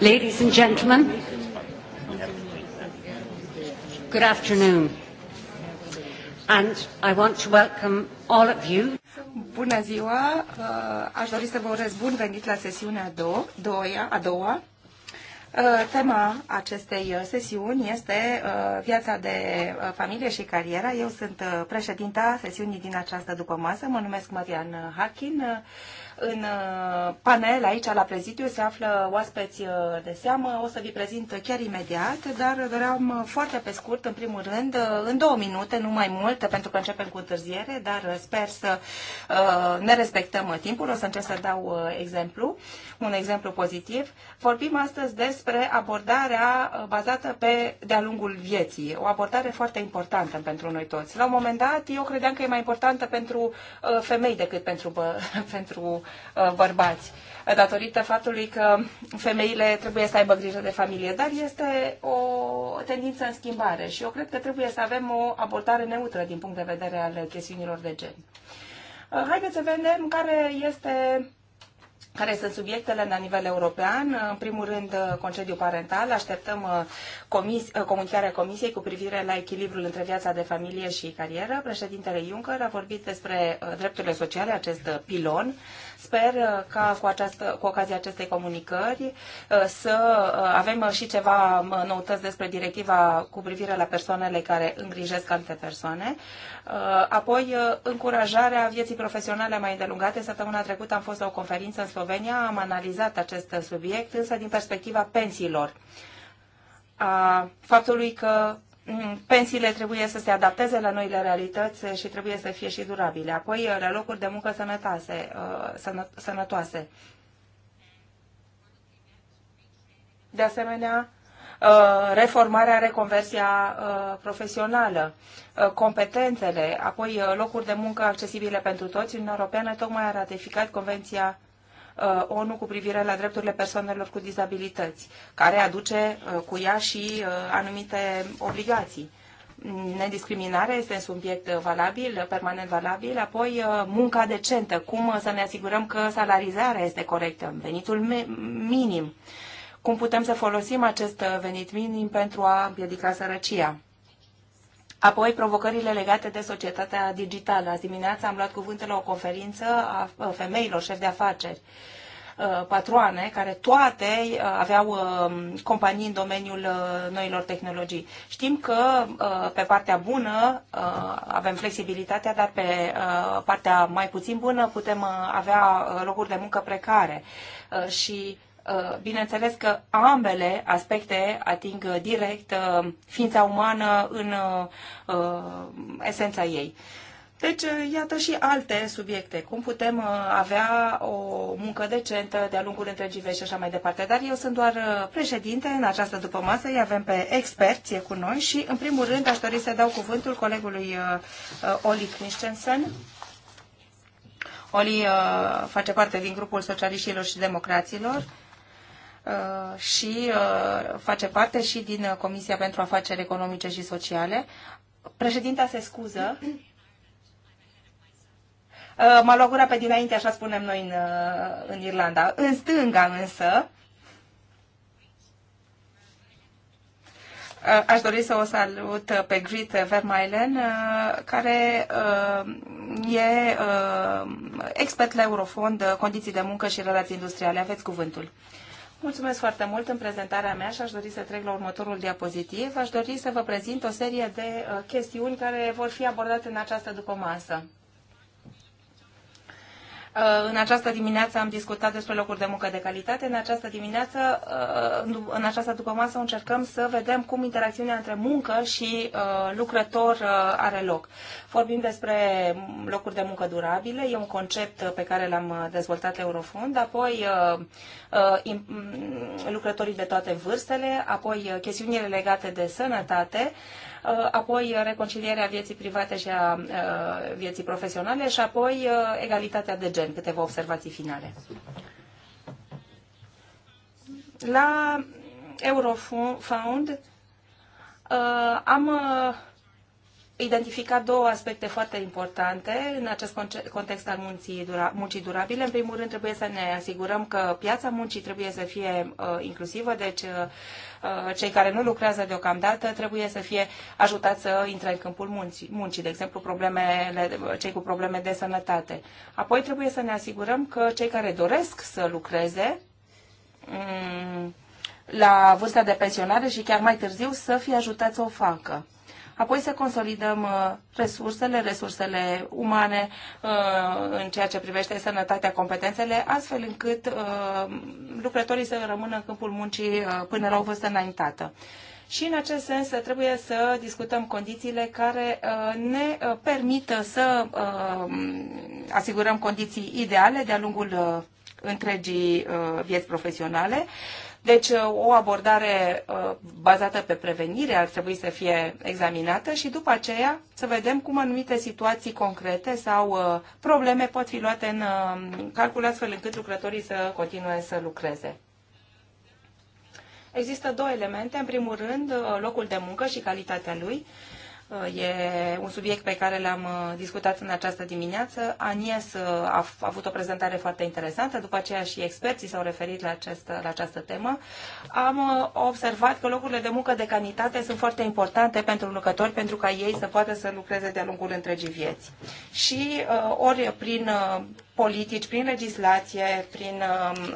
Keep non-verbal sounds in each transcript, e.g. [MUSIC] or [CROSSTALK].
Ladies and gentlemen, good afternoon. And I want to welcome all of you. Bună ziua! Uh, aș dori să vă urez bun venit la sesiunea a doua. a doua. Uh, tema acestei uh, sesiuni este viața de familie și cariera. Eu sunt președinta sesiunii din această după-masă. Mă numesc Marian Harkin în uh, panel aici la prezidiu se află oaspeți uh, de seamă. O să vi prezint chiar imediat, dar vreau uh, foarte pe scurt, în primul rând, în două minute, nu mai mult, pentru că începem cu întârziere, dar sper să ne respectăm timpul. O să încerc să dau exemplu, un exemplu pozitiv. Vorbim astăzi despre abordarea bazată pe de-a lungul vieții, o abordare foarte importantă pentru noi toți. La un moment dat, eu credeam că e mai importantă pentru femei decât pentru, bă, [LAUGHS] pentru Uh, bărbați datorită faptului că femeile trebuie să aibă grijă de familie, dar este o tendință în schimbare și eu cred că trebuie să avem o abordare neutră din punct de vedere al chestiunilor de gen. Uh, haideți să vedem care este care sunt subiectele la nivel european. Uh, în primul rând, concediu parental. Așteptăm comis, comunicarea Comisiei cu privire la echilibrul între viața de familie și carieră. Președintele Juncker a vorbit despre drepturile sociale, acest pilon. Uh, Sper uh, ca cu, această, cu ocazia acestei comunicări uh, să uh, avem și ceva noutăți despre directiva cu privire la persoanele care îngrijesc alte persoane. Apoi, încurajarea vieții profesionale mai îndelungate. Săptămâna trecută am fost la o conferință în Slovenia, am analizat acest subiect, însă din perspectiva pensiilor a faptului că Mm, pensiile trebuie să se adapteze la noile realități și trebuie să fie și durabile. Apoi, la locuri de muncă sănătoase. Uh, sănătoase. De asemenea, uh, reformarea, reconversia uh, profesională, competențele, apoi locuri de muncă accesibile pentru toți. Uniunea Europeană tocmai a ratificat Convenția Uh, ONU cu privire la drepturile persoanelor cu dizabilități, care aduce uh, cu ea și uh, anumite obligații. Nediscriminarea este un subiect valabil, permanent valabil, apoi munca decentă, cum să ne asigurăm că salarizarea este corectă, venitul minim, cum putem să folosim acest venit minim pentru a împiedica sărăcia Apoi, provocările legate de societatea digitală. Azi dimineața am luat cuvântul la o conferință a femeilor șef de afaceri patroane, care toate aveau companii în domeniul noilor tehnologii. Știm că pe partea bună avem flexibilitatea, dar pe partea mai puțin bună putem avea locuri de muncă precare și Uh, bineînțeles că ambele aspecte ating uh, direct uh, ființa umană în esența ei. Deci, iată și alte subiecte, cum putem avea o muncă decentă de-a lungul întregii vești și așa mai departe. Dar eu sunt doar președinte în această dupămasă, îi avem pe experți, cu noi și, în primul rând, aș dori să dau cuvântul colegului Oli Christensen. Oli face parte din grupul socialiștilor și democraților Uh, și uh, face parte și din uh, Comisia pentru Afaceri Economice și Sociale. Președinta se scuză. M-a luat gura pe dinainte, așa spunem noi în, în Irlanda. În stânga însă, Aș dori să o salut pe Grit Vermeilen, care e expert la Eurofond, condiții de muncă și relații industriale. Aveți cuvântul. Mulțumesc foarte mult în prezentarea mea și aș dori să trec la următorul diapozitiv. Aș dori să vă prezint o serie de uh, chestiuni care vor fi abordate în această dupămasă. Uh, în această dimineață am discutat despre locuri de muncă de calitate. În această dimineață, uh, în această după masă, încercăm să vedem cum interacțiunea între muncă și uh, lucrător are loc. Vorbim despre locuri de muncă durabile. E un concept pe care l-am dezvoltat Eurofond. Apoi mm, lucrătorii de toate vârstele, apoi chestiunile legate de sănătate, Uh, apoi uh, reconcilierea vieții private și a uh, vieții profesionale și apoi egalitatea de gen, câteva observații finale. La Eurofound am identificat două aspecte foarte importante în acest context al muncii, muncii durabile. În primul rând, trebuie să ne asigurăm că piața muncii trebuie să fie inclusivă, deci Uh, cei care nu lucrează deocamdată trebuie să fie ajutați să intre în câmpul muncii, de exemplu problemele, cei cu probleme de sănătate. Apoi trebuie să ne asigurăm că cei care doresc să lucreze mm, la vârsta de pensionare și chiar mai târziu să fie ajutați să o facă apoi să consolidăm uh, resursele, resursele umane uh, în ceea ce privește sănătatea, competențele, astfel încât uh, lucrătorii să rămână în câmpul muncii până la o vârstă înaintată. Și în acest sens trebuie să discutăm condițiile care ne permită să asigurăm condiții ideale de-a lungul întregii vieți profesionale deci uh, o abordare uh, bazată pe prevenire ar trebui să fie examinată și după aceea să vedem cum anumite situații concrete sau uh, probleme pot fi luate în calcul astfel încât lucrătorii să continue să lucreze. Există două elemente. În primul rând, locul de muncă și calitatea lui. E un subiect pe care l-am uh, discutat în această dimineață. Anies uh, a avut o prezentare foarte interesantă, după aceea și experții s-au referit la, această, la această temă. Am uh, observat că locurile de muncă de calitate sunt foarte importante pentru lucrători, pentru ca ei să poată să lucreze de-a lungul întregii vieți. Și ori prin politici, prin legislație, prin um, uh,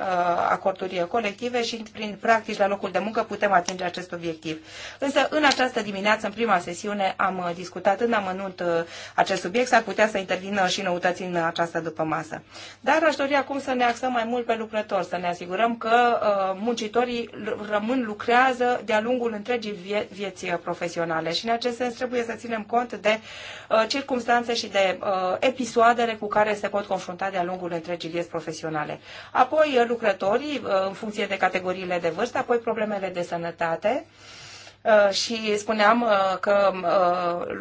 acorduri colective și prin practici la locul de muncă putem atinge acest obiectiv. Însă, în această dimineață, în prima sesiune, am uh, discutat în amănunt uh, acest subiect, s-ar putea să intervină și noutăți în această după masă. Dar aș dori acum să ne axăm mai mult pe lucrători, să ne asigurăm că muncitorii rămân, lucrează de-a lungul întregii vie- vieții profesionale și în acest sens trebuie să ținem cont de circunstanțe și de episoadele cu care se pot confrunta de-a lungul întregii vieți profesionale. Apoi eh, lucrătorii, eh, în funcție de categoriile de vârstă, apoi problemele de sănătate, eh, și spuneam că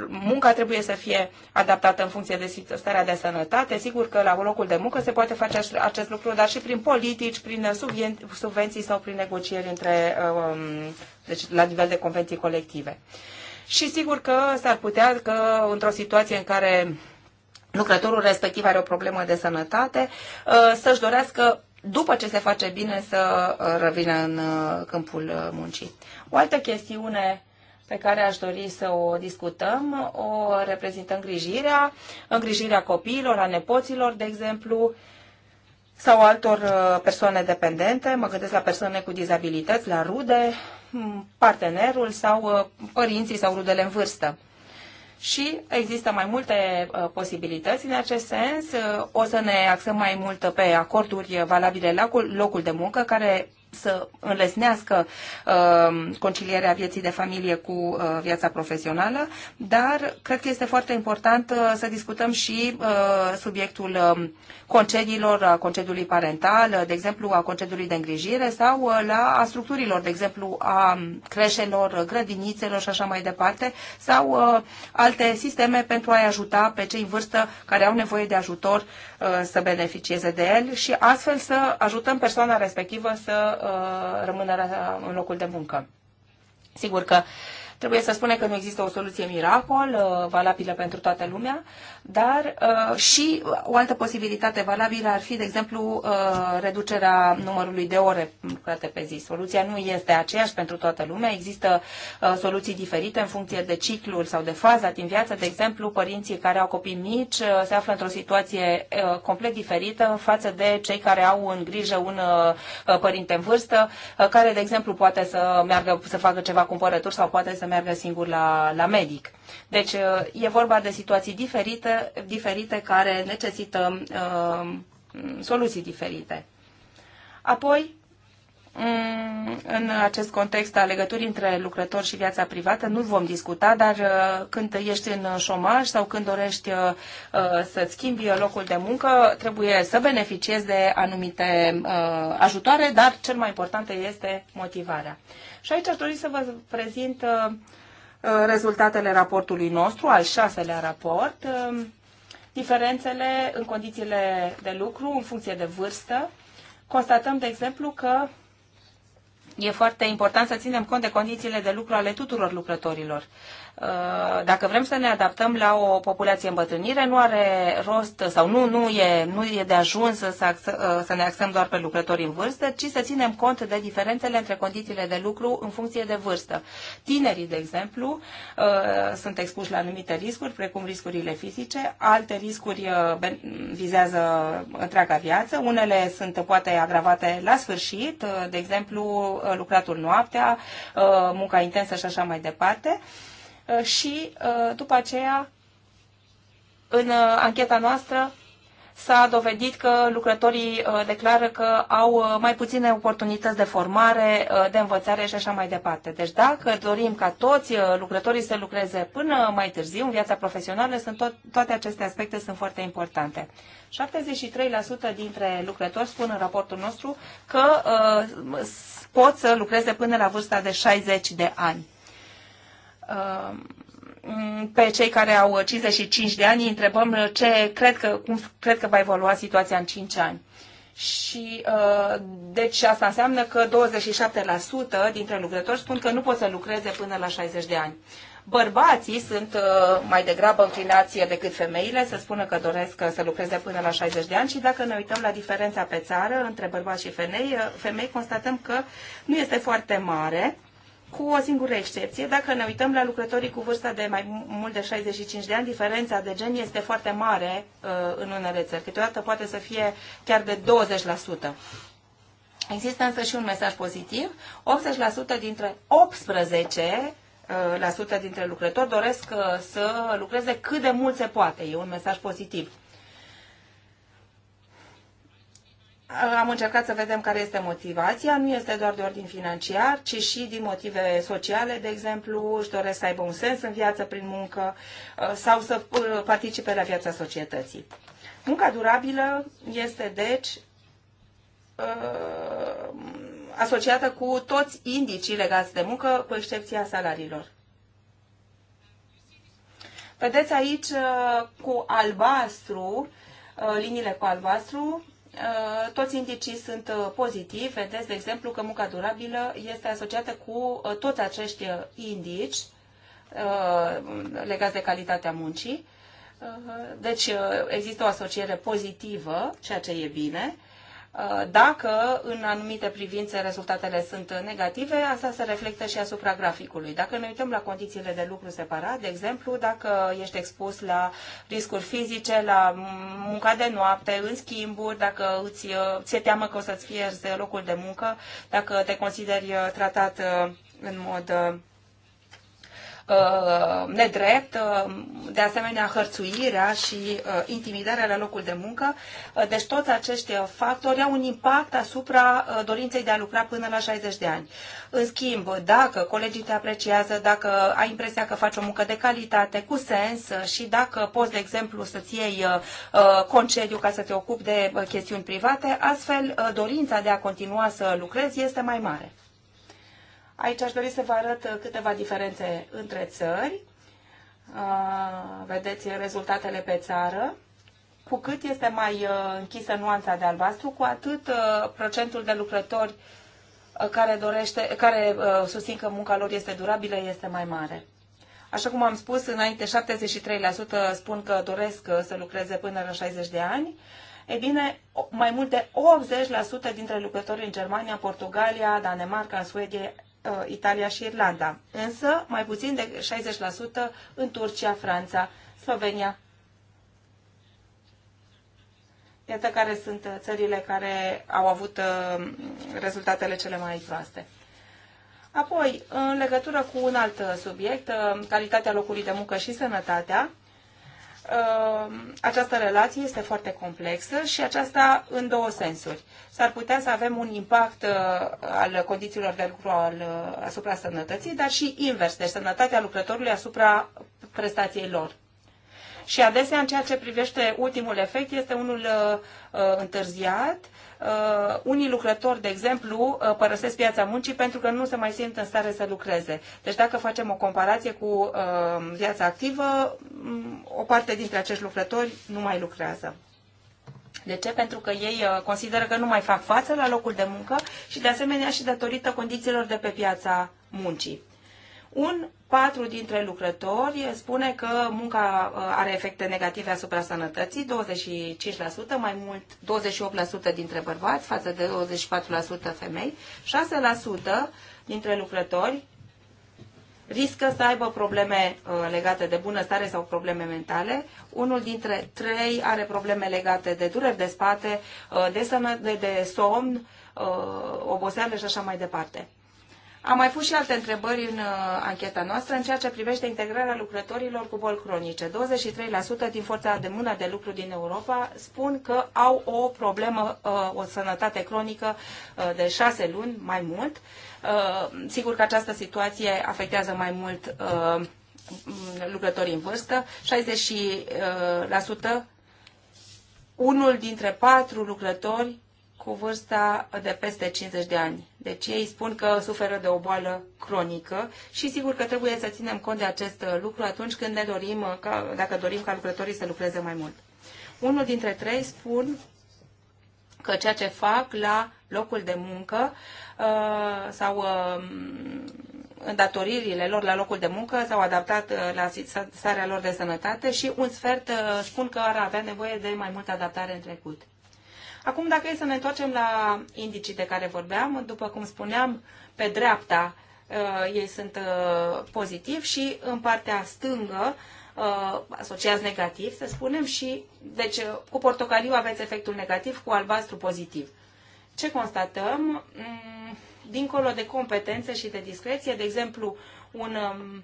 munca trebuie să fie adaptată în funcție de starea de sănătate. Sigur că la locul de muncă se poate face acest lucru, dar și prin politici, prin subvenții sau prin negocieri între, deci la nivel de convenții colective. Și sigur că s-ar putea că într-o situație în care lucrătorul respectiv are o problemă de sănătate, uh, să-și dorească după ce se face bine să uh, revină în uh, câmpul muncii. O altă chestiune pe care aș dori să o discutăm o reprezintă îngrijirea, îngrijirea copiilor, a nepoților, de exemplu, sau altor persoane dependente, mă gândesc la persoane cu dizabilități, la rude, partenerul sau părinții sau rudele în vârstă și există mai multe uh, posibilități în acest sens. Uh, o să ne axăm mai mult pe acorduri valabile la locul de muncă, care să înlesnească uh, concilierea vieții de familie cu uh, viața profesională, dar cred că este foarte important uh, să discutăm și uh, subiectul uh, concediilor, a concediului parental, uh, de exemplu a concediului de îngrijire sau uh, la a structurilor, de exemplu a creșelor, grădinițelor și așa mai departe, sau uh, alte sisteme pentru a-i ajuta pe cei în vârstă care au nevoie de ajutor uh, să beneficieze de el și astfel să ajutăm persoana respectivă să Uh, rămânerea la, în locul de muncă. Sigur că Trebuie să spune că nu există o soluție miracol, uh, valabilă pentru toată lumea, dar uh, și o altă posibilitate valabilă ar fi, de exemplu, uh, reducerea numărului de ore lucrate pe zi. Soluția nu este aceeași pentru toată lumea, există soluții diferite în funcție de ciclul sau de faza din viață. De exemplu, părinții care au copii mici se află într-o situație complet diferită față de cei care au în grijă un părinte în vârstă, care, de exemplu, poate să meargă să facă ceva cumpărături sau poate să meargă singur la, la medic. Deci e vorba de situații diferite, diferite care necesită uh, soluții diferite. Apoi, mm, în acest context a legăturii între lucrător și viața privată nu vom discuta, dar uh, când ești în șomaj sau când dorești uh, să-ți schimbi locul de muncă, trebuie să beneficiezi de anumite uh, ajutoare, dar cel mai important este motivarea. Și aici aș dori să vă prezint uh, uh, rezultatele raportului nostru, al șaselea raport, um, diferențele în condițiile de lucru în funcție de vârstă. Constatăm, de exemplu, că E foarte important să ținem cont de condițiile de lucru ale tuturor lucrătorilor. Uh, dacă vrem să ne adaptăm la o populație îmbătrânire, nu are rost sau nu, nu, e, nu e de ajuns să, să, uh, să ne axăm doar pe lucrătorii în vârstă, ci să ținem cont de diferențele între condițiile de lucru în funcție de vârstă. Tinerii, de exemplu, uh, sunt expuși la anumite riscuri, precum riscurile fizice, alte riscuri vizează întreaga viață, unele sunt poate agravate la sfârșit, de exemplu, lucratul noaptea, munca intensă și așa mai departe. Uh, și uh, după aceea în uh, ancheta noastră s-a dovedit că lucrătorii declară că au mai puține oportunități de formare, de învățare și așa mai departe. Deci dacă dorim ca toți lucrătorii să lucreze până mai târziu în viața profesională, sunt tot, toate aceste aspecte sunt foarte importante. 73% dintre lucrători spun în raportul nostru că uh, pot să lucreze până la vârsta de 60 de ani. Ehm, pe cei care au 55 de ani, întrebăm ce cred că, cum cred că va evolua situația în 5 ani. Și ehm, deci asta înseamnă că 27% dintre lucrători spun că nu pot să lucreze până la 60 de ani. Bărbații sunt ehm, mai degrabă înclinați decât femeile să spună că doresc să lucreze până la 60 de ani și dacă ne uităm la diferența pe țară între bărbați și femei, femei constatăm că nu este foarte mare cu o singură excepție. Dacă ne uităm la lucrătorii cu vârsta de mai mult de 65 de ani, diferența de gen este foarte mare uh, în unele țări. Câteodată poate să fie chiar de 20%. Există însă și un mesaj pozitiv. 80% dintre 18 uh, la sută dintre lucrători doresc uh, să lucreze cât de mult se poate. E un mesaj pozitiv. am încercat să vedem care este motivația. Nu este doar de ordin financiar, ci și din motive sociale, de exemplu, își doresc să aibă un sens în viață prin muncă uh, sau să uh, participe la viața societății. Munca durabilă este, deci, uh, asociată cu toți indicii legați de muncă, cu excepția salariilor. Vedeți aici cu albastru, liniile cu albastru, Uh, toți indicii sunt uh, pozitivi. Vedeți, de exemplu, că munca durabilă este asociată cu uh, toți acești indici legați de calitatea muncii. Deci există o asociere pozitivă, ceea ce e bine. Uh, dacă în anumite privințe rezultatele sunt negative, asta se reflectă și asupra graficului. Dacă ne uităm la condițiile de lucru separat, de exemplu, dacă ești expus la riscuri fizice, la munca de noapte, în schimburi, dacă îți, uh, ți-e teamă că o să-ți pierzi locul de muncă, dacă te consideri uh, tratat în mod Uh, nedrept, uh, de asemenea hărțuirea și uh, intimidarea la locul de muncă. Deci toți acești factori au un impact asupra dorinței de a lucra până la 60 de ani. În schimb, dacă colegii te apreciază, dacă ai impresia că faci o muncă de calitate, cu sens și dacă poți, de exemplu, să-ți iei concediu ca să te ocupi de chestiuni private, astfel dorința de a continua să lucrezi este mai mare. Aici aș dori să vă arăt uh, câteva diferențe între țări. Uh, vedeți rezultatele pe țară. Cu cât este mai uh, închisă nuanța de albastru, cu atât procentul de lucrători care, dorește, care susțin că munca lor este durabilă este mai mare. Așa cum am spus, înainte 73% spun că doresc să lucreze până la 60 de ani. E bine, mai mult de 80% dintre lucrători în Germania, Portugalia, Danemarca, Suedia, Uh, Italia și Irlanda, însă mai puțin de 60% în Turcia, Franța, Slovenia. Iată care sunt uh, țările care au avut uh, rezultatele cele mai proaste. Apoi, în legătură cu un alt subiect, calitatea locului de muncă și sănătatea, Uh, această relație este foarte complexă și aceasta în două sensuri. S-ar putea să avem un impact uh, al condițiilor de lucru al, uh, asupra sănătății, dar și invers, deci sănătatea lucrătorului asupra prestației lor. Și adesea, în ceea ce privește ultimul efect, este unul uh, întârziat uh, unii lucrători, de exemplu, uh, părăsesc piața muncii pentru că nu se mai simt în stare să lucreze. Deci dacă facem o comparație cu uh, viața activă, um, o parte dintre acești lucrători nu mai lucrează. De ce? Pentru că ei uh, consideră că nu mai fac față la locul de muncă și de asemenea și datorită condițiilor de pe piața muncii un patru dintre lucrători spune că munca uh, are efecte negative asupra sănătății, 25%, mai mult 28% dintre bărbați față de 24% femei, 6% dintre lucrători riscă să aibă probleme uh, legate de bunăstare sau probleme mentale. Unul dintre trei are probleme legate de dureri de spate, uh, de, sănă, de, de somn, oboseală și așa mai departe. Am mai pus și alte întrebări în uh, ancheta noastră în ceea ce privește integrarea lucrătorilor cu boli cronice. 23% din forța de mână de lucru din Europa spun că au o problemă, uh, o sănătate cronică uh, de șase luni, mai mult. Sigur că această situație afectează mai mult lucrătorii în vârstă. 60% unul dintre patru lucrători cu vârsta de peste 50 de ani. Deci ei spun că suferă de o boală cronică și sigur că trebuie să ținem cont de acest lucru atunci când ne dorim, ca, dacă dorim ca lucrătorii să lucreze mai mult. Unul dintre trei spun că ceea ce fac la locul de muncă uh, sau um, îndatoririle lor la locul de muncă s-au adaptat uh, la starea lor de sănătate și un sfert uh, spun că ar avea nevoie de mai multă adaptare în trecut. Acum, dacă e să ne întoarcem la indicii de care vorbeam, după cum spuneam, pe dreapta uh, ei sunt uh, pozitiv și în partea stângă uh, asociați negativ, să spunem, și deci uh, cu portocaliu aveți efectul negativ, cu albastru pozitiv. Ce constatăm? Mm, dincolo de competențe și de discreție, de exemplu, un um,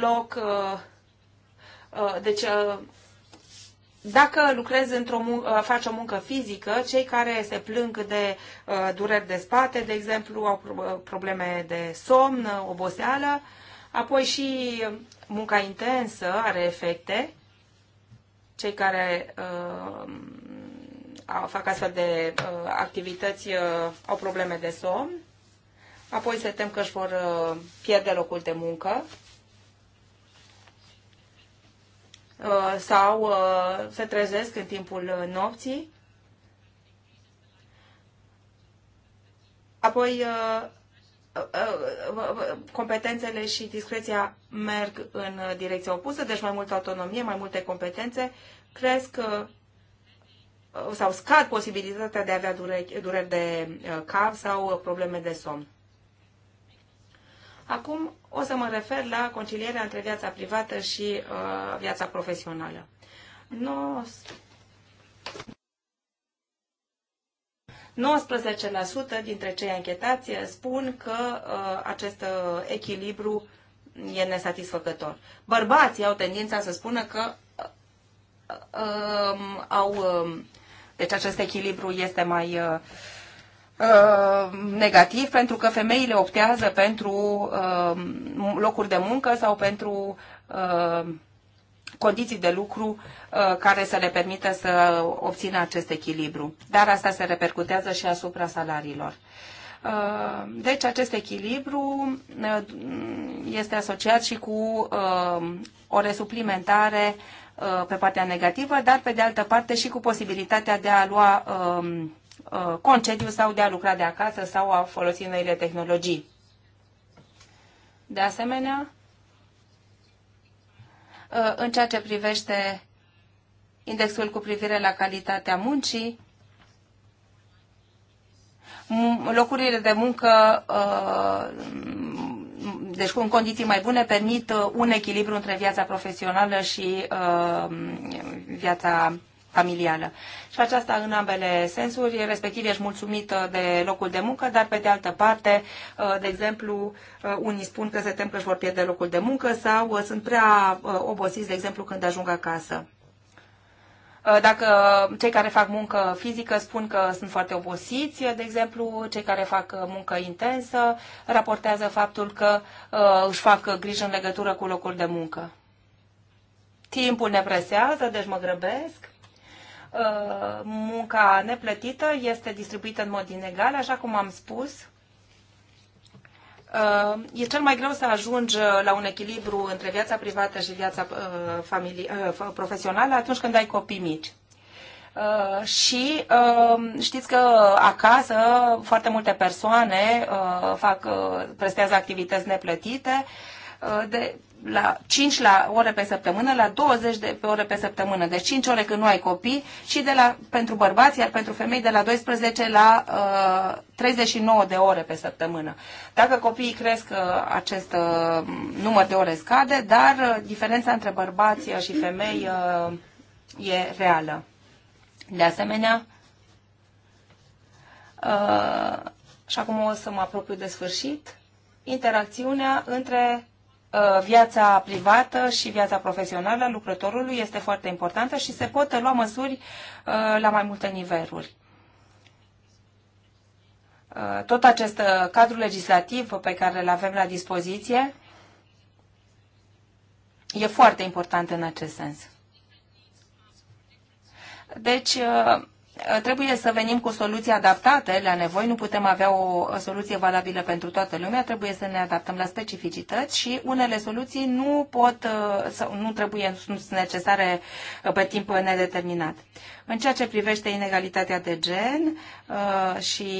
loc, uh, uh, deci uh, dacă lucrezi într-o muncă, uh, faci o muncă fizică, cei care se plâng de uh, dureri de spate, de exemplu, au uh, probleme de somn, uh, oboseală, apoi și munca intensă are efecte. Cei care uh, fac astfel de uh, activități uh, au probleme de somn, apoi se tem că își vor uh, pierde locul de muncă, Uh, sau uh, se trezesc în timpul uh, nopții. Apoi, competențele și discreția merg în direcția opusă, deci mai multă autonomie, mai multe competențe, cresc sau scad posibilitatea de a avea dureri, dureri de cap sau probleme de somn. Acum o să mă refer la concilierea între viața privată și uh, viața profesională. No... 19% dintre cei anchetați spun că uh, acest uh, echilibru e nesatisfăcător. Bărbații au tendința să spună că uh, uh, au. Uh, deci acest echilibru este mai. Uh, Uh, negativ pentru că femeile optează pentru uh, locuri de muncă sau pentru uh, condiții de lucru care să le permită să obțină acest echilibru. Dar asta se repercutează și asupra salariilor. Deci acest echilibru este asociat și cu o resuplimentare pe partea negativă, dar pe de altă parte și cu posibilitatea de a lua um, Uh, concediu sau de a lucra de acasă sau a folosi noile tehnologii. De asemenea, uh, în ceea ce privește indexul cu privire la calitatea muncii, locurile de muncă, uh, deci cu condiții mai bune, permit un echilibru între viața profesională și viața familială. Și aceasta în ambele sensuri, respectiv ești mulțumită uh, de locul de muncă, dar pe de altă parte, uh, de exemplu, uh, unii spun că se tem că își vor pierde locul de muncă sau sunt prea obosiți, de exemplu, când ajung acasă. Dacă cei care fac muncă fizică spun că sunt foarte obosiți, de exemplu, cei care fac muncă intensă raportează faptul că își fac grijă în legătură cu locul de muncă. Timpul ne presează, deci mă grăbesc. Uh, munca neplătită este distribuită în mod inegal, așa cum am spus. Uh, e cel mai greu să ajungi uh, la un echilibru între viața privată și viața profesională atunci când ai copii mici. Uh, și uh, știți că acasă foarte multe persoane uh, fac, prestează activități neplătite Uh, de la 5 la ore pe săptămână, la 20 de pe ore pe săptămână, deci 5 ore când nu ai copii și de la, pentru bărbați, iar pentru femei de la 12 la uh, 39 de ore pe săptămână. Dacă copiii cresc, uh, acest uh, număr de ore scade, dar uh, diferența între bărbați uh, și femei uh, e reală. De asemenea, uh, și acum o să mă apropiu de sfârșit, interacțiunea între Uh, viața privată și viața profesională a lucrătorului este foarte importantă și se pot lua măsuri uh, la mai multe niveluri. Uh, tot acest cadru legislativ pe care îl avem la dispoziție e foarte important în acest sens. Deci, Eh, trebuie să venim cu soluții adaptate la nevoi, nu putem avea o soluție valabilă pentru toată lumea, trebuie să ne adaptăm la specificități și unele soluții nu pot, eh, sau nu trebuie, nu sunt necesare eh, pe timp nedeterminat. În ceea ce privește inegalitatea de gen uh, și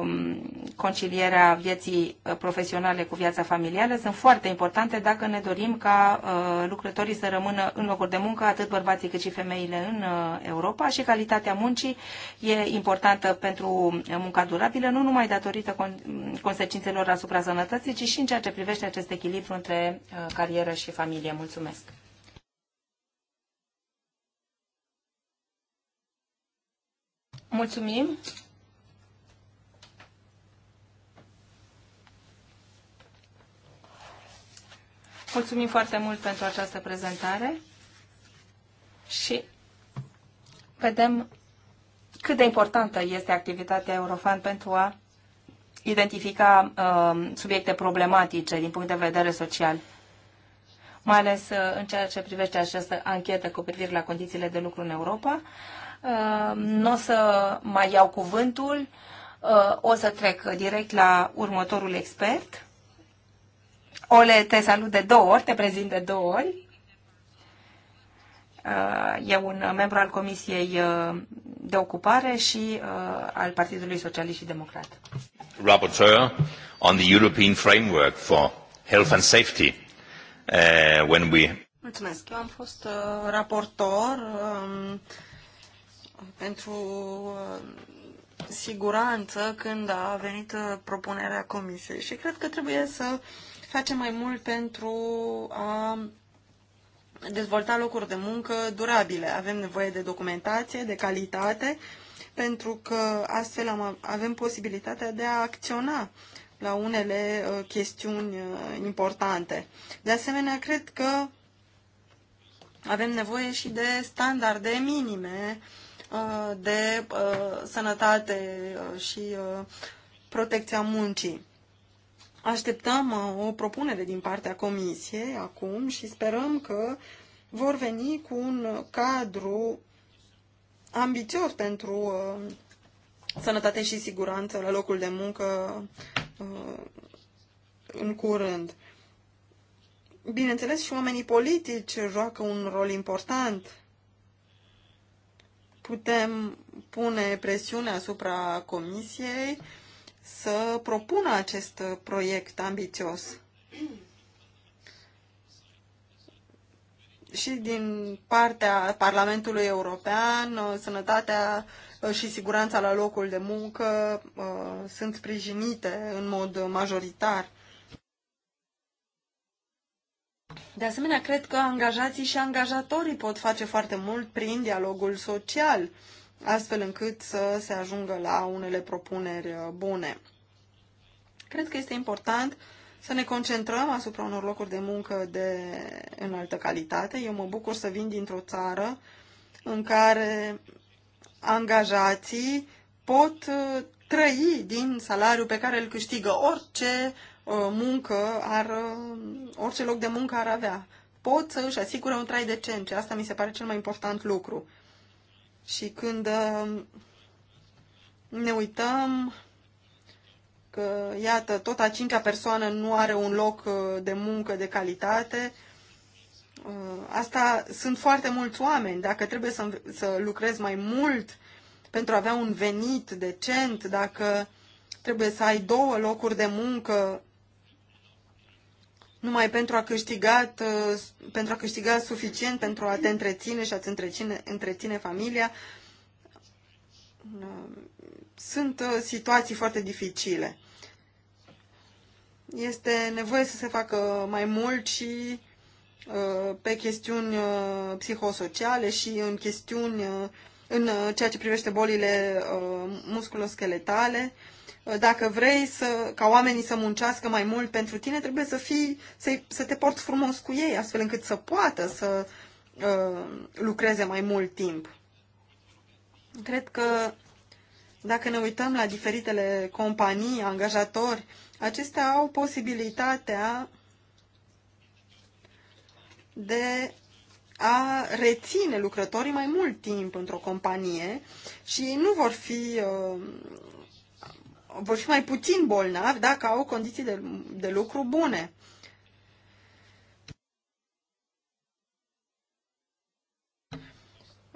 um, concilierea vieții uh, profesionale cu viața familială sunt foarte importante dacă ne dorim ca uh, lucrătorii să rămână în locuri de muncă, atât bărbații cât și femeile în Europa și calitatea muncii e importantă pentru munca durabilă, nu numai datorită consecințelor asupra sănătății, ci și în ceea ce privește acest echilibru între carieră și familie. Mulțumesc! Mulțumim! Mulțumim foarte mult pentru această prezentare și vedem cât de importantă este activitatea Eurofan pentru a identifica uh, subiecte problematice din punct de vedere social, mai ales uh, în ceea ce privește această anchetă cu privire la condițiile de lucru în Europa. Ehm, nu o să mai iau cuvântul, ehm, o să trec direct la următorul expert. Ole, te salut de două ori, te prezint de două ori. Ehm, e un membru al Comisiei de Ocupare și al Partidului Socialist și Democrat. Rapporteur on the European Framework for Health and Safety uh, when we... Mulțumesc. Eu am fost uh, raportor uh, pentru uh, siguranță când a venit uh, propunerea comisiei și cred că trebuie să facem mai mult pentru a dezvolta locuri de muncă durabile. Avem nevoie de documentație, de calitate, pentru că astfel am, avem posibilitatea de a acționa la unele uh, chestiuni importante. De asemenea, cred că avem nevoie și de standarde minime uh, Uh, de uh, sănătate uh, și protecția muncii. Așteptăm o propunere din partea Comisiei acum și sperăm că vor veni cu un cadru ambițios pentru sănătate și siguranță la locul de muncă în curând. Bineînțeles, și oamenii politici joacă un rol important putem pune presiune asupra Comisiei să propună acest proiect ambițios. Și din partea Parlamentului European, uh, sănătatea uh, și siguranța la locul de muncă uh, sunt sprijinite în mod majoritar. De asemenea, cred că angajații și angajatorii pot face foarte mult prin dialogul social, astfel încât să se ajungă la unele propuneri uh, bune. Cred că este important să ne concentrăm asupra unor locuri de muncă de înaltă calitate. Eu mă bucur să vin dintr-o țară în care angajații pot uh, trăi din salariul pe care îl câștigă orice Uh, muncă ar, uh, orice loc de muncă ar avea. Pot să își asigure un trai decent și asta mi se pare cel mai important lucru. Și când uh, ne uităm că, iată, tot a cincea persoană nu are un loc de muncă de calitate, asta sunt foarte mulți oameni. Dacă trebuie să, să lucrezi mai mult pentru a avea un venit decent, dacă trebuie să ai două locuri de muncă numai pentru a, câștiga, uh, pentru a câștiga suficient pentru a te întreține și a-ți întreține, întreține familia. Uh, sunt uh, situații foarte dificile. Este nevoie să se facă mai mult și pe chestiuni psihosociale și în chestiuni în ceea ce privește bolile musculoscheletale dacă vrei să, ca oamenii să muncească mai mult pentru tine, trebuie să, fii, să, să te porți frumos cu ei, astfel încât să poată să uh, lucreze mai mult timp. Cred că dacă ne uităm la diferitele companii, angajatori, acestea au posibilitatea de a reține lucrătorii mai mult timp într-o companie și ei nu vor fi uh, vor fi mai puțin bolnavi dacă au condiții de, de lucru bune.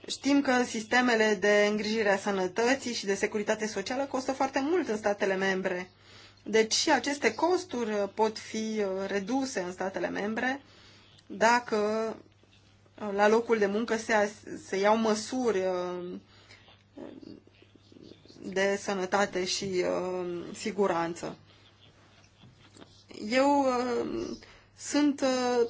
Știm că sistemele de îngrijire a sănătății și de securitate socială costă foarte mult în statele membre. Deci și aceste costuri pot fi reduse în statele membre dacă la locul de muncă se, se iau măsuri uh, de sănătate și uh, siguranță. Eu uh, sunt uh,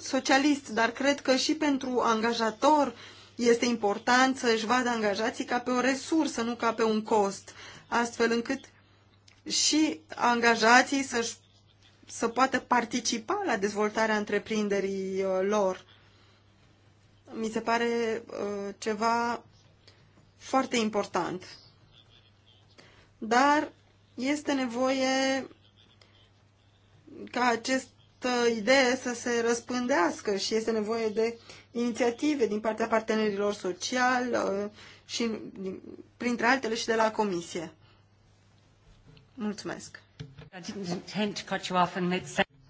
socialist, dar cred că și pentru angajator este important să-și vadă angajații ca pe o resursă, nu ca pe un cost, astfel încât și angajații să să poată participa la dezvoltarea întreprinderii uh, lor. Mi se pare uh, ceva foarte important. Dar este nevoie ca această idee să se răspândească și este nevoie de inițiative din partea partenerilor sociali uh, și printre altele și de la Comisie. Mulțumesc.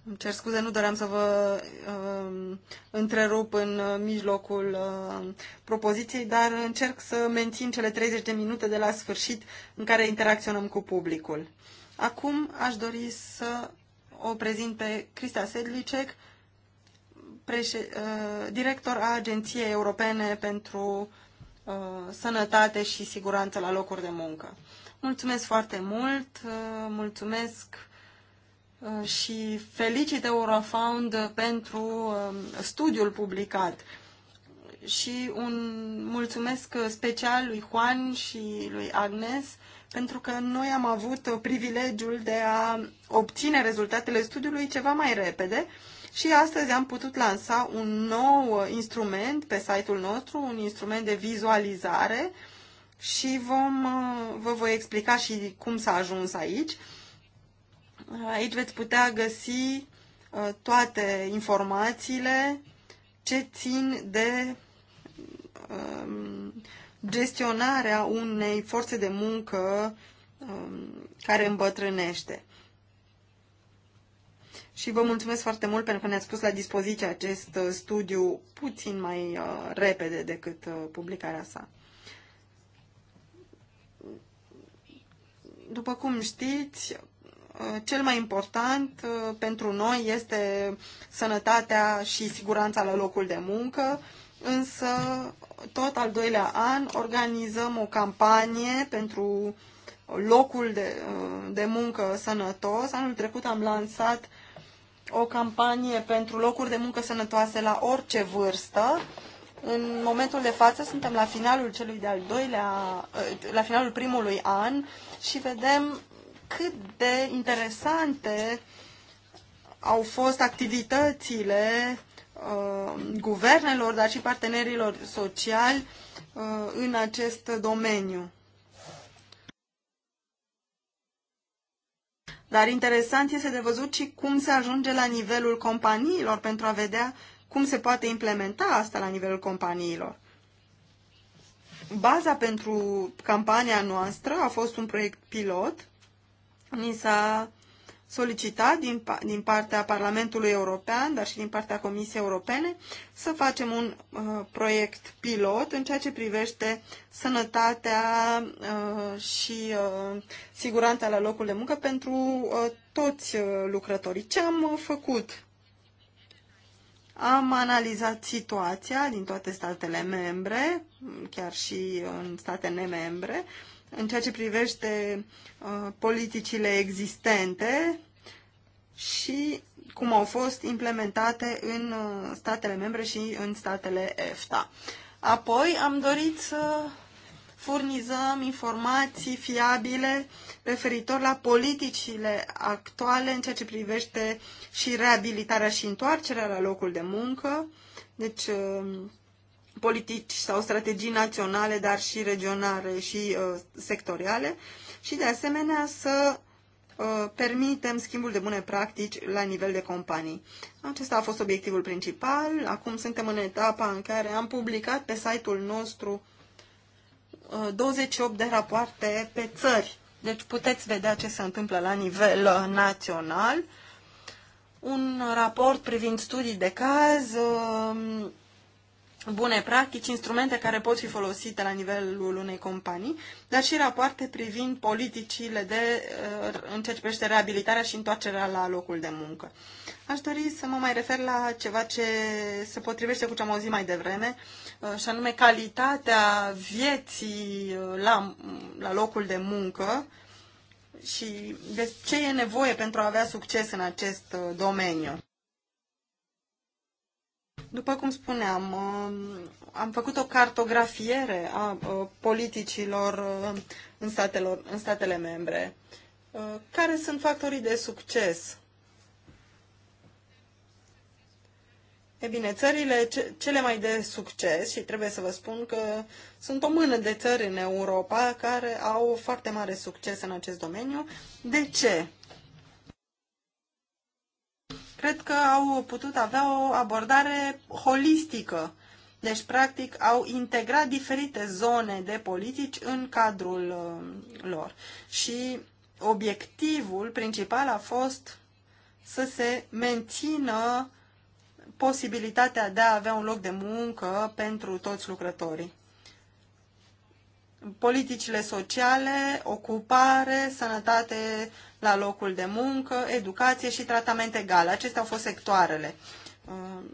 Îmi cer scuze, nu doream să vă uh, întrerup în uh, mijlocul uh, propoziției, dar încerc să mențin cele 30 de minute de la sfârșit în care interacționăm cu publicul. Acum aș dori să o prezint pe Crista Sedlicek, uh, director a Agenției Europene pentru uh, Sănătate și Siguranță la locuri de muncă. Mulțumesc foarte mult, uh, mulțumesc uh, Uh, și felicit Eurofound pentru um, studiul publicat și un mulțumesc special lui Juan și lui Agnes pentru că noi am avut privilegiul de a obține rezultatele studiului ceva mai repede și astăzi am putut lansa un nou instrument pe site-ul nostru, un instrument de vizualizare și vom, uh, vă voi explica și cum s-a ajuns aici Aici veți putea găsi uh, toate informațiile ce țin de um, gestionarea unei forțe de muncă um, care îmbătrânește. Și vă mulțumesc foarte mult pentru că ne-ați pus la dispoziție acest uh, studiu puțin mai uh, repede decât publicarea sa. După cum știți, Eh, cel mai important eh, pentru noi este sănătatea și siguranța la locul de muncă, însă tot al doilea an organizăm o campanie pentru locul de, eh, de muncă sănătos. Anul trecut am lansat o campanie pentru locuri de muncă sănătoase la orice vârstă. În momentul de față suntem la finalul celui de-al doilea, la finalul primului an și vedem cât de interesante au fost activitățile uh, guvernelor, dar și partenerilor sociali uh, în acest domeniu. Dar interesant este de văzut și cum se ajunge la nivelul companiilor pentru a vedea cum se poate implementa asta la nivelul companiilor. Baza pentru campania noastră a fost un proiect pilot ni s-a solicitat din, din partea Parlamentului European, dar și din partea Comisiei Europene, să facem un uh, proiect pilot în ceea ce privește sănătatea uh, și uh, siguranța la locul de muncă pentru uh, toți uh, lucrătorii. Ce am uh, făcut? Am analizat situația din toate statele membre, chiar și în state nemembre, uh, în ceea ce privește uh, politicile existente și cum au fost implementate în uh, statele membre și în statele EFTA. Apoi am dorit să furnizăm informații fiabile referitor la politicile actuale în ceea ce privește și reabilitarea și întoarcerea la locul de muncă, deci uh, politici sau strategii naționale, dar și regionale și uh, sectoriale și de asemenea să uh, permitem schimbul de bune practici la nivel de companii. Acesta a fost obiectivul principal. Acum suntem în etapa în care am publicat pe site-ul nostru uh, 28 de rapoarte pe țări. Deci puteți vedea ce se întâmplă la nivel uh, național. Un raport privind studii de caz, uh, bune practici, instrumente care pot fi folosite la nivelul unei companii, dar și rapoarte privind politicile de, uh, în ceea ce privește reabilitarea și întoarcerea la locul de muncă. Aș dori să mă mai refer la ceva ce se potrivește cu ce am auzit mai devreme, uh, și anume calitatea vieții uh, la, la locul de muncă și de ce e nevoie pentru a avea succes în acest domeniu. După cum spuneam, um, am făcut o cartografiere a uh, politicilor uh, în, statelor, în statele membre. Uh, care sunt factorii de succes? E bine, țările cele mai de succes, și trebuie să vă spun că sunt o mână de țări în Europa care au foarte mare succes în acest domeniu. De ce? cred că au putut avea o abordare holistică. Deci, practic, au integrat diferite zone de politici în cadrul uh, lor. Și obiectivul principal a fost să se mențină posibilitatea de a avea un loc de muncă pentru toți lucrătorii politicile sociale, ocupare, sănătate la locul de muncă, educație și tratament egal. Acestea au fost sectoarele. Uh,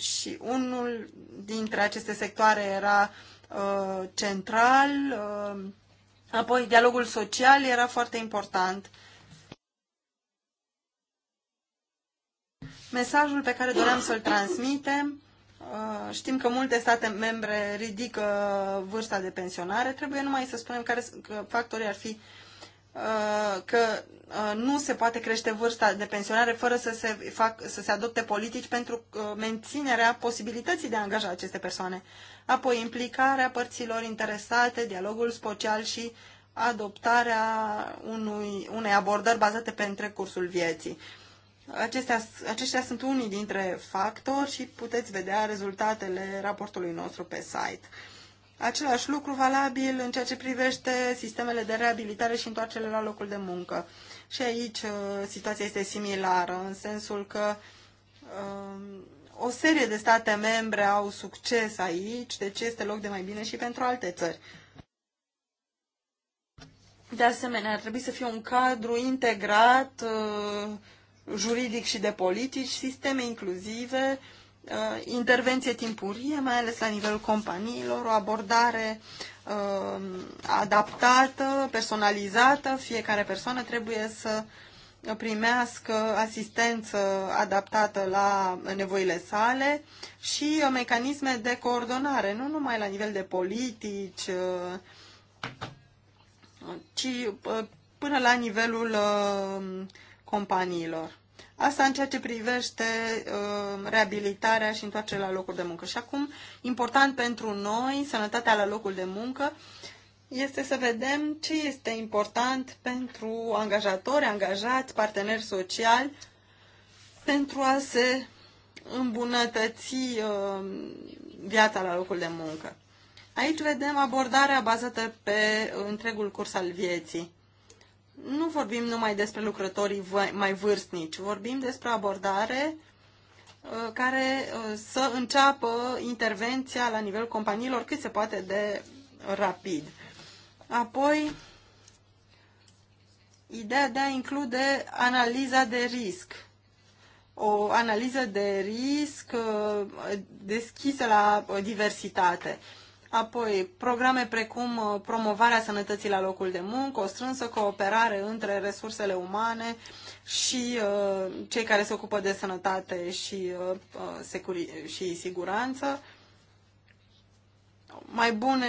și unul dintre aceste sectoare era uh, central, uh, apoi dialogul social era foarte important. Mesajul pe care doream să-l transmitem Uh, știm că multe state membre ridică vârsta de pensionare, trebuie numai să spunem care factorii ar fi uh, că uh, nu se poate crește vârsta de pensionare fără să se, fac, să se adopte politici pentru menținerea posibilității de a angaja aceste persoane. Apoi implicarea părților interesate, dialogul social și adoptarea unui, unei abordări bazate pe întrecursul vieții. Acestea, aceștia sunt unii dintre factori și puteți vedea rezultatele raportului nostru pe site. Același lucru valabil în ceea ce privește sistemele de reabilitare și întoarcere la locul de muncă. Și aici uh, situația este similară, în sensul că um, o serie de state membre au succes aici, deci este loc de mai bine și pentru alte țări. De asemenea, ar trebui să fie un cadru integrat uh, juridic și de politici, sisteme inclusive, uh, intervenție timpurie, mai ales la nivelul companiilor, o abordare uh, adaptată, personalizată, fiecare persoană trebuie să primească asistență adaptată la nevoile sale și uh, mecanisme de coordonare, nu numai la nivel de politici, ci până la nivelul companiilor. Asta în ceea ce privește uh, reabilitarea și întoarcerea la locul de muncă. Și acum, important pentru noi, sănătatea la locul de muncă, este să vedem ce este important pentru angajatori, angajați, parteneri sociali, pentru a se îmbunătăți uh, viața la locul de muncă. Aici vedem abordarea bazată pe întregul curs al vieții nu vorbim numai despre lucrătorii mai vârstnici, vorbim despre abordare uh, care uh, să înceapă intervenția la nivel companiilor cât se poate de rapid. Apoi, ideea de a include analiza de risc. O analiză de risc uh, deschisă la diversitate. Apoi, programe precum uh, promovarea sănătății la locul de muncă, o strânsă cooperare între resursele umane și uh, cei care se ocupă de sănătate și, uh, uh și siguranță, mai bune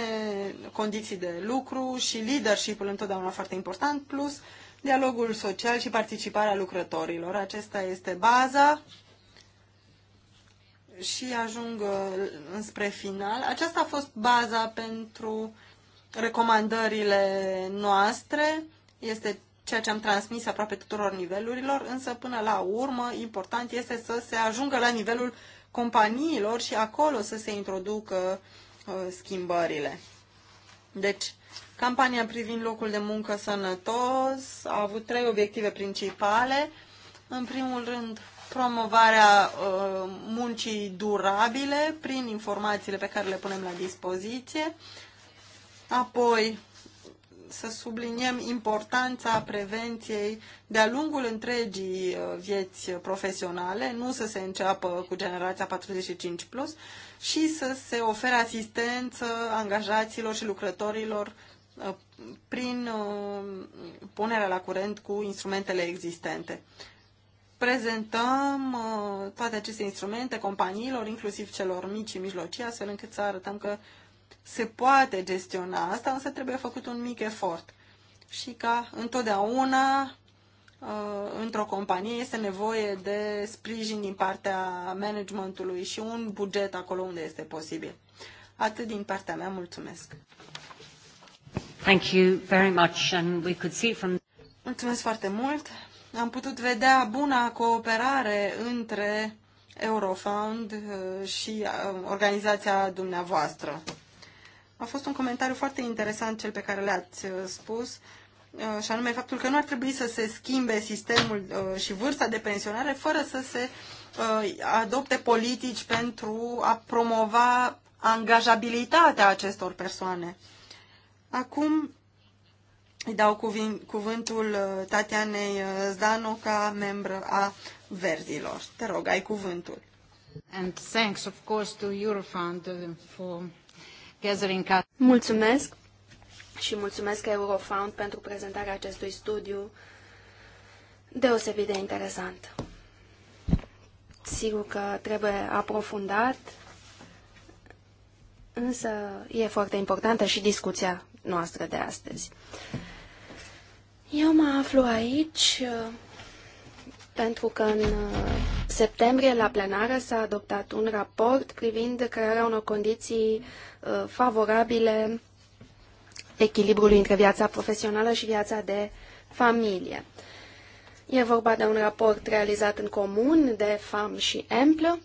condiții de lucru și leadership-ul întotdeauna foarte important, plus dialogul social și participarea lucrătorilor. Acesta este baza și ajung uh, spre final. Aceasta a fost baza pentru recomandările noastre. Este ceea ce am transmis aproape tuturor nivelurilor, însă până la urmă important este să se ajungă la nivelul companiilor și acolo să se introducă uh, schimbările. Deci, campania privind locul de muncă sănătos a avut trei obiective principale. În primul rând, promovarea uh, muncii durabile prin informațiile pe care le punem la dispoziție, apoi să subliniem importanța prevenției de-a lungul întregii uh, vieți profesionale, nu să se înceapă cu generația 45 plus și să se ofere asistență angajaților și lucrătorilor uh, prin uh, punerea la curent cu instrumentele existente prezentăm uh, toate aceste instrumente companiilor, inclusiv celor mici și mijlocii, astfel încât să arătăm că se poate gestiona asta, însă trebuie făcut un mic efort. Și ca întotdeauna uh, într-o companie este nevoie de sprijin din partea managementului și un buget acolo unde este posibil. Atât din partea mea, mulțumesc. Thank you very much and we could see from Mulțumesc foarte mult am putut vedea buna cooperare între Eurofound uh, și uh, organizația dumneavoastră. A fost un comentariu foarte interesant cel pe care l-ați uh, spus, și anume faptul că nu ar trebui să se schimbe sistemul și vârsta de pensionare fără să se adopte politici pentru a promova angajabilitatea acestor persoane. Acum îi dau cuvin, cuvântul uh, Tatianei uh, Zdano ca membră a Verzilor. Te rog, ai cuvântul. And thanks, of course, to Eurofund uh, for gathering... Mulțumesc și mulțumesc Eurofound pentru prezentarea acestui studiu deosebit de interesant. Sigur că trebuie aprofundat, însă e foarte importantă și discuția noastră de astăzi. Eu mă aflu aici uh, pentru că în uh, septembrie la plenară s-a adoptat un raport privind crearea unor condiții uh, favorabile echilibrului între viața profesională și viața de familie. E vorba de un raport realizat în comun de FAM și EMPLă,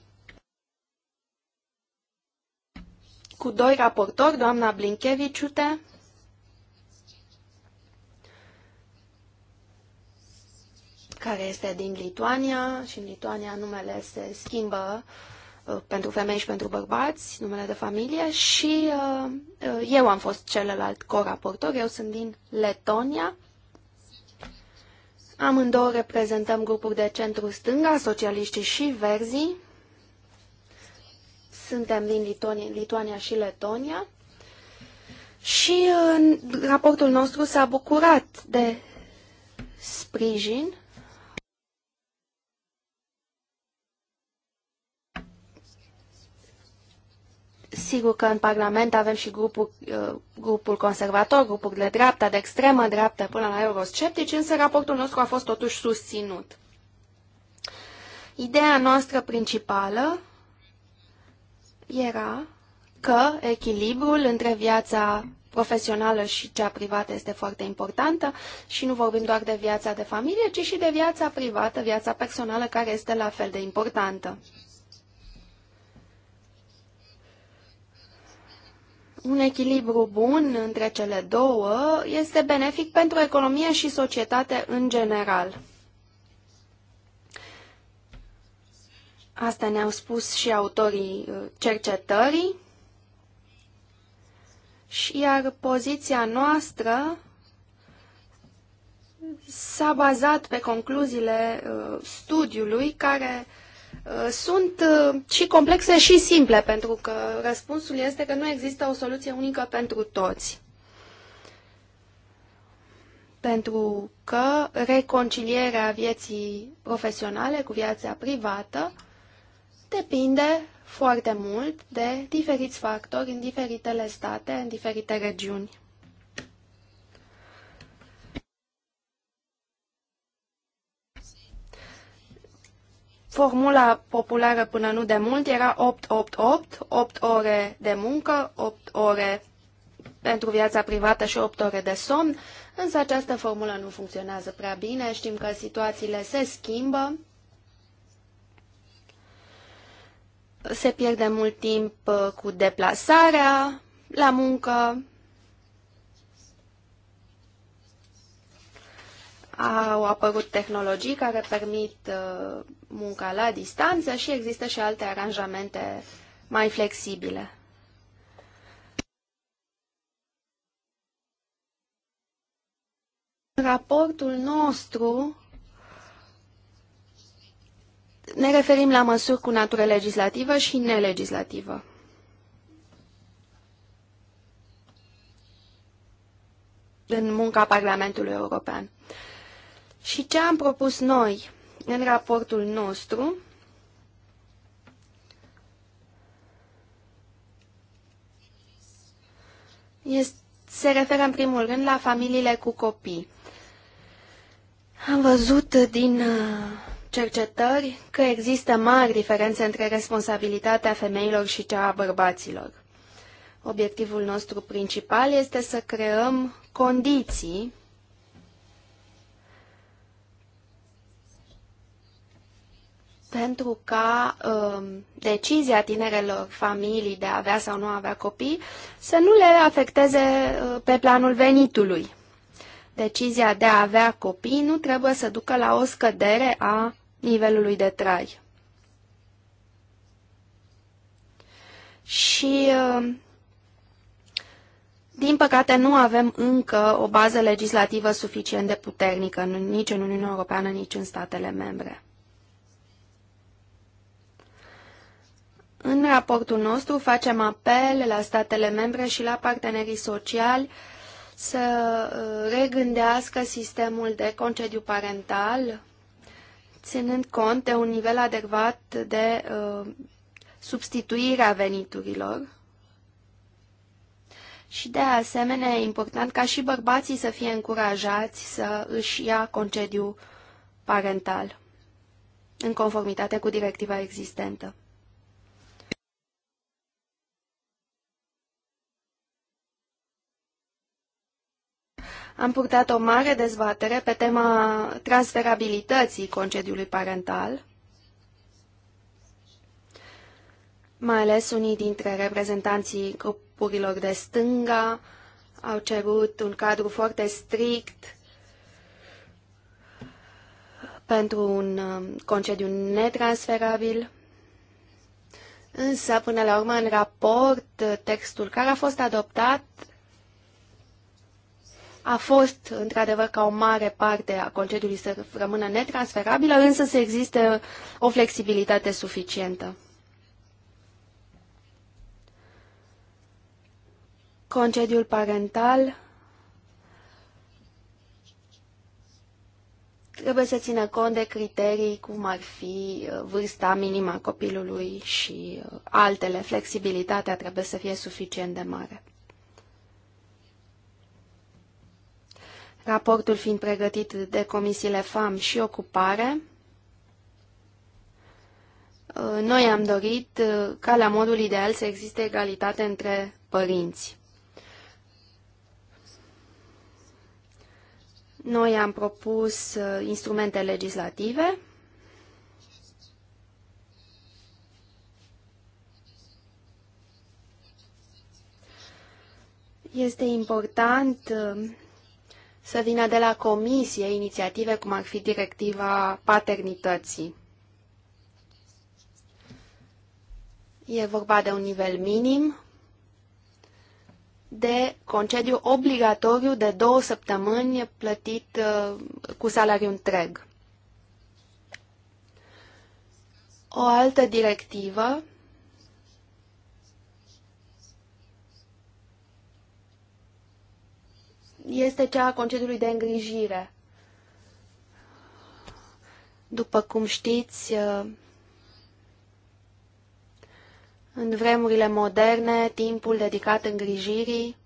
cu doi raportori, doamna Blinkeviciute care este din Lituania și în Lituania numele se schimbă uh, pentru femei și pentru bărbați, numele de familie și uh, uh, eu am fost celălalt coraportor, eu sunt din Letonia. Amândouă reprezentăm grupuri de centru-stânga, socialiștii și verzii. Suntem din Litonia, Lituania și Letonia. Și raportul nostru s-a bucurat de sprijin Sigur că în Parlament avem și grupul, uh, grupul conservator, grupul de dreapta, de extremă dreaptă până la eurosceptici, însă raportul nostru a fost totuși susținut. Ideea noastră principală era că echilibrul între viața profesională și cea privată este foarte importantă și nu vorbim doar de viața de familie, ci și de viața privată, viața personală, care este la fel de importantă. un echilibru bun între cele două este benefic pentru economie și societate în general. Asta ne-au spus și autorii uh, cercetării. Și iar poziția noastră s-a bazat pe concluziile uh, studiului care Uh, sunt uh, și complexe și simple, pentru că răspunsul este că nu există o soluție unică pentru toți. Pentru că reconcilierea vieții profesionale cu viața privată depinde foarte mult de diferiți factori în diferitele state, în diferite regiuni. Formula populară până nu de mult era 888, 8 ore de muncă, 8 ore pentru viața privată și 8 ore de somn, însă această formulă nu funcționează prea bine, știm că situațiile se schimbă, se pierde mult timp uh, cu deplasarea la muncă, Au apărut tehnologii care permit uh, munca la distanță și există și alte aranjamente mai flexibile. Raportul nostru ne referim la măsuri cu natură legislativă și nelegislativă. în munca Parlamentului European. Și ce am propus noi în raportul nostru este, se referă în primul rând la familiile cu copii. Am văzut din uh, cercetări că există mari diferențe între responsabilitatea femeilor și cea a bărbaților. Obiectivul nostru principal este să creăm condiții pentru ca um, decizia tinerelor familii de a avea sau nu a avea copii să nu le afecteze uh, pe planul venitului. Decizia de a avea copii nu trebuie să ducă la o scădere a nivelului de trai. Și, um, din păcate, nu avem încă o bază legislativă suficient de puternică, nici în Uniunea Europeană, nici în statele membre. În raportul nostru facem apel la statele membre și la partenerii sociali să uh, regândească sistemul de concediu parental, ținând cont de un nivel adecvat de uh, substituire a veniturilor. Și de asemenea e important ca și bărbații să fie încurajați să își ia concediu parental, în conformitate cu directiva existentă. Am purtat o mare dezbatere pe tema transferabilității concediului parental. Mai ales unii dintre reprezentanții grupurilor de stânga au cerut un cadru foarte strict pentru un um, concediu netransferabil. Însă, până la urmă, în raport, textul care a fost adoptat a fost într-adevăr ca o mare parte a concediului să rămână netransferabilă, însă să existe o flexibilitate suficientă. Concediul parental trebuie să țină cont de criterii cum ar fi uh, vârsta minimă a copilului și uh, altele. Flexibilitatea trebuie să fie suficient de mare. raportul fiind pregătit de comisiile FAM și Ocupare. Noi am dorit uh, ca la modul ideal să existe egalitate între părinți. Noi am propus uh, instrumente legislative Este important uh, să vină de la comisie inițiative cum ar fi directiva paternității. E vorba de un nivel minim de concediu obligatoriu de două săptămâni plătit uh, cu salariu întreg. O altă directivă este cea a concediului de îngrijire. După cum știți, uh, în vremurile moderne, timpul dedicat îngrijirii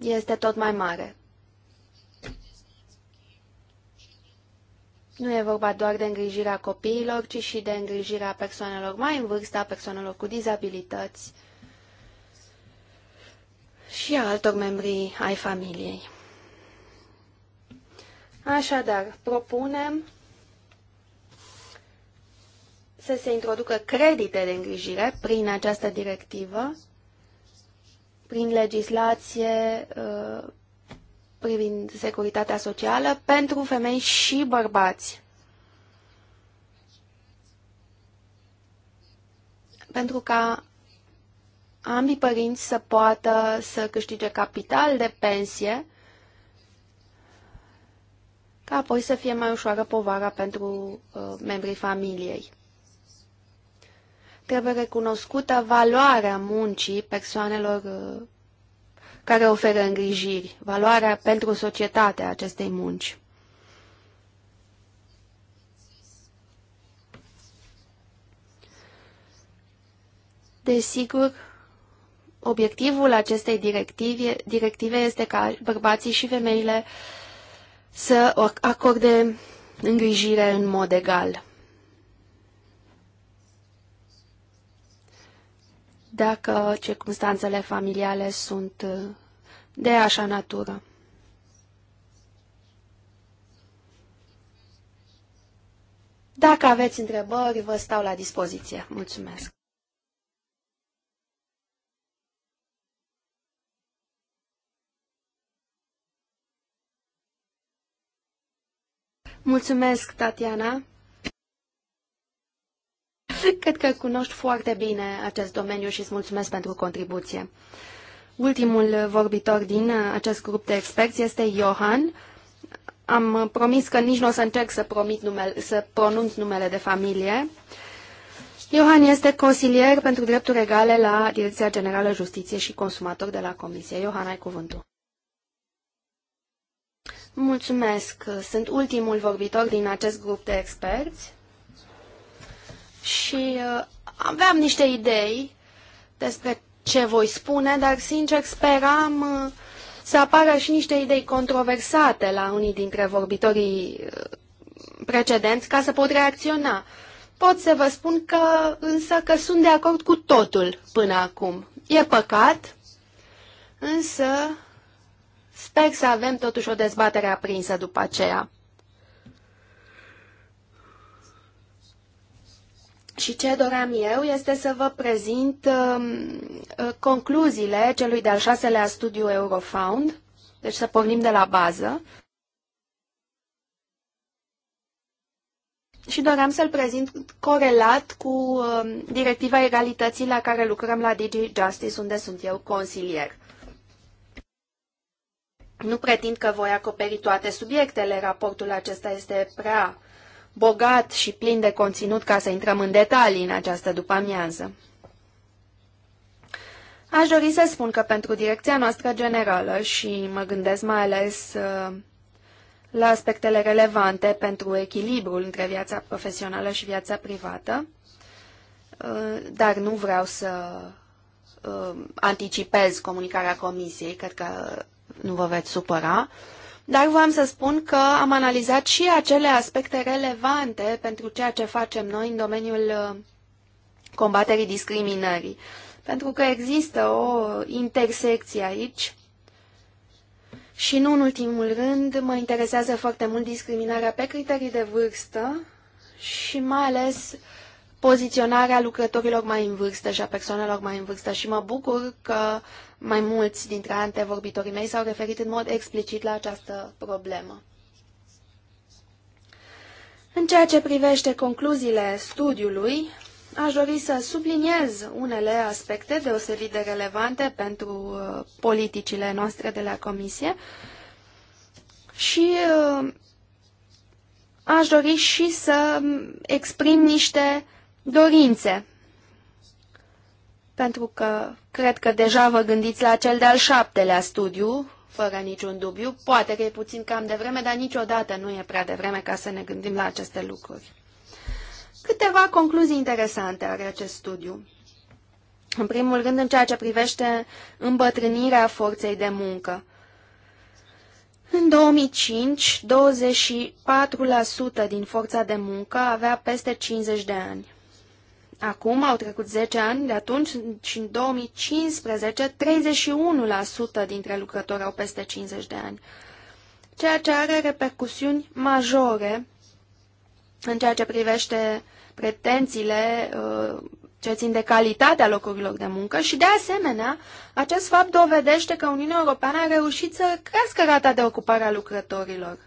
este tot mai mare. Nu e vorba doar de îngrijirea copiilor, ci și de îngrijirea persoanelor mai în vârstă, a persoanelor cu dizabilități și a altor membrii ai familiei. Așadar, propunem să se introducă credite de îngrijire prin această directivă, prin legislație uh, privind securitatea socială pentru femei și bărbați. Pentru ca ambii părinți să poată să câștige capital de pensie, ca apoi să fie mai ușoară povara pentru uh, membrii familiei. Trebuie recunoscută valoarea muncii persoanelor uh, care oferă îngrijiri, valoarea pentru societate a acestei munci. Desigur, Obiectivul acestei directive, directive este ca bărbații și femeile să acorde îngrijire în mod egal. Dacă circumstanțele familiale sunt uh, de așa natură. Dacă aveți întrebări, vă stau la dispoziție. Mulțumesc! Mulțumesc, Tatiana! Cred că cunoști foarte bine acest domeniu și îți mulțumesc pentru contribuție. Ultimul vorbitor din acest grup de experți este Johan. Am promis că nici nu o să încerc să, promit numele, să pronunț numele de familie. Johan este consilier pentru drepturi egale la Direcția Generală Justiție și Consumator de la Comisie. Johan, ai cuvântul. Mulțumesc. Sunt ultimul vorbitor din acest grup de experți și uh, aveam niște idei despre ce voi spune, dar sincer speram uh, să apară și niște idei controversate la unii dintre vorbitorii uh, precedenți ca să pot reacționa. Pot să vă spun că însă că sunt de acord cu totul până acum. E păcat, însă Sper să avem totuși o dezbatere aprinsă după aceea. Și ce doream eu este să vă prezint um, uh, concluziile celui de-al șaselea studiu Eurofound, deci să pornim de la bază. Și doream să-l prezint corelat cu um, directiva egalității la care lucrăm la DG Justice, unde sunt eu consilier. Nu pretind că voi acoperi toate subiectele, raportul acesta este prea bogat și plin de conținut ca să intrăm în detalii în această după-amiază. Aș dori să spun că pentru direcția noastră generală și mă gândesc mai ales uh, la aspectele relevante pentru echilibrul între viața profesională și viața privată, uh, dar nu vreau să uh, anticipez comunicarea comisiei, cred că nu vă veți supăra, dar v-am să spun că am analizat și acele aspecte relevante pentru ceea ce facem noi în domeniul uh, combaterii discriminării. Pentru că există o intersecție aici și nu în ultimul rând, mă interesează foarte mult discriminarea pe criterii de vârstă și mai ales poziționarea lucrătorilor mai în vârstă și a persoanelor mai în vârstă și mă bucur că mai mulți dintre antevorbitorii mei s-au referit în mod explicit la această problemă. În ceea ce privește concluziile studiului, aș dori să subliniez unele aspecte deosebit de relevante pentru uh, politicile noastre de la Comisie și uh, aș dori și să exprim niște dorințe. Pentru că cred că deja vă gândiți la cel de-al șaptelea studiu, fără niciun dubiu. Poate că e puțin cam de vreme, dar niciodată nu e prea de vreme ca să ne gândim la aceste lucruri. Câteva concluzii interesante are acest studiu. În primul rând, în ceea ce privește îmbătrânirea forței de muncă. În 2005, 24% din forța de muncă avea peste 50 de ani. Acum au trecut 10 ani de atunci și în 2015 31% dintre lucrători au peste 50 de ani, ceea ce are repercusiuni majore în ceea ce privește pretențiile uh, ce țin de calitatea locurilor de muncă și, de asemenea, acest fapt dovedește că Uniunea Europeană a reușit să crească rata de ocupare a lucrătorilor.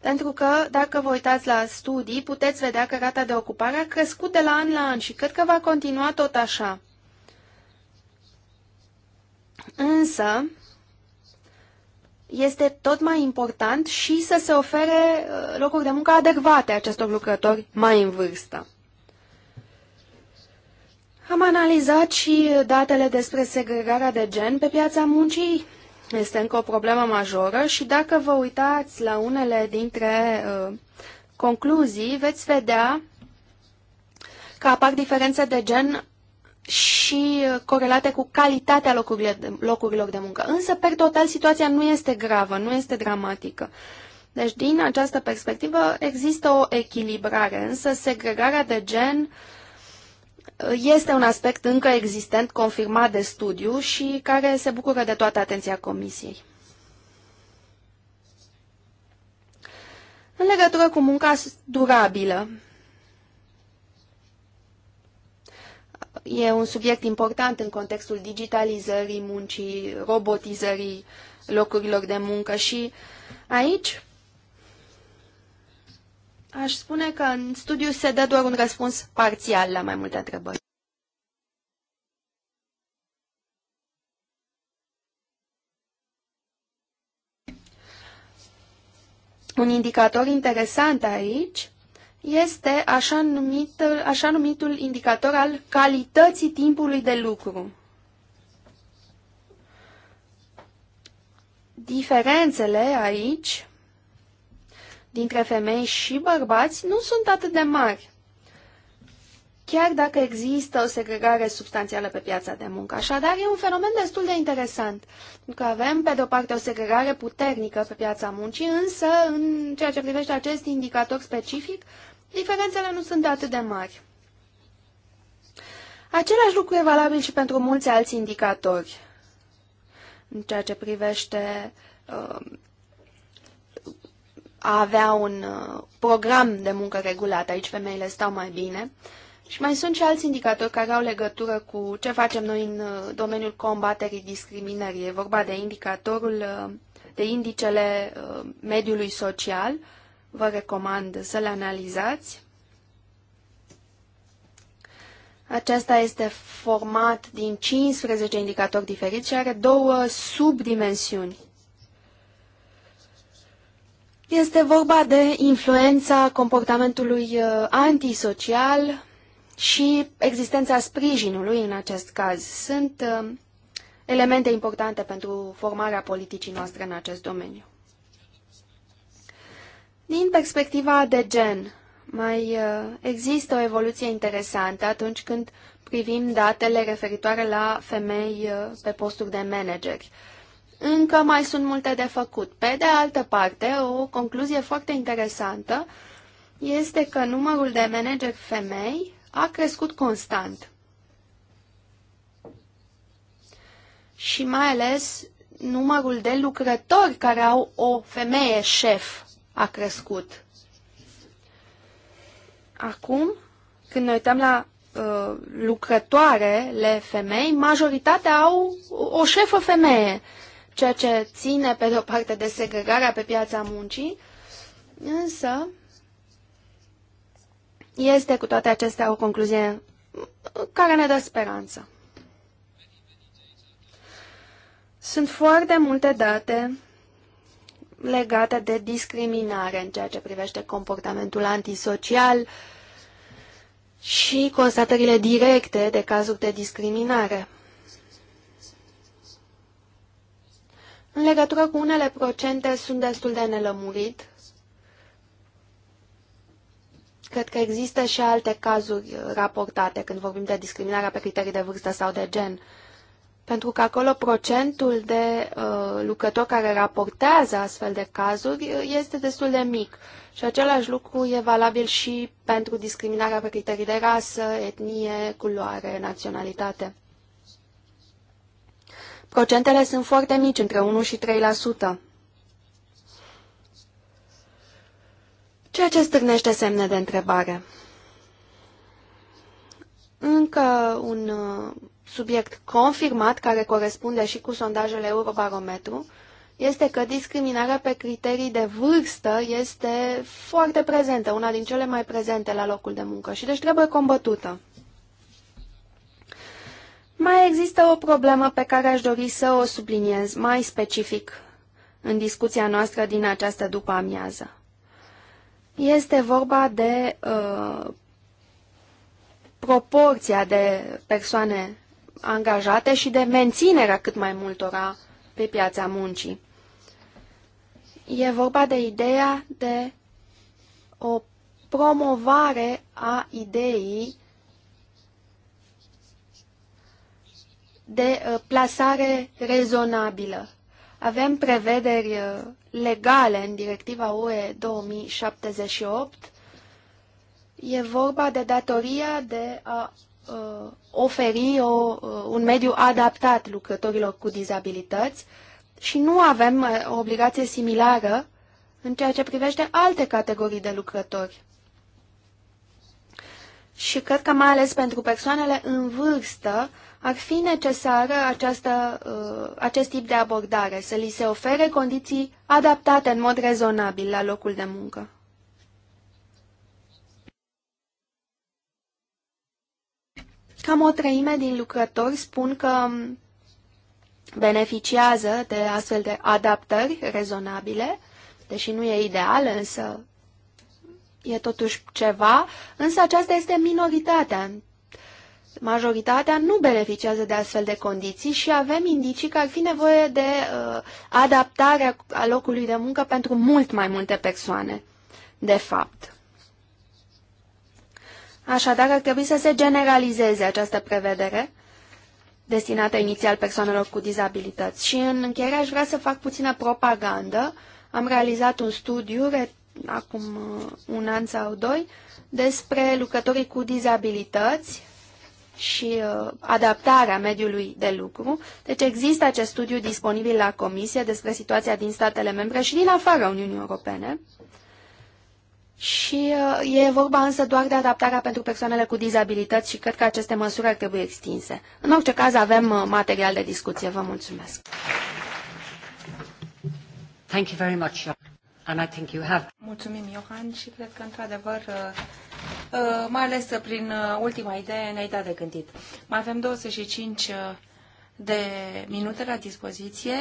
Pentru că, dacă vă uitați la studii, puteți vedea că rata de ocupare a crescut de la an la an și cred că va continua tot așa. Însă, este tot mai important și să se ofere uh, locuri de muncă adecvate acestor lucrători mai în vârstă. Am analizat și datele despre segregarea de gen pe piața muncii este încă o problemă majoră și dacă vă uitați la unele dintre uh, concluzii, veți vedea că apar diferențe de gen și uh, corelate cu calitatea locurilor de, locurilor de muncă. Însă, per total, situația nu este gravă, nu este dramatică. Deci, din această perspectivă, există o echilibrare, însă segregarea de gen uh, este un aspect încă existent, confirmat de studiu și care se bucură de toată atenția Comisiei. În legătură cu munca durabilă, e un subiect important în contextul digitalizării muncii, robotizării locurilor de muncă și aici Aș spune că în studiu se dă doar un răspuns parțial la mai multe întrebări. Un indicator interesant aici este așa numit, așa numitul indicator al calității timpului de lucru. Diferențele aici dintre femei și bărbați nu sunt atât de mari, chiar dacă există o segregare substanțială pe piața de muncă. Așadar, e un fenomen destul de interesant, pentru că avem, pe de-o parte, o segregare puternică pe piața muncii, însă, în ceea ce privește acest indicator specific, diferențele nu sunt atât de mari. Același lucru e valabil și pentru mulți alți indicatori în ceea ce privește uh, a avea un uh, program de muncă regulat. Aici femeile stau mai bine. Și mai sunt și alți indicatori care au legătură cu ce facem noi în uh, domeniul combaterii discriminării. E vorba de indicatorul, uh, de indicele mediului social. Vă recomand să le analizați. Acesta este format din 15 indicatori diferiți și are două subdimensiuni. Este vorba de influența comportamentului uh, antisocial și existența sprijinului în acest caz. Sunt uh, elemente importante pentru formarea politicii noastre în acest domeniu. Din perspectiva de gen, mai uh, există o evoluție interesantă atunci când privim datele referitoare la femei pe posturi de manageri. Încă mai sunt multe de făcut. Pe de altă parte, o concluzie foarte interesantă este că numărul de manageri femei a crescut constant. Și mai ales numărul de lucrători care au o femeie șef a crescut. Acum, când ne uităm la uh, lucrătoarele femei, majoritatea au o șefă femeie ceea ce ține pe de-o parte de segregarea pe piața muncii, însă este cu toate acestea o concluzie care ne dă speranță. Sunt foarte multe date legate de discriminare în ceea ce privește comportamentul antisocial și constatările directe de cazuri de discriminare. În legătură cu unele procente sunt destul de nelămurit. Cred că există și alte cazuri raportate când vorbim de discriminarea pe criterii de vârstă sau de gen. Pentru că acolo procentul de uh, lucrători care raportează astfel de cazuri uh, este destul de mic. Și același lucru e valabil și pentru discriminarea pe criterii de rasă, etnie, culoare, naționalitate. Procentele sunt foarte mici, între 1 și 3%. Ceea ce stârnește semne de întrebare. Încă un uh, subiect confirmat, care corespunde și cu sondajele Eurobarometru, este că discriminarea pe criterii de vârstă este foarte prezentă, una din cele mai prezente la locul de muncă și deci trebuie combătută. Mai există o problemă pe care aș dori să o subliniez mai specific în discuția noastră din această după-amiază. Este vorba de uh, proporția de persoane angajate și de menținerea cât mai multora pe piața muncii. E vorba de ideea de o promovare a ideii de uh, plasare rezonabilă. Avem prevederi uh, legale în directiva UE 2078. E vorba de datoria de a uh, oferi o, un mediu adaptat lucrătorilor cu dizabilități și nu avem o obligație similară în ceea ce privește alte categorii de lucrători. Și cred că mai ales pentru persoanele în vârstă ar fi necesară această, uh, acest tip de abordare, să li se ofere condiții adaptate în mod rezonabil la locul de muncă. Cam o treime din lucrători spun că beneficiază de astfel de adaptări rezonabile, deși nu e ideal, însă e totuși ceva, însă aceasta este minoritatea. În Majoritatea nu beneficiază de astfel de condiții și avem indicii că ar fi nevoie de uh, adaptarea a locului de muncă pentru mult mai multe persoane, de fapt. Așadar, ar trebui să se generalizeze această prevedere destinată inițial persoanelor cu dizabilități. Și în încheiere aș vrea să fac puțină propagandă. Am realizat un studiu acum uh, un an sau doi despre lucrătorii cu dizabilități și uh, adaptarea mediului de lucru. Deci există acest studiu disponibil la Comisie despre situația din statele membre și din afara Uniunii Europene. Și uh, e vorba însă doar de adaptarea pentru persoanele cu dizabilități și cred că aceste măsuri ar trebui extinse. În orice caz avem uh, material de discuție. Vă mulțumesc. Thank you very much. And I think you have... Mulțumim, Johan, și cred că într-adevăr uh Uh, mai ales prin uh, ultima idee ne-ai dat de gândit. Mai avem 25 uh, de minute la dispoziție.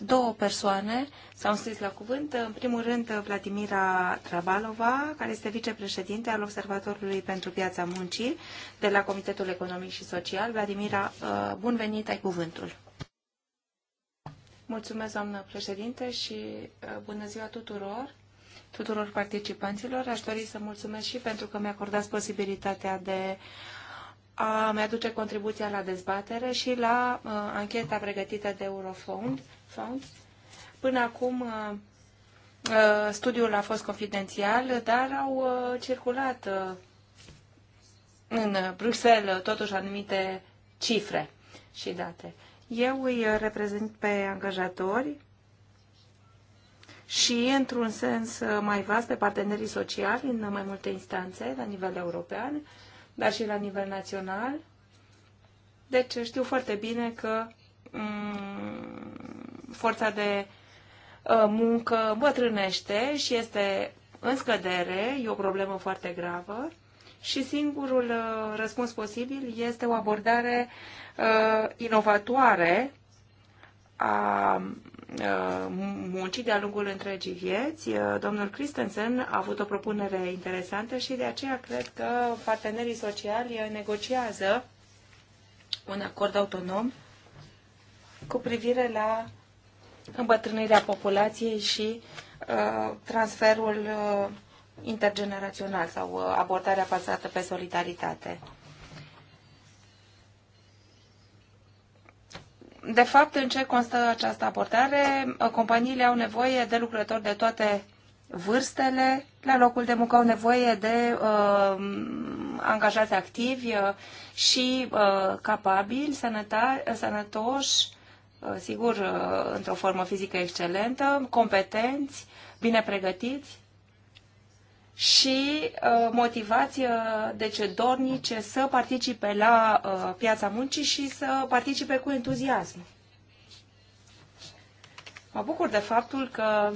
Două persoane s-au scris la cuvânt. În primul rând, Vladimira Trabalova, care este vicepreședinte al Observatorului pentru Piața Muncii de la Comitetul Economic și Social. Vladimira, bun venit, ai cuvântul. Mulțumesc, doamnă președinte, și bună ziua tuturor tuturor participanților. Aș dori să mulțumesc și pentru că mi-a acordat posibilitatea de a mi-aduce contribuția la dezbatere și la uh, ancheta pregătită de Eurofound. Fund. Până acum uh, uh, studiul a fost confidențial, dar au uh, circulat uh, în Bruxelles totuși anumite cifre și date. Eu îi reprezint pe angajatori și, într-un sens mai vast, pe partenerii sociali în mai multe instanțe, la nivel european, dar și la nivel național. Deci știu foarte bine că mm, forța de ă, muncă bătrânește și este în scădere, e o problemă foarte gravă și singurul ă, răspuns posibil este o abordare ă, inovatoare a Uh, muncii de-a lungul întregii vieți. Uh, domnul Christensen a avut o propunere interesantă și de aceea cred că partenerii sociali negociază un acord autonom cu privire la îmbătrânirea populației și uh, transferul intergenerațional sau abordarea bazată pe solidaritate. de fapt, în ce constă această abordare? Companiile au nevoie de lucrători de toate vârstele la locul de muncă, au nevoie de uh, angajați activi uh, și uh, capabili, sănătar, sănătoși, uh, sigur, uh, într-o formă fizică excelentă, competenți, bine pregătiți și uh, uh, de ce dornici să participe la uh, piața muncii și să participe cu entuziasm. Mă bucur de faptul că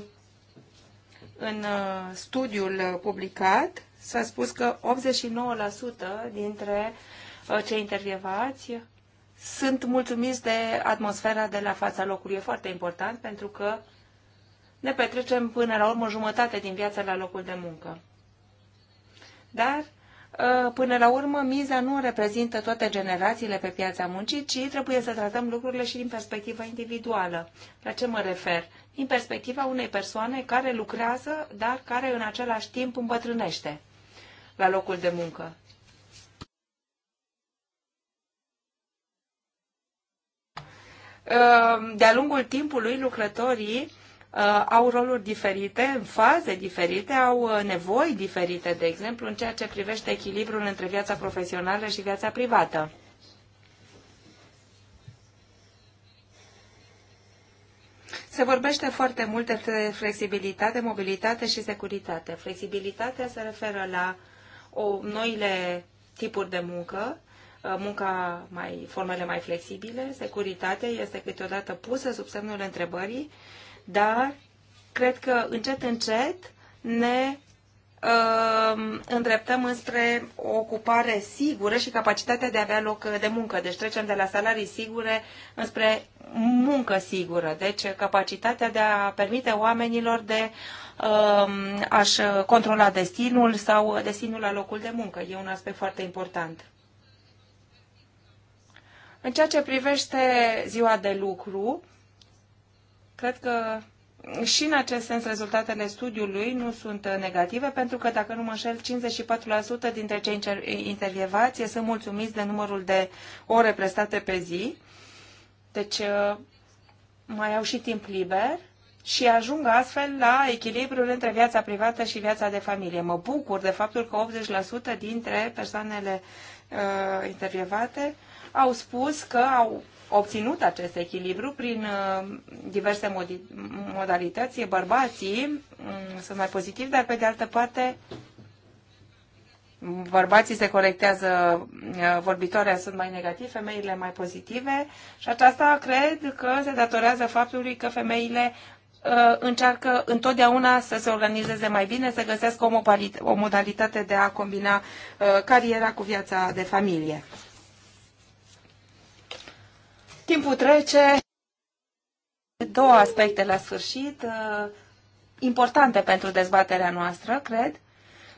în studiul publicat s-a spus că 89% dintre cei intervievați sunt mulțumiți de atmosfera de la fața locului. E foarte important pentru că ne petrecem până la urmă jumătate din viața la locul de muncă. Dar, uh, până la urmă, miza nu reprezintă toate generațiile pe piața muncii, ci trebuie să tratăm lucrurile și din perspectiva individuală. La ce mă refer? Din perspectiva unei persoane care lucrează, dar care în același timp îmbătrânește la locul de muncă. Uh, de-a lungul timpului lucrătorii Uh, au roluri diferite, în faze diferite, au uh, nevoi diferite, de exemplu, în ceea ce privește echilibrul între viața profesională și viața privată. Se vorbește foarte mult de flexibilitate, mobilitate și securitate. Flexibilitatea se referă la o, noile tipuri de muncă, uh, munca mai, formele mai flexibile, securitatea este câteodată pusă sub semnul întrebării dar cred că încet, încet ne uh, îndreptăm înspre o ocupare sigură și capacitatea de a avea loc de muncă. Deci trecem de la salarii sigure înspre muncă sigură. Deci capacitatea de a permite oamenilor de um, a-și controla destinul sau destinul la locul de muncă. E un aspect foarte important. În ceea ce privește ziua de lucru, Cred că și în acest sens rezultatele studiului nu sunt negative, pentru că, dacă nu mă înșel, 54% dintre cei intervievați sunt mulțumiți de numărul de ore prestate pe zi. Deci uh, mai au și timp liber și ajung astfel la echilibrul între viața privată și viața de familie. Mă bucur de faptul că 80% dintre persoanele uh, intervievate au spus că au obținut acest echilibru prin uh, diverse modalități. Bărbații mm, sunt mai pozitivi, dar pe de altă parte bărbații se corectează, uh, vorbitoarea sunt mai negative, femeile mai pozitive și aceasta cred că se datorează faptului că femeile uh, încearcă întotdeauna să se organizeze mai bine, să găsească o modalitate de a combina cariera cu viața de familie. Timpul trece. Două aspecte la sfârșit, uh, importante pentru dezbaterea noastră, cred,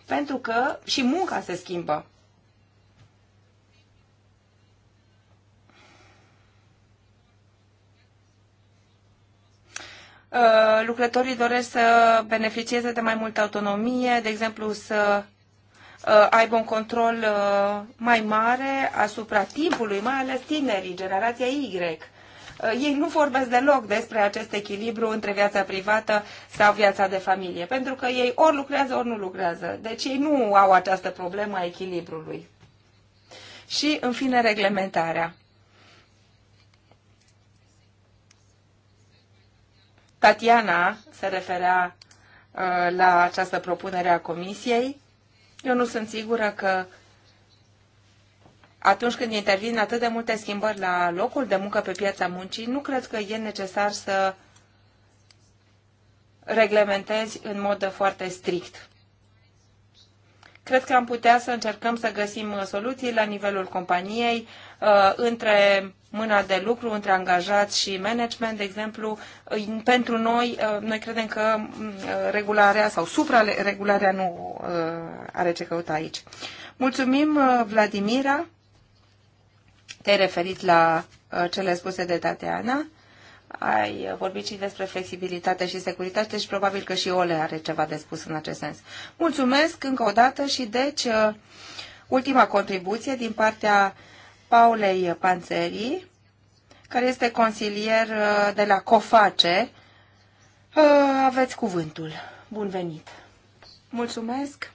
pentru că și munca se schimbă. Uh, lucrătorii doresc să beneficieze de mai multă autonomie, de exemplu să Uh, aibă un control uh, mai mare asupra timpului, mai ales tinerii, generația Y. Uh, ei nu vorbesc deloc despre acest echilibru între viața privată sau viața de familie, pentru că ei ori lucrează, ori nu lucrează. Deci ei nu au această problemă a echilibrului. Și, în fine, reglementarea. Tatiana se referea la această propunere a Comisiei eu nu sunt sigură că atunci când intervin atât de multe schimbări la locul de muncă pe piața muncii, nu cred că e necesar să reglementezi în mod foarte strict. Cred că am putea să încercăm să găsim soluții la nivelul companiei uh, între mâna de lucru între angajați și management, de exemplu, pentru noi, uh, noi credem că mm, uh, regularea sau supraregularea nu uh, are ce căuta aici. Mulțumim, Vladimira. Te-ai referit la cele spuse de Tatiana. Ai vorbit și despre flexibilitate și securitate și probabil că și Ole are ceva de spus în acest sens. Mulțumesc încă o dată și deci ultima contribuție din partea Paulei Panțerii, care este consilier uh, de la COFACE. Uh, aveți cuvântul. Bun venit! Mulțumesc!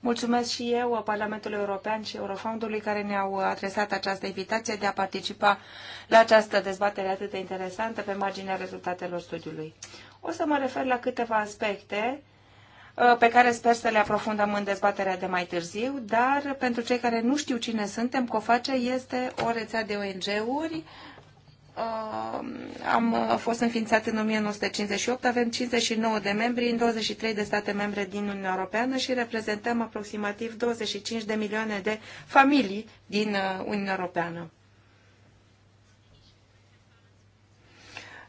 Mulțumesc și eu uh, Parlamentului European și Eurofondului, care ne-au adresat această invitație de a participa la această dezbatere atât de interesantă pe marginea rezultatelor studiului. O să mă refer la câteva aspecte Uh, pe care sper să le aprofundăm în dezbaterea de mai târziu, dar pentru cei care nu știu cine suntem, COFACE este o rețea de ONG-uri. Uh, am uh, fost înființat în 1958, avem 59 de membri în 23 de state membre din Uniunea Europeană și reprezentăm aproximativ 25 de milioane de familii din Uniunea Europeană.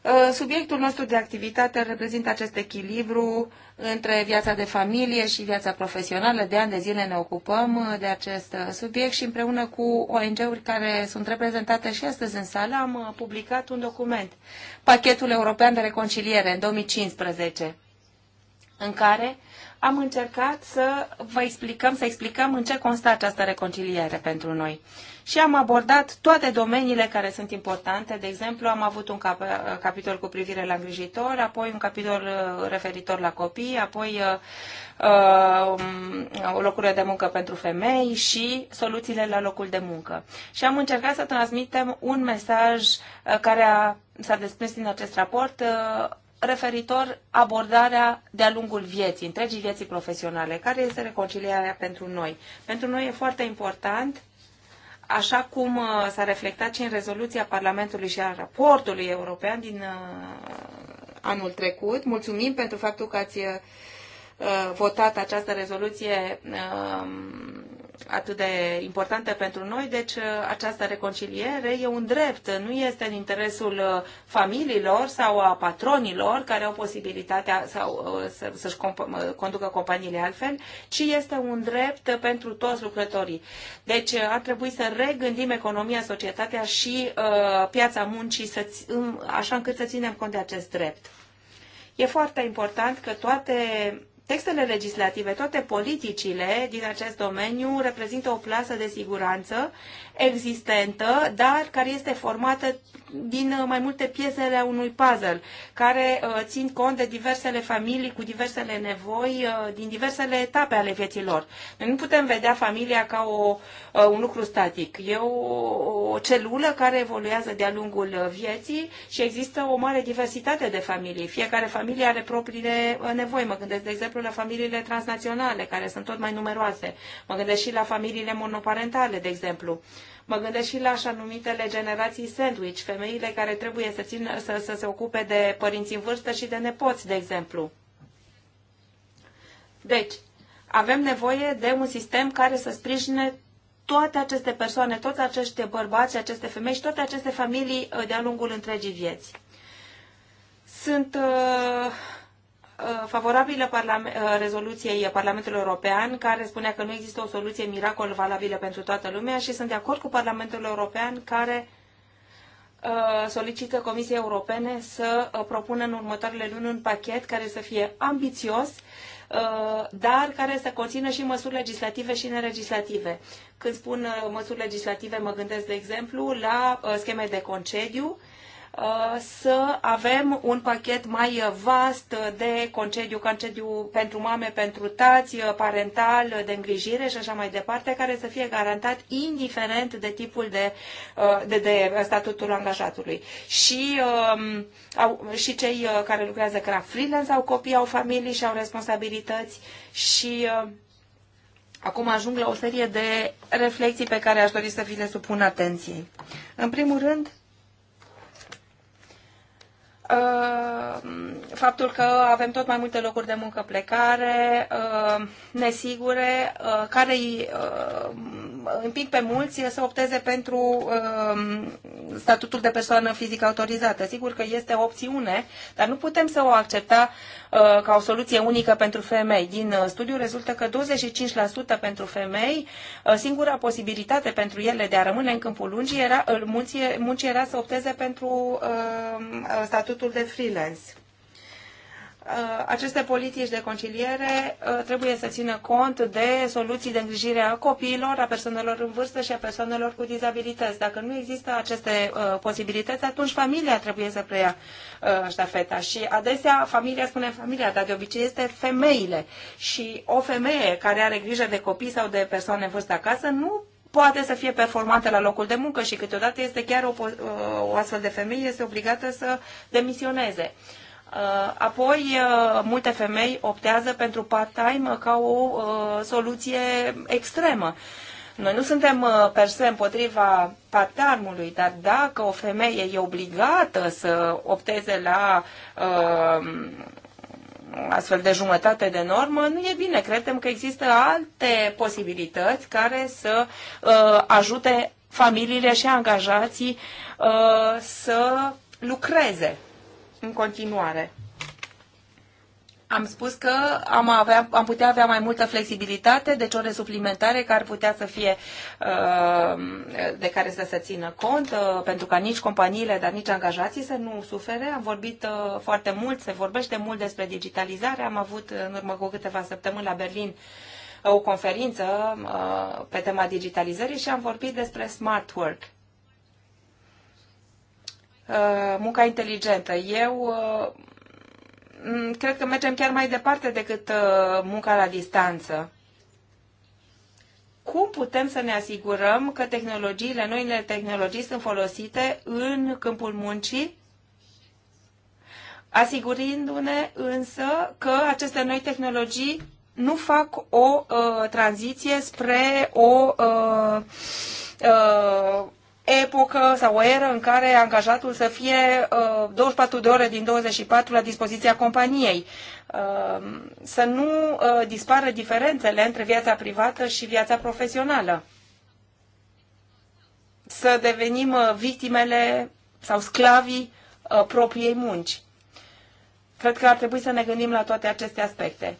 Uh, subiectul nostru de activitate reprezintă acest echilibru între viața de familie și viața profesională. De ani de zile ne ocupăm uh, de acest uh, subiect și împreună cu ONG-uri care sunt reprezentate și astăzi în sală am publicat un document, Pachetul European de Reconciliere în 2015, în care am încercat să vă explicăm, să explicăm în ce constă această reconciliere pentru noi. Și am abordat toate domeniile care sunt importante. De exemplu, am avut un cap, capitol cu privire la îngrijitor, apoi un capitol uh, referitor la copii, apoi uh, uh um, locurile de muncă pentru femei și soluțiile la locul de muncă. Și am încercat să transmitem un mesaj uh, care a, s-a desprins din acest raport, uh, referitor abordarea de-a lungul vieții, întregii vieții profesionale. Care este reconcilierea pentru noi? Pentru noi e foarte important, așa cum uh, s-a reflectat și în rezoluția Parlamentului și a raportului european din uh, anul trecut. Mulțumim pentru faptul că ați uh, votat această rezoluție um, atât de importantă pentru noi, deci uh, această reconciliere e un drept, nu este în interesul uh, familiilor sau a patronilor care au posibilitatea sau uh, să-și conducă companiile altfel, ci este un drept pentru toți lucrătorii. Deci ar trebui să regândim economia, societatea și uh, piața muncii să, așa încât să ținem cont de acest drept. E foarte important că toate Textele legislative, toate politicile din acest domeniu reprezintă o plasă de siguranță existentă, dar care este formată din uh, mai multe piesele a unui puzzle, care uh, țin cont de diversele familii cu diversele nevoi uh, din diversele etape ale vieții lor. Noi nu putem vedea familia ca o, un lucru static. E o, o celulă care evoluează de-a lungul vieții și există o mare diversitate de familii. Fiecare familie are propriile nevoi. Mă gândesc, de exemplu, la familiile transnaționale, care sunt tot mai numeroase. Mă gândesc și la familiile monoparentale, de exemplu. Uh, Mă gândesc și la așa numitele generații sandwich, femeile care trebuie să, țin, să, să se ocupe de părinți în vârstă și de nepoți, de exemplu. Deci, avem nevoie de un sistem care să sprijine toate aceste persoane, toți acești bărbați, aceste femei și toate aceste familii uh, de-a lungul întregii vieți. Sunt uh, Uh, favorabilă uh, rezoluției Parlamentului European, care spunea că nu există o soluție miracol valabilă pentru toată lumea și sunt de acord cu Parlamentul European, care uh, solicită Comisiei Europene să propună în următoarele luni un pachet care să fie ambițios, dar care să conțină și măsuri legislative și nelegislative. Când spun măsuri legislative, mă gândesc, de exemplu, la scheme de concediu, Uh, să avem un pachet mai vast de concediu, concediu pentru mame, pentru tați, uh, parental, uh, de îngrijire și așa mai departe, care să fie garantat indiferent de tipul de, de, de statutul angajatului. Și, um, au, și cei care lucrează ca freelance au copii, au familii și au responsabilități și Acum ajung la o serie de reflexii pe care aș dori să vi le supun atenției. În primul rând, Uh, faptul că avem tot mai multe locuri de muncă plecare, uh, nesigure, uh, care îi împing pe mulți să opteze pentru statutul de persoană fizică autorizată. Sigur că este o opțiune, dar nu putem să o acceptăm Uh, ca o soluție unică pentru femei. Din uh, studiu rezultă că 25% pentru femei, uh, singura posibilitate pentru ele de a rămâne în câmpul lungii era, muncii, muncii era să opteze pentru statutul de freelance. Uh, aceste politici de conciliere uh, trebuie să țină cont de soluții de îngrijire a copiilor, a persoanelor în vârstă și a persoanelor cu dizabilități. Dacă nu există aceste uh, posibilități, atunci familia trebuie să preia ștafeta. Și adesea familia spune familia, dar de obicei este femeile. Și o femeie care are grijă de copii sau de persoane în vârstă acasă nu poate să fie performantă la locul de muncă și câteodată este chiar o, o astfel de femeie este obligată să demisioneze. Uh, Uh, apoi, uh, multe femei optează pentru part-time ca o uh, soluție extremă. Noi nu suntem per se împotriva patarmului, dar dacă o femeie e obligată să opteze la uh, astfel de jumătate de normă, nu e bine. Credem că există alte posibilități care să uh, ajute familiile și angajații uh, să lucreze în continuare. Am spus că am, avea, am putea avea mai multă flexibilitate, deci ore suplimentare care putea să fie uh, de care să se țină cont, uh, pentru ca nici companiile, dar nici angajații să nu sufere. Am vorbit uh, foarte mult, se vorbește mult despre digitalizare. Am avut în urmă cu câteva săptămâni la Berlin o conferință pe tema digitalizării și am vorbit despre smart work Uh, munca inteligentă. Eu uh, cred că mergem chiar mai departe decât uh, munca la distanță. Cum putem să ne asigurăm că tehnologiile, noile tehnologii sunt folosite în câmpul muncii, asigurindu-ne însă că aceste noi tehnologii nu fac o uh, tranziție spre o uh, uh, epocă sau o eră în care angajatul să fie 24 uh, de ore din 24 la dispoziția companiei. Uh, să nu uh, dispară diferențele între viața privată și viața profesională. Să devenim victimele sau sclavii propriei munci. Cred că ar trebui să ne gândim la toate aceste aspecte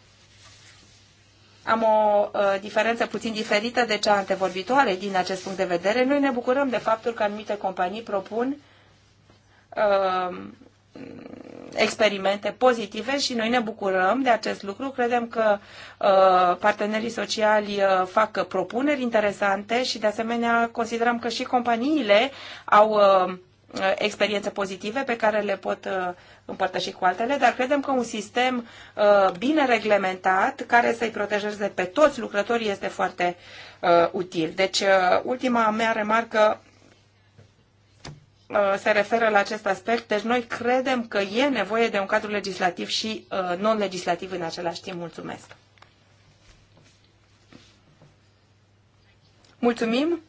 am o uh, diferență puțin diferită de cea antevorbitoare din acest punct de vedere. Noi ne bucurăm de faptul că anumite companii propun uh, experimente pozitive și noi ne bucurăm de acest lucru. Credem că uh, partenerii sociali uh, fac propuneri interesante și de asemenea considerăm că și companiile au uh, Uh, experiențe pozitive pe care le pot uh, împărtăși cu altele, dar credem că un sistem uh, bine reglementat care să-i protejeze pe toți lucrătorii este foarte util. Deci, ultima mea remarcă se referă la acest aspect, deci noi credem că e nevoie de un cadru legislativ și non-legislativ în același timp. Mulțumesc! Mulțumim!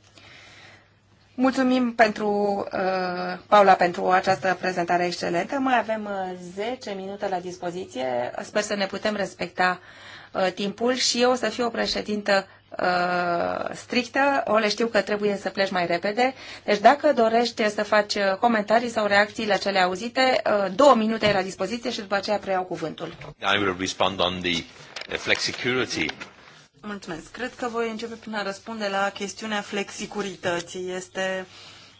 Mulțumim pentru, uh, Paula, pentru această prezentare excelentă. Mai avem 10 uh, minute la dispoziție. Sper să ne putem respecta uh, timpul și eu o să fiu o președintă strictă. O le știu că trebuie să pleci mai repede. Deci dacă dorești să faci comentarii sau reacții la cele auzite, două minute la dispoziție și după aceea preiau cuvântul. I will respond on the flexicurity Mulțumesc. Cred că voi începe prin a răspunde la chestiunea flexicurității. Este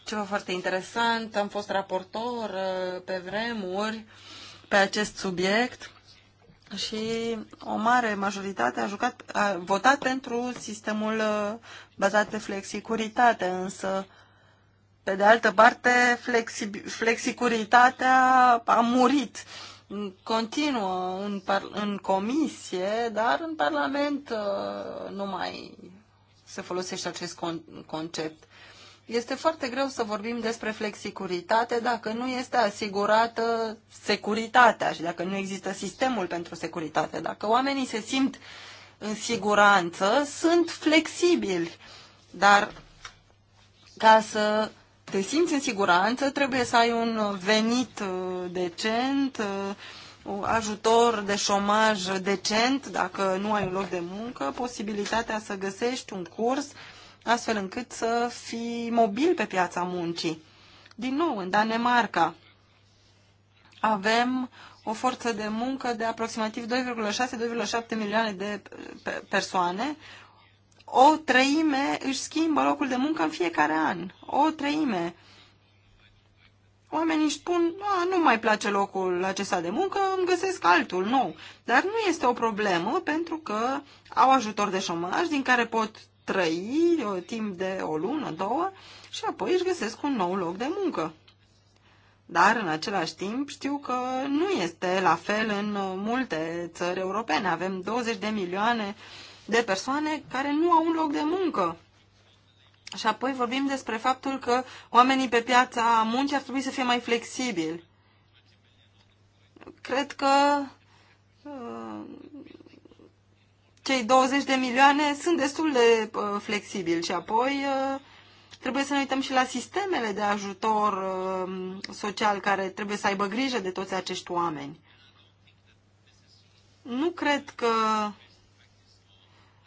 ceva foarte interesant. Am fost raportor uh, pe vremuri pe acest subiect și o mare majoritate a, jucat, a votat pentru sistemul uh, bazat pe flexicuritate, însă pe de altă parte flexi, flexicuritatea a murit continuă în, par- în comisie, dar în Parlament uh, nu mai se folosește acest con- concept. Este foarte greu să vorbim despre flexicuritate dacă nu este asigurată securitatea și dacă nu există sistemul pentru securitate. Dacă oamenii se simt în siguranță, sunt flexibili, dar ca să te simți în siguranță, trebuie să ai un venit uh, decent, uh, un ajutor de șomaj decent, dacă nu ai un loc de muncă, posibilitatea să găsești un curs astfel încât să fii mobil pe piața muncii. Din nou, în Danemarca avem o forță de muncă de aproximativ 2,6-2,7 milioane de persoane, o treime își schimbă locul de muncă în fiecare an. O treime. Oamenii își spun, a, nu mai place locul acesta de muncă, îmi găsesc altul nou. Dar nu este o problemă pentru că au ajutor de șomaj din care pot trăi o timp de o lună, două și apoi își găsesc un nou loc de muncă. Dar în același timp știu că nu este la fel în multe țări europene. Avem 20 de milioane uh, de persoane care nu au un loc de muncă. Și apoi vorbim despre faptul că oamenii pe piața muncii ar trebui să fie mai flexibili. Cred că uh, cei 20 de milioane sunt destul de uh, flexibili și apoi uh, trebuie să ne uităm și la sistemele de ajutor social care trebuie să aibă grijă de toți acești oameni. Nu cred că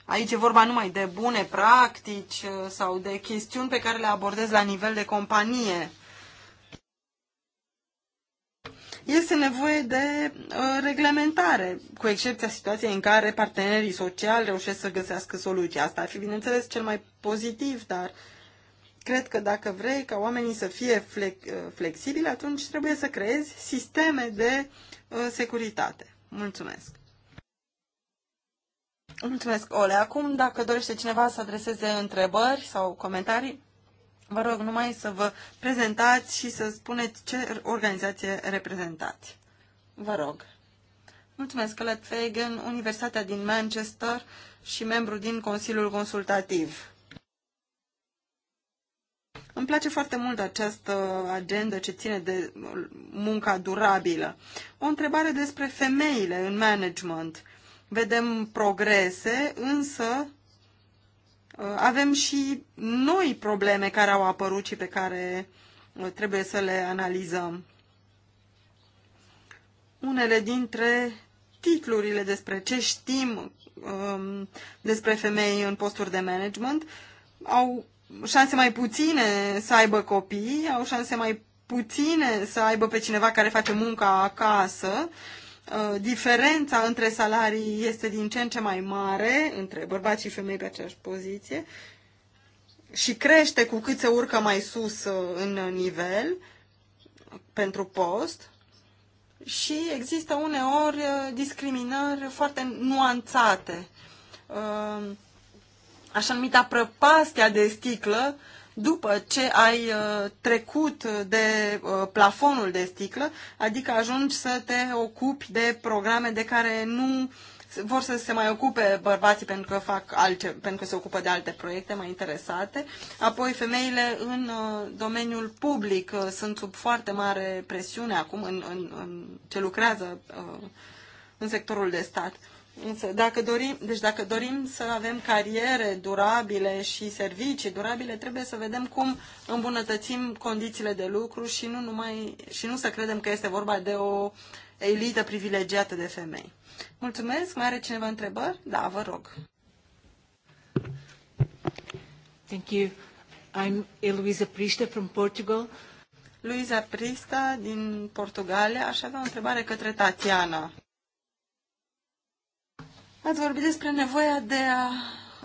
Aici e vorba numai de bune practici uh, sau de chestiuni pe care le abordez la nivel de companie. Este nevoie de uh, reglementare, cu excepția situației în care partenerii sociali reușesc să găsească soluția. Asta ar fi, bineînțeles, cel mai pozitiv, dar cred că dacă vrei ca oamenii să fie uh, flexibili, atunci trebuie să creezi sisteme de securitate. Mulțumesc! Mulțumesc, Ole. Acum, dacă dorește cineva să adreseze întrebări sau comentarii, vă rog numai să vă prezentați și să spuneți ce organizație reprezentați. Vă rog. Mulțumesc, Colette Fagan, Universitatea din Manchester și membru din Consiliul Consultativ. Îmi place foarte mult această agendă ce ține de munca durabilă. O întrebare despre femeile în management vedem progrese, însă uh, avem și noi probleme care au apărut și pe care uh, trebuie să le analizăm. Unele dintre titlurile despre ce știm um, despre femei în posturi de management au șanse mai puține să aibă copii, au șanse mai puține să aibă pe cineva care face munca acasă, uh, Uh, diferența între salarii este din ce în ce mai mare între bărbați și femei pe aceeași poziție și crește cu cât se urcă mai sus uh, în nivel pentru post și există uneori uh, discriminări foarte nuanțate. Așa numita prăpastia de sticlă după ce ai uh, trecut de uh, plafonul de sticlă, adică ajungi să te ocupi de programe de care nu vor să se mai ocupe bărbații pentru că fac alte, pentru că se ocupă de alte proiecte mai interesate. Apoi femeile în uh, domeniul public sunt sub foarte mare presiune acum în, în, în ce lucrează în sectorul de stat. Însă, dacă dorim, deci dacă dorim să avem cariere durabile și servicii durabile, trebuie să vedem cum îmbunătățim condițiile de lucru și nu, numai, și nu să credem că este vorba de o elită privilegiată de femei. Mulțumesc. Mai are cineva întrebări? Da, vă rog. Thank you. I'm Eloisa Prista from Portugal. Luisa Prista din Portugalia. Aș avea o întrebare către Tatiana. Ați vorbit despre nevoia de a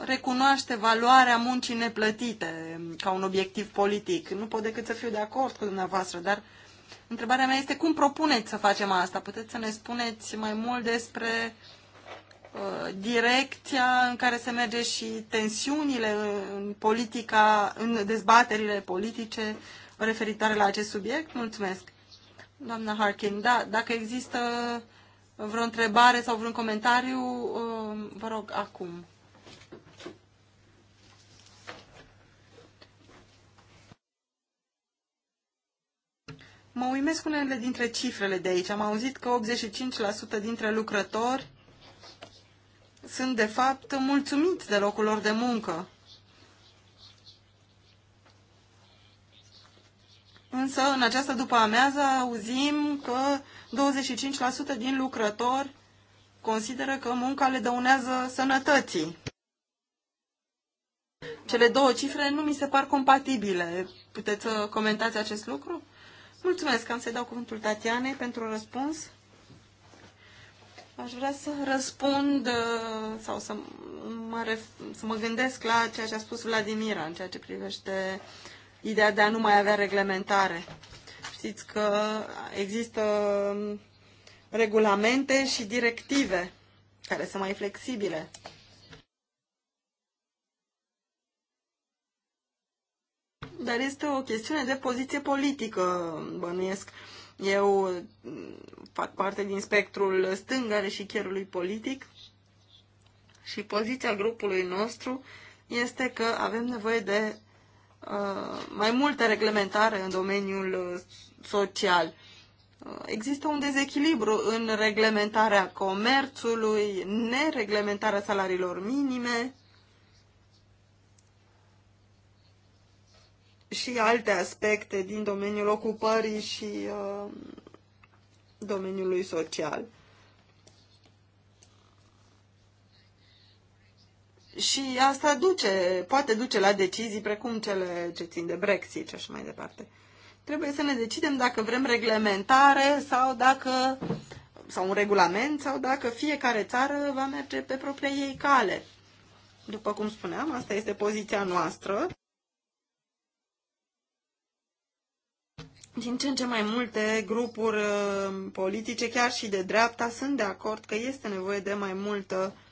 recunoaște valoarea muncii neplătite ca un obiectiv politic. Nu pot decât să fiu de acord cu dumneavoastră, dar întrebarea mea este cum propuneți să facem asta? Puteți să ne spuneți mai mult despre uh, direcția în care se merge și tensiunile în politica, în dezbaterile politice referitoare la acest subiect? Mulțumesc. Doamna Harkin, da, dacă există uh, vreo întrebare sau vreun comentariu, um, vă rog, acum. Mă uimesc unele dintre cifrele de aici. Am auzit că 85% dintre lucrători sunt, de fapt, mulțumiți de locul lor de muncă. Însă, în această după-amiază auzim că 25% din lucrători consideră că munca le dăunează sănătății. Cele două cifre nu mi se par compatibile. Puteți să comentați acest lucru? Mulțumesc, am să-i dau cuvântul Tatianei pentru răspuns. Aș vrea să răspund uh, sau să mă, ref, să mă gândesc la ceea ce a spus Vladimira în ceea ce privește ideea de a nu mai avea reglementare. Știți că există um, regulamente și directive care sunt mai flexibile. Dar este o chestiune de poziție politică, bănuiesc. Eu um, fac parte din spectrul stângare și chierului politic și poziția grupului nostru este că avem nevoie de Uh, mai multă reglementare în domeniul uh, social. Uh, există un dezechilibru în reglementarea comerțului, nereglementarea salariilor minime și alte aspecte din domeniul ocupării și uh, domeniului social. Și asta duce, poate duce la decizii precum cele ce țin de Brexit și așa mai departe. Trebuie să ne decidem dacă vrem reglementare sau dacă sau un regulament sau dacă fiecare țară va merge pe propria ei cale. După cum spuneam, asta este poziția noastră. Din ce în ce mai multe grupuri uh, politice, chiar și de dreapta, sunt de acord că este nevoie de mai multă uh,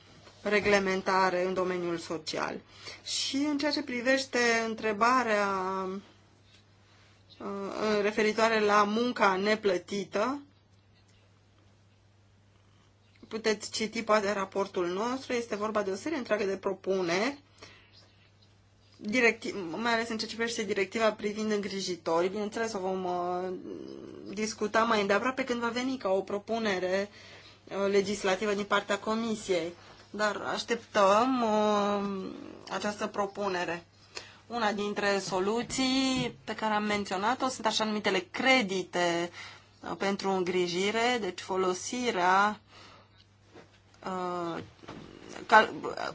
reglementare în domeniul social. Și în ceea ce privește întrebarea uh, referitoare la munca neplătită, puteți citi poate raportul nostru, este vorba de o serie întreagă de propuneri, directiv, mai ales în ceea ce privește directiva privind îngrijitorii. Bineînțeles, o vom uh, discuta mai îndeaproape când va veni ca o propunere uh, legislativă din partea Comisiei dar așteptăm uh, această propunere. Una dintre soluții pe care am menționat-o sunt așa numitele credite uh, pentru îngrijire, deci folosirea uh, cal, uh,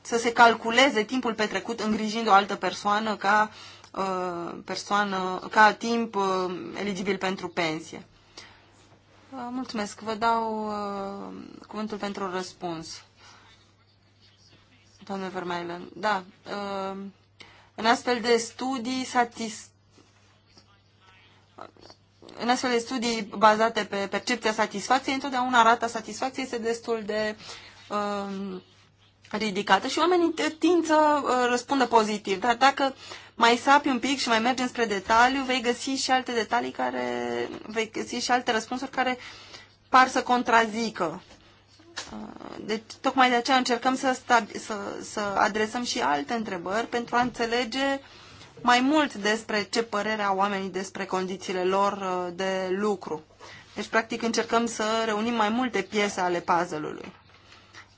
să se calculeze timpul petrecut îngrijind o altă persoană ca uh, persoană, ca timp eligibil pentru pensie. Mulțumesc. Vă dau cuvântul pentru răspuns. Doamne Vermeulen. Da, uh, în astfel de studii satis... în astfel de studii bazate pe percepția satisfacției, întotdeauna rata satisfacției este destul de um, ridicată și oamenii tind să uh, răspundă pozitiv. Dar dacă mai sapi un pic și mai mergi spre detaliu, vei găsi și alte detalii care, vei găsi și alte răspunsuri care par să contrazică Uh, deci, tocmai de aceea încercăm să, stabi- să, să adresăm și alte întrebări pentru a înțelege mai mult despre ce părere au oamenii despre condițiile lor uh, de lucru. Deci, practic, încercăm să reunim mai multe piese ale puzzle-ului.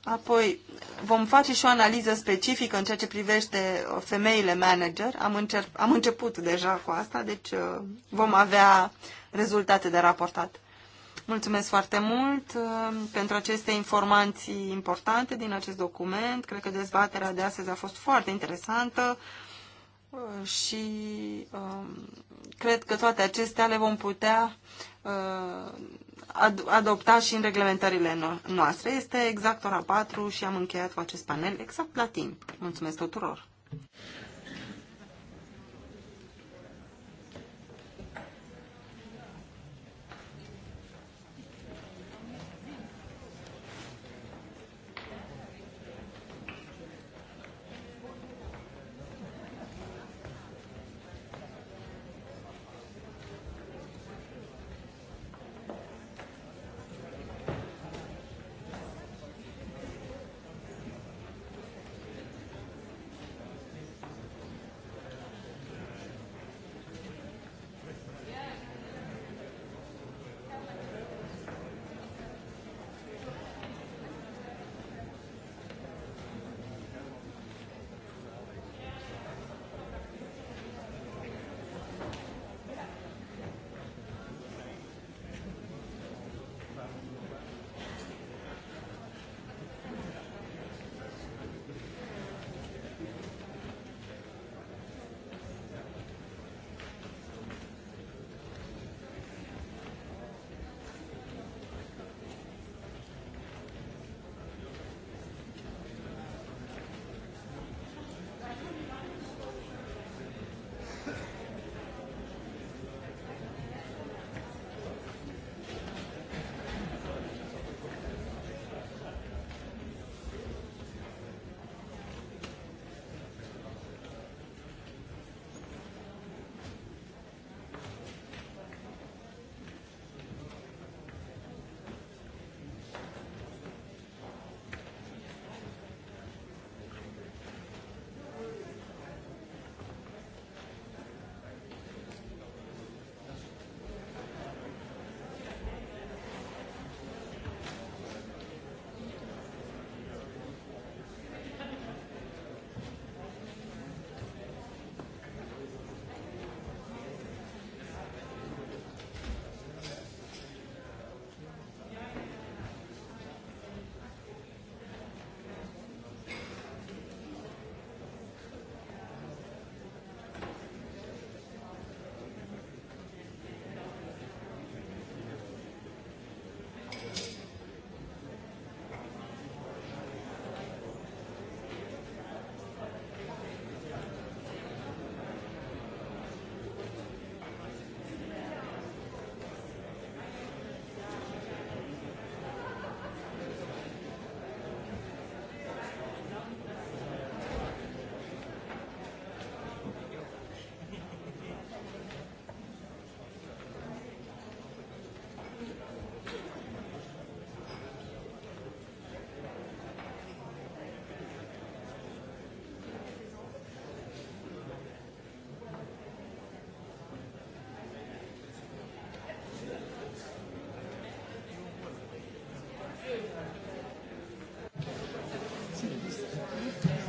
Apoi, vom face și o analiză specifică în ceea ce privește uh, femeile manager. Am, încerc, am început deja cu asta, deci vom avea rezultate de raportat. Mulțumesc foarte mult uh, pentru aceste informații importante din acest document. Cred că dezbaterea de astăzi a fost foarte interesantă uh, și um, cred că toate acestea le vom putea uh, adopta și în reglementările noastre. Este exact ora 4 și am încheiat cu acest panel exact la timp. Mulțumesc tuturor!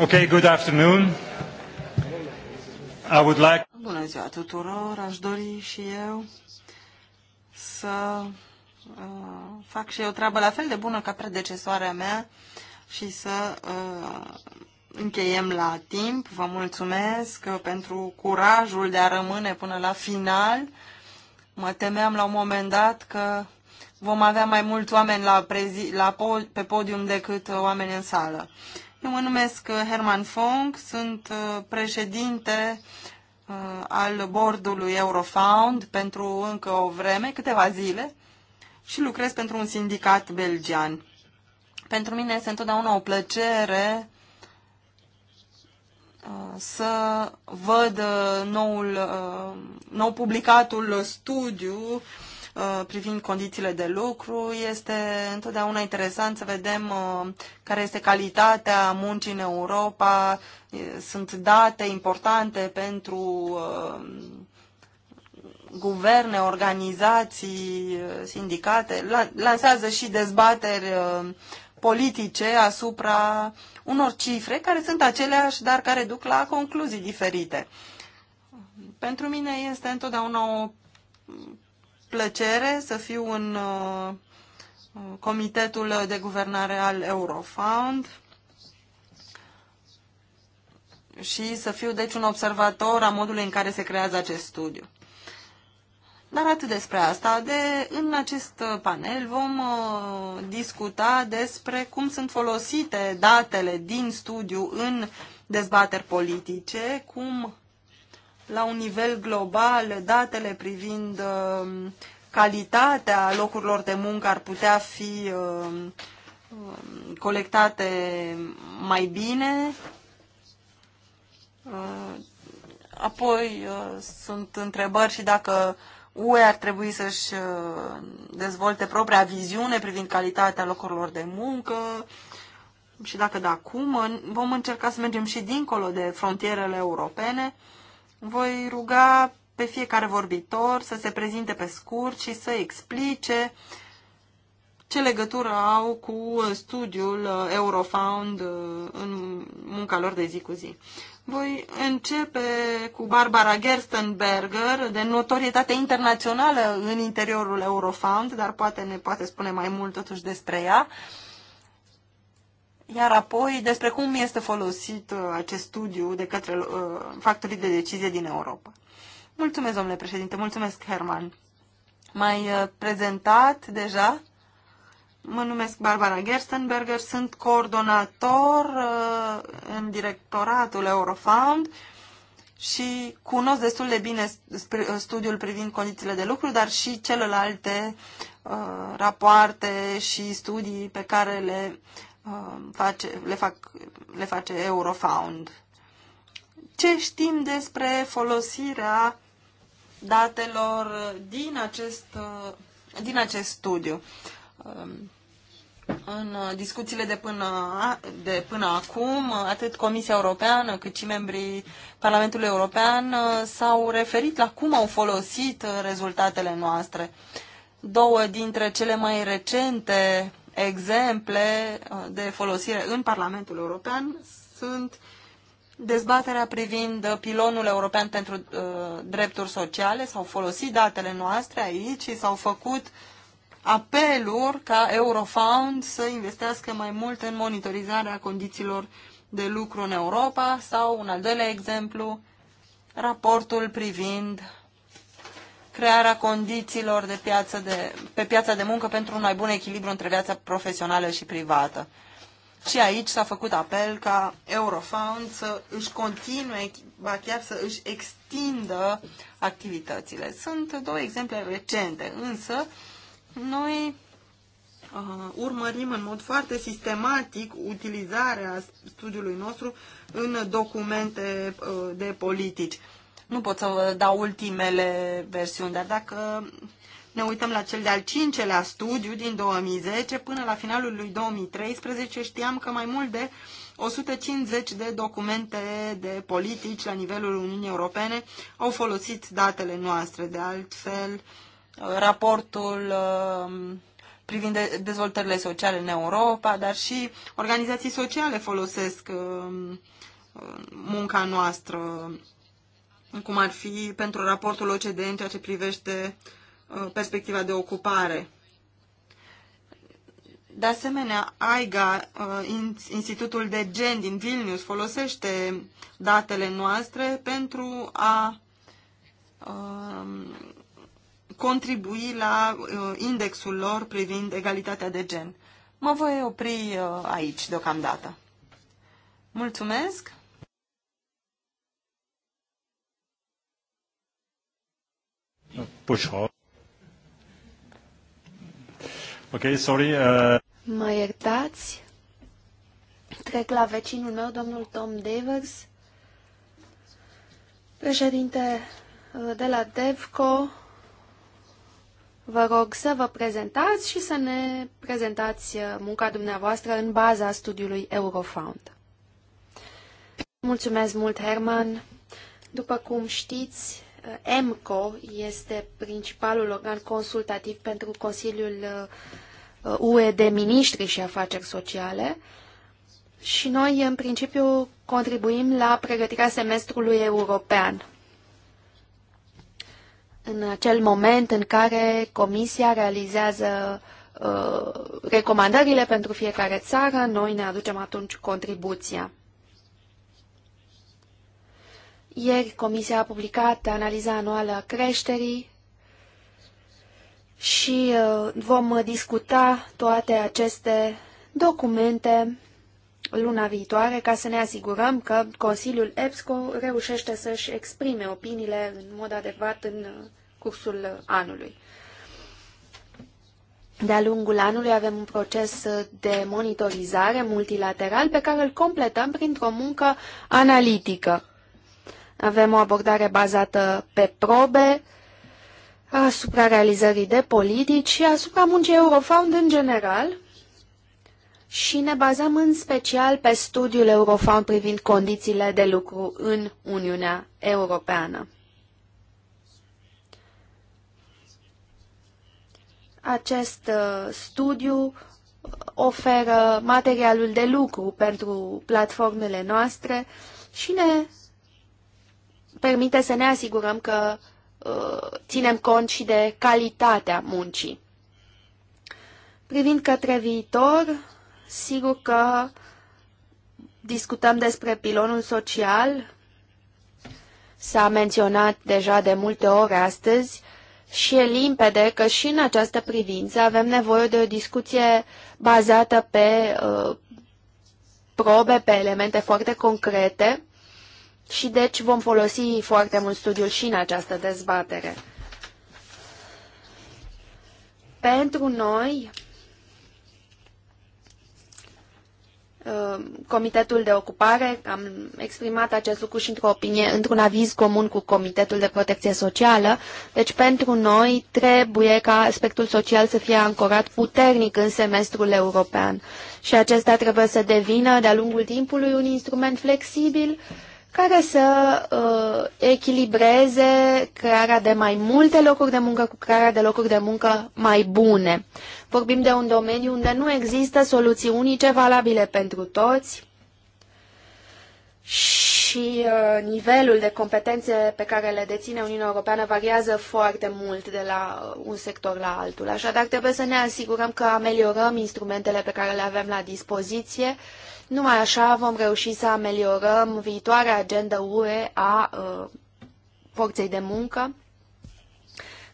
Okay, good afternoon. I would like... Bună ziua tuturor, aș dori și eu să uh, fac și eu treabă la fel de bună ca predecesoarea mea și să uh, încheiem la timp. Vă mulțumesc pentru curajul de a rămâne până la final. Mă temeam la un moment dat că vom avea mai mulți oameni la prezi, la, po pe podium decât oameni în sală. Eu mă numesc uh, Herman Fong, sunt uh, președinte uh, al bordului Eurofound pentru încă o vreme, câteva zile, și lucrez pentru un sindicat belgian. Pentru mine este întotdeauna o plăcere să văd noul, nou publicatul studiu Uh, privind condițiile de lucru. Este întotdeauna interesant să vedem uh, care este calitatea muncii în Europa. Uh, sunt date importante pentru guverne, organizații, sindicate. Lansează și dezbateri politice asupra unor cifre care sunt aceleași, dar care duc la concluzii diferite. Pentru mine este întotdeauna o plăcere să fiu în uh, Comitetul de Guvernare al Eurofound și să fiu deci un observator a modului în care se creează acest studiu. Dar atât despre asta. De, în acest panel vom uh, discuta despre cum sunt folosite datele din studiu în dezbateri politice, cum la un nivel global, datele privind um, calitatea locurilor de muncă ar putea fi um, um, colectate mai bine. Uh, apoi uh, sunt întrebări și dacă UE ar trebui să-și uh, dezvolte propria viziune privind calitatea locurilor de muncă și dacă de da, acum Vom încerca să mergem și dincolo de frontierele europene voi ruga pe fiecare vorbitor să se prezinte pe scurt și să explice ce legătură au cu studiul Eurofound uh, în munca lor de zi cu zi. Voi începe cu Barbara Gerstenberger, de notorietate internațională în interiorul Eurofound, dar poate ne poate spune mai mult totuși despre ea. Uh, iar apoi, despre cum este folosit uh, acest studiu de către uh, factorii de decizie din Europa. Mulțumesc, domnule președinte, mulțumesc, Herman. Mai uh, prezentat deja Mă numesc Barbara Gerstenberger, sunt coordonator în directoratul Eurofound și cunosc destul de bine studiul privind condițiile de lucru, dar și celelalte rapoarte și studii pe care le Um, face, le, fac, le face Eurofound. Ce știm despre folosirea datelor din acest, uh, din acest studiu? Um, în discuțiile de până, de până acum, atât Comisia Europeană cât și membrii Parlamentului European uh, s-au referit la cum au folosit uh, rezultatele noastre. Două dintre cele mai recente exemple uh, de folosire în Parlamentul European sunt dezbaterea privind uh, pilonul european pentru uh, drepturi sociale. S-au folosit datele noastre aici și s-au făcut apeluri ca Eurofound să investească mai mult în monitorizarea condițiilor de lucru în Europa sau, un al doilea exemplu, raportul privind crearea condițiilor de piață de, pe piața de muncă pentru un mai bun echilibru între viața profesională și privată. Și aici s-a făcut apel ca Eurofound să își continue, ba chiar să își extindă activitățile. Sunt două exemple recente, însă noi uh, urmărim în mod foarte sistematic utilizarea studiului nostru în documente uh, de politici. Nu pot să vă dau ultimele versiuni, dar dacă ne uităm la cel de-al cincelea studiu din 2010, până la finalul lui 2013 știam că mai mult de 150 de documente de politici la nivelul Uniunii Europene au folosit datele noastre. De altfel, raportul um, privind dezvoltările sociale în Europa, dar și organizații sociale folosesc um, uh, munca noastră cum ar fi pentru raportul OCDE în ceea ce privește uh, perspectiva de ocupare. De asemenea, AIGA, uh, Institutul de Gen din Vilnius, folosește datele noastre pentru a um, contribui la uh, indexul lor privind egalitatea de gen. Mă voi opri aici deocamdată. Mulțumesc! push Ok, sorry. Uh... Mă iertați? Trec la vecinul meu, domnul Tom Davers, președinte uh, de la DEVCO. Vă rog să vă prezentați și să ne prezentați uh, munca dumneavoastră în baza studiului Eurofound. Mulțumesc mult, Herman. După cum știți, EMCO uh, este principalul organ consultativ pentru Consiliul UE uh, de Ministri și Afaceri Sociale și noi, în principiu, contribuim la pregătirea semestrului european. În acel moment în care Comisia realizează uh, recomandările pentru fiecare țară, noi ne aducem atunci contribuția. Ieri Comisia a publicat analiza anuală a creșterii și uh, vom discuta toate aceste documente luna viitoare ca să ne asigurăm că Consiliul EPSCO reușește să-și exprime opiniile în mod adecvat în uh, cursul anului. De-a lungul anului avem un proces uh, de monitorizare multilateral pe care îl completăm printr-o muncă analitică. Avem o abordare bazată pe probe, asupra realizării de politici și asupra muncii Eurofound în general și ne bazăm în special pe studiul Eurofound privind condițiile de lucru în Uniunea Europeană. Acest uh, studiu oferă materialul de lucru pentru platformele noastre și ne permite să ne asigurăm că uh, ținem cont și de calitatea muncii. Privind către viitor, sigur că discutăm despre pilonul social, s-a menționat deja de multe ori astăzi și e limpede că și în această privință avem nevoie de o discuție bazată pe uh, probe, pe elemente foarte concrete și deci vom folosi foarte mult studiul și în această dezbatere. Pentru noi, uh, Comitetul de Ocupare, am exprimat acest lucru și într-o opinie, într-un aviz comun cu Comitetul de Protecție Socială. Deci, pentru noi, trebuie ca aspectul social să fie ancorat puternic în semestrul european. Și acesta trebuie să devină, de-a lungul timpului, un instrument flexibil uh, care să uh, echilibreze crearea de mai multe locuri de muncă cu crearea de locuri de muncă mai bune. Vorbim de un domeniu unde nu există soluții unice valabile pentru toți și uh, nivelul de competențe pe care le deține Uniunea Europeană variază foarte mult de la un sector la altul. Așadar, trebuie să ne asigurăm că ameliorăm instrumentele pe care le avem la dispoziție uh, numai așa vom reuși să ameliorăm viitoarea agenda UE a uh, forței de muncă.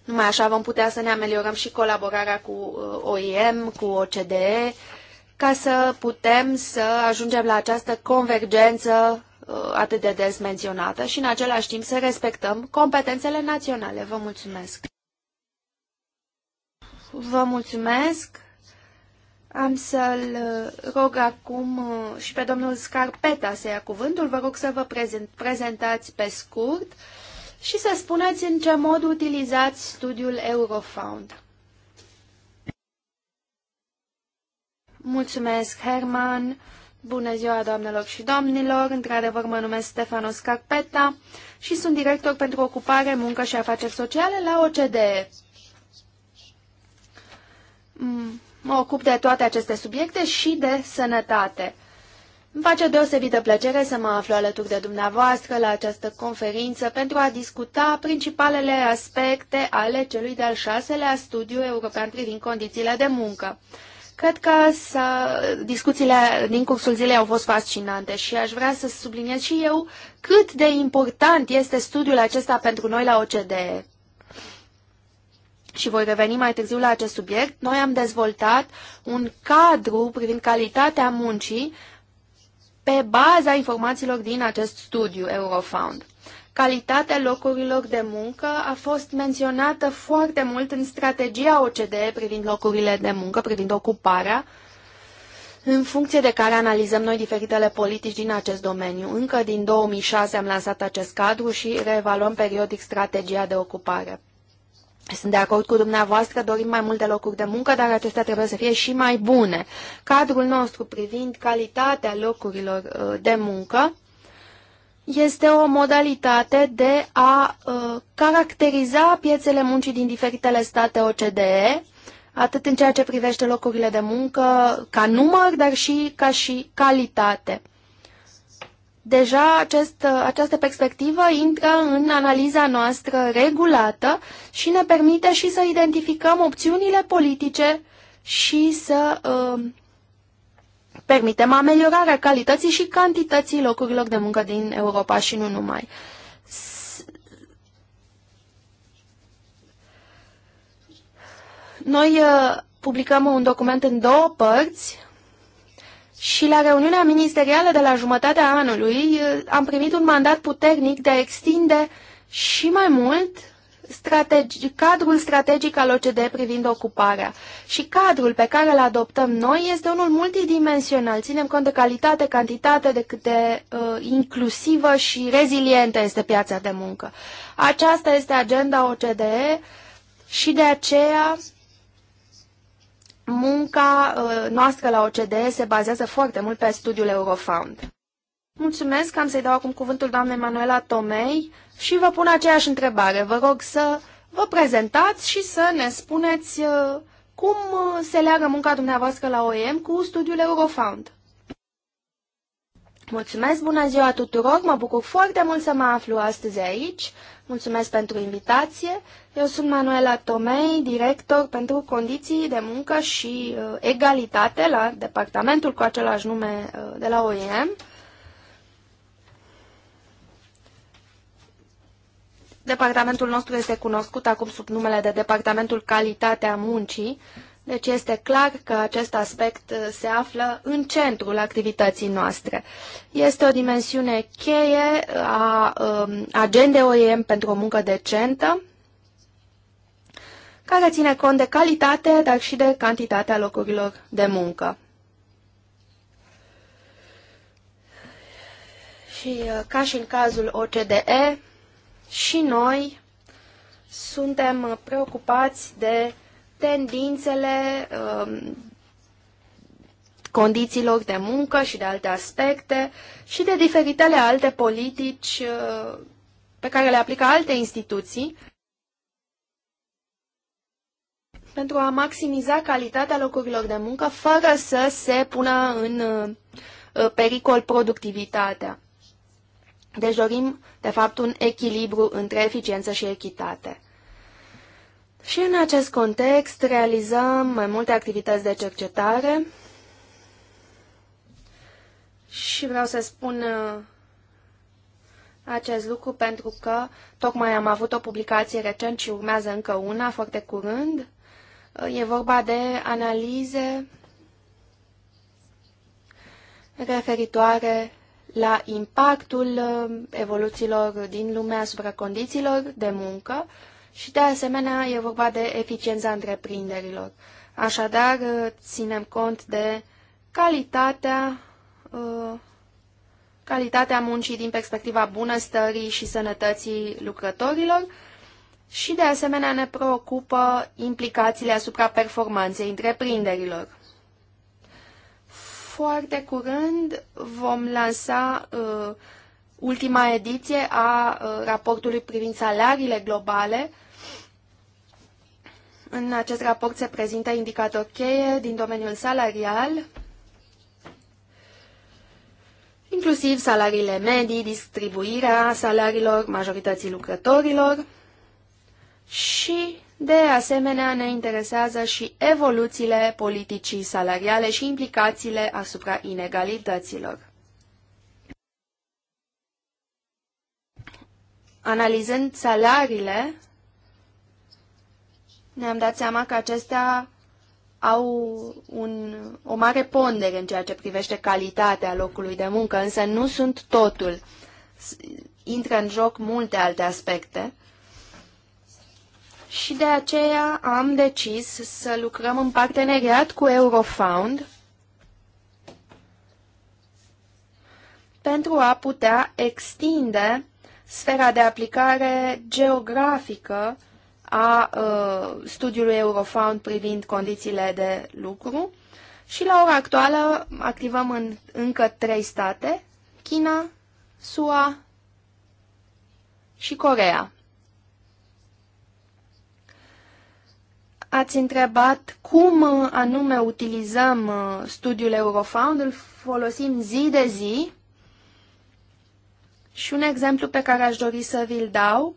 Numai așa vom putea să ne ameliorăm și colaborarea cu uh, OIM, cu OCDE, ca să putem să ajungem la această convergență uh, atât de des menționată și în același timp să respectăm competențele naționale. Vă mulțumesc! Vă mulțumesc! Am să-l uh, rog acum uh, și pe domnul Scarpeta să ia cuvântul. Vă rog să vă prezent, prezentați pe scurt și să spuneți în ce mod utilizați studiul Eurofound. Mulțumesc, Herman! Bună ziua, doamnelor și domnilor! Într-adevăr, mă numesc Stefano Scarpeta și sunt director pentru ocupare, muncă și afaceri sociale la OCDE. Mm. Mă ocup de toate aceste subiecte și de sănătate. Îmi face o deosebită plăcere să mă aflu alături de dumneavoastră la această conferință pentru a discuta principalele aspecte ale celui de-al șaselea studiu european privind condițiile de muncă. Cred că să, discuțiile din cursul zilei au fost fascinante și aș vrea să subliniez și eu cât de important este studiul acesta pentru noi la OCDE și voi reveni mai târziu la acest subiect, noi am dezvoltat un cadru privind calitatea muncii pe baza informațiilor din acest studiu Eurofound. Calitatea locurilor de muncă a fost menționată foarte mult în strategia OCDE privind locurile de muncă, privind ocuparea, în funcție de care analizăm noi diferitele politici din acest domeniu. Încă din 2006 am lansat acest cadru și reevaluăm periodic strategia de ocupare. Sunt de acord cu dumneavoastră, dorim mai multe locuri de muncă, dar acestea trebuie să fie și mai bune. Cadrul nostru privind calitatea locurilor uh, de muncă este o modalitate de a uh, caracteriza piețele muncii din diferitele state OCDE, atât în ceea ce privește locurile de muncă ca număr, dar și ca și calitate. Deja acest, această perspectivă intră în analiza noastră regulată și ne permite și să identificăm opțiunile politice și să uh, permitem ameliorarea calității și cantității locurilor de muncă din Europa și nu numai. Noi uh, publicăm un document în două părți, și la reuniunea ministerială de la jumătatea anului uh, am primit un mandat puternic de a extinde și mai mult strategi, cadrul strategic al OCDE privind ocuparea. Și cadrul pe care îl adoptăm noi este unul multidimensional. Ținem cont de calitate, cantitate, de cât de uh, inclusivă și rezilientă este piața de muncă. Aceasta este agenda OCDE și de aceea munca uh, noastră la OCDE se bazează foarte mult pe studiul Eurofound. Mulțumesc, am să-i dau acum cuvântul doamnei Manuela Tomei și vă pun aceeași întrebare. Vă rog să vă prezentați și să ne spuneți uh, cum uh, se leagă munca dumneavoastră la OEM cu studiul Eurofound. Mulțumesc, bună ziua tuturor, mă bucur foarte mult să mă aflu astăzi aici. Mulțumesc pentru invitație. Eu sunt Manuela Tomei, director pentru condiții de muncă și uh, egalitate la departamentul cu același nume uh, de la OIM. Departamentul nostru este cunoscut acum sub numele de Departamentul Calitatea Muncii, deci este clar că acest aspect uh, se află în centrul activității noastre. Este o dimensiune cheie uh, a um, agendei OEM pentru o muncă decentă, care ține cont de calitate, dar și de cantitatea locurilor de muncă. Și uh, ca și în cazul OCDE, și noi suntem preocupați de tendințele um, condițiilor de muncă și de alte aspecte și de diferitele alte politici uh, pe care le aplică alte instituții pentru a maximiza calitatea locurilor de muncă fără să se pună în uh, pericol productivitatea. Deci dorim, de fapt, un echilibru între eficiență și echitate. Și în acest context realizăm mai multe activități de cercetare și vreau să spun uh, acest lucru pentru că tocmai am avut o publicație recent și urmează încă una foarte curând. Uh, e vorba de analize referitoare la impactul uh, evoluțiilor din lumea asupra condițiilor de muncă și de asemenea e vorba de eficiența întreprinderilor. Așadar, uh, ținem cont de calitatea, uh, calitatea muncii din perspectiva bunăstării și sănătății lucrătorilor și de asemenea ne preocupă implicațiile asupra performanței întreprinderilor. Foarte curând vom lansa uh, ultima ediție a uh, raportului privind salariile globale, în acest raport se prezintă indicatori cheie din domeniul salarial, inclusiv salariile medii, distribuirea salariilor majorității lucrătorilor și, de asemenea, ne interesează și evoluțiile politicii salariale și implicațiile asupra inegalităților. Analizând salariile, ne-am dat seama că acestea au un, o mare pondere în ceea ce privește calitatea locului de muncă, însă nu sunt totul. Intră în joc multe alte aspecte și de aceea am decis să lucrăm în parteneriat cu Eurofound pentru a putea extinde sfera de aplicare geografică a uh, studiului Eurofound privind condițiile de lucru și la ora actuală activăm în încă trei state, China, SUA și Corea. Ați întrebat cum uh, anume utilizăm uh, studiul Eurofound, îl folosim zi de zi și un exemplu pe care aș dori să vi-l dau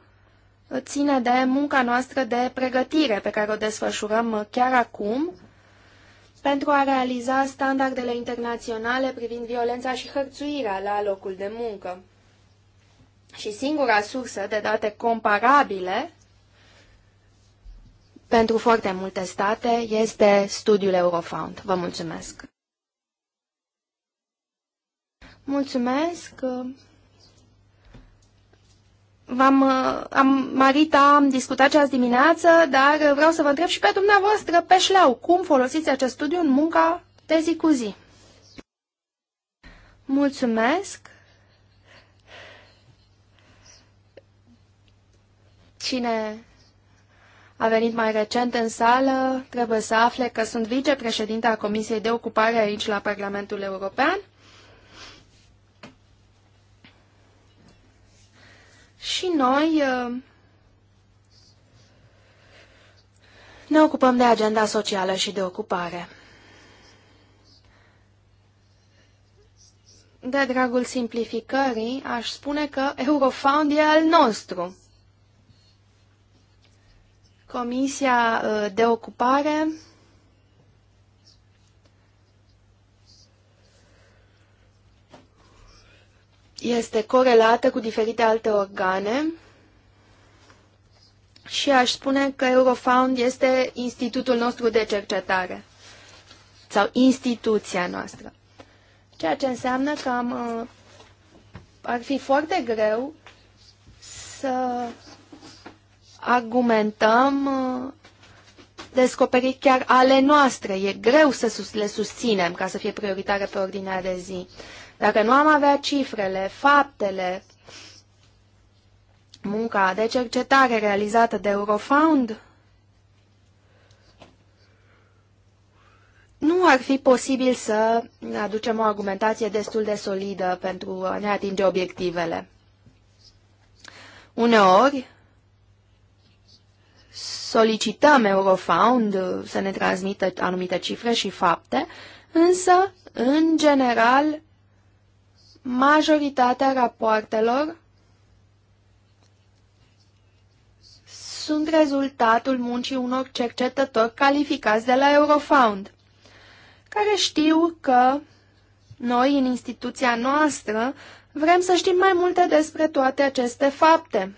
ține de munca noastră de pregătire pe care o desfășurăm chiar acum pentru a realiza standardele internaționale privind violența și hărțuirea la locul de muncă. Și singura sursă de date comparabile pentru foarte multe state este studiul Eurofound. Vă mulțumesc! Mulțumesc! V-am, uh, am, Marita, am discutat ce azi dimineață, dar uh, vreau să vă întreb și pe dumneavoastră, pe șleau, cum folosiți acest studiu în munca de zi cu zi? Mulțumesc! Cine a venit mai recent în sală trebuie să afle că sunt vicepreședinte a Comisiei de Ocupare aici la Parlamentul European Și noi uh, ne ocupăm de agenda socială și de ocupare. De dragul simplificării, aș spune că Eurofound e al nostru. Comisia uh, de ocupare este corelată cu diferite alte organe și aș spune că Eurofound este institutul nostru de cercetare sau instituția noastră. Ceea ce înseamnă că am, uh, ar fi foarte greu să argumentăm uh, descoperiri chiar ale noastre. E greu să le susținem ca să fie prioritare pe ordinea de zi. Dacă nu am avea cifrele, faptele, munca de cercetare realizată de Eurofound, nu ar fi posibil să aducem o argumentație destul de solidă pentru a ne atinge obiectivele. Uneori, solicităm Eurofound să ne transmită anumite cifre și fapte, însă, în general, majoritatea rapoartelor sunt rezultatul muncii unor cercetători calificați de la Eurofound, care știu că noi, în instituția noastră, vrem să știm mai multe despre toate aceste fapte.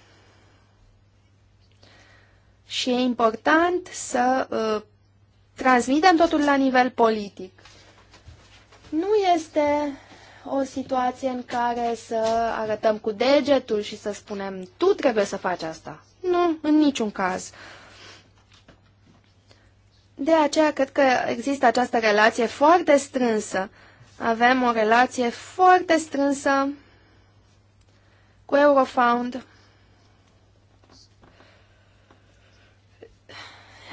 Și e important să uh, transmitem totul la nivel politic. Nu este o situație în care să arătăm cu degetul și să spunem tu trebuie să faci asta. Nu, în niciun caz. De aceea cred că există această relație foarte strânsă. Avem o relație foarte strânsă cu Eurofound.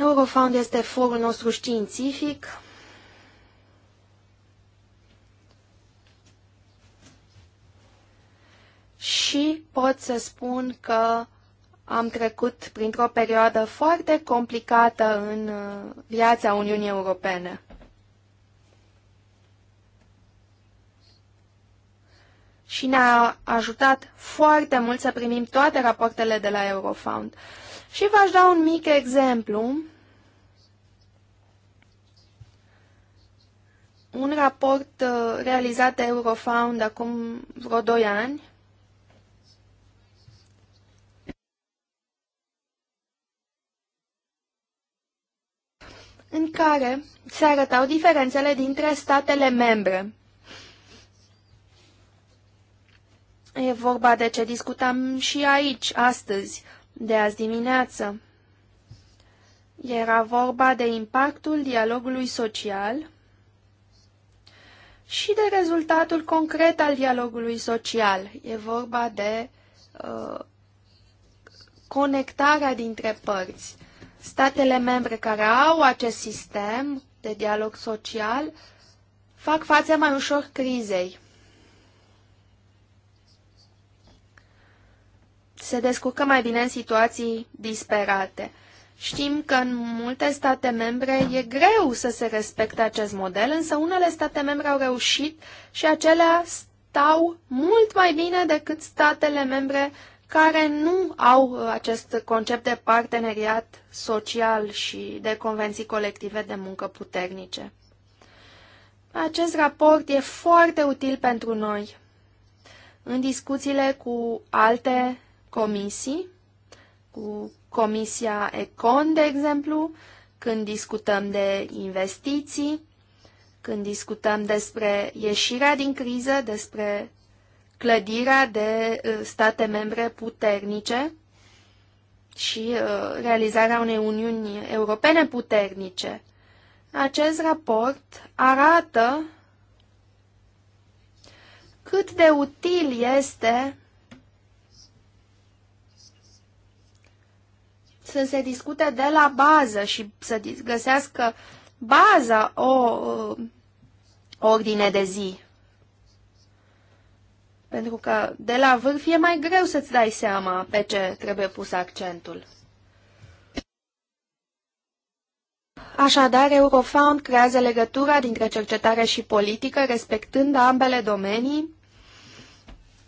Eurofound este forul nostru științific și pot să spun că am trecut printr-o perioadă foarte complicată în uh, viața Uniunii Europene. Și ne-a ajutat foarte mult să primim toate rapoartele de la Eurofound. Și v-aș da un mic exemplu. Un raport uh, realizat de Eurofound acum vreo 2 ani în care se arătau diferențele dintre statele membre. E vorba de ce discutam și aici, astăzi, de azi dimineață. Era vorba de impactul dialogului social și de rezultatul concret al dialogului social. E vorba de uh, conectarea dintre părți. Statele membre care au acest sistem de dialog social fac față mai ușor crizei. Se descurcă mai bine în situații disperate. Știm că în multe state membre e greu să se respecte acest model, însă unele state membre au reușit și acelea stau mult mai bine decât statele membre care nu au uh, acest concept de parteneriat social și de convenții colective de muncă puternice. Acest raport e foarte util pentru noi. În discuțiile cu alte comisii, cu Comisia Econ, de exemplu, când discutăm de investiții, când discutăm despre ieșirea din criză, despre clădirea de uh, state membre puternice și uh, realizarea unei uniuni europene puternice. Acest raport arată cât de util este să se discute de la bază și să găsească baza o uh, ordine de zi. Pentru că de la vârf e mai greu să-ți dai seama pe ce trebuie pus accentul. Așadar, Eurofound creează legătura dintre cercetare și politică, respectând ambele domenii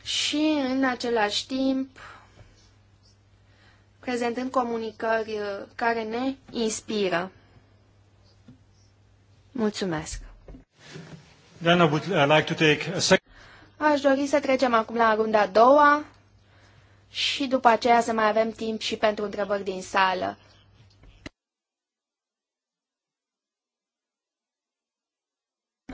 și, în același timp, prezentând comunicări care ne inspiră. Mulțumesc! Then I would uh, like to take a Aș dori să trecem acum la runda a doua și după aceea să mai avem timp și pentru întrebări din sală.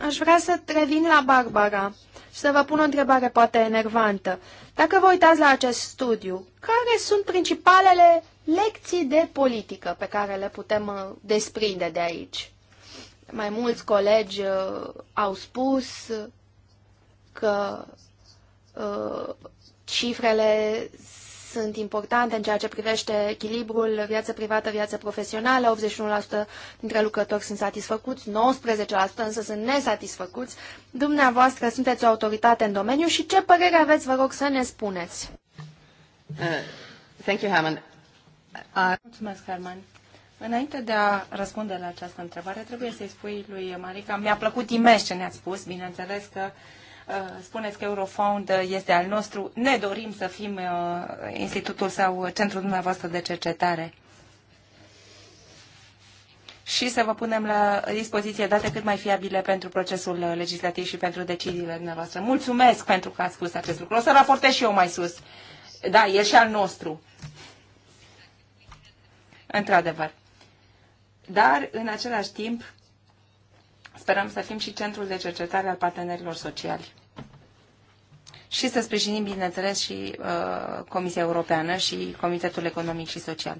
Aș vrea să revin la Barbara și să vă pun o întrebare poate enervantă. Dacă vă uitați la acest studiu, care sunt principalele lecții de politică pe care le putem uh, desprinde de aici? Mai mulți colegi uh, au spus, că uh, cifrele sunt importante în ceea ce privește echilibrul viață privată, viață profesională. 81% dintre lucrători sunt satisfăcuți, 19% însă sunt nesatisfăcuți. Dumneavoastră sunteți o autoritate în domeniu și ce părere aveți, vă rog, să ne spuneți? Uh, thank you, Herman. Uh... Mulțumesc, Herman. Înainte de a răspunde la această întrebare, trebuie să-i spui lui Marica, mi-a plăcut imens ce ne-ați spus, bineînțeles că Uh, spuneți că Eurofound este al nostru, ne dorim să fim uh, institutul sau centrul dumneavoastră de cercetare și să vă punem la dispoziție date cât mai fiabile pentru procesul legislativ și pentru deciziile dumneavoastră. Mulțumesc pentru că ați spus acest lucru. O să raportez și eu mai sus. Da, e și al nostru. Într-adevăr. Dar, în același timp, Sperăm să fim și centrul de cercetare al partenerilor sociali. Și să sprijinim, bineînțeles, și uh, Comisia Europeană și Comitetul Economic și Social.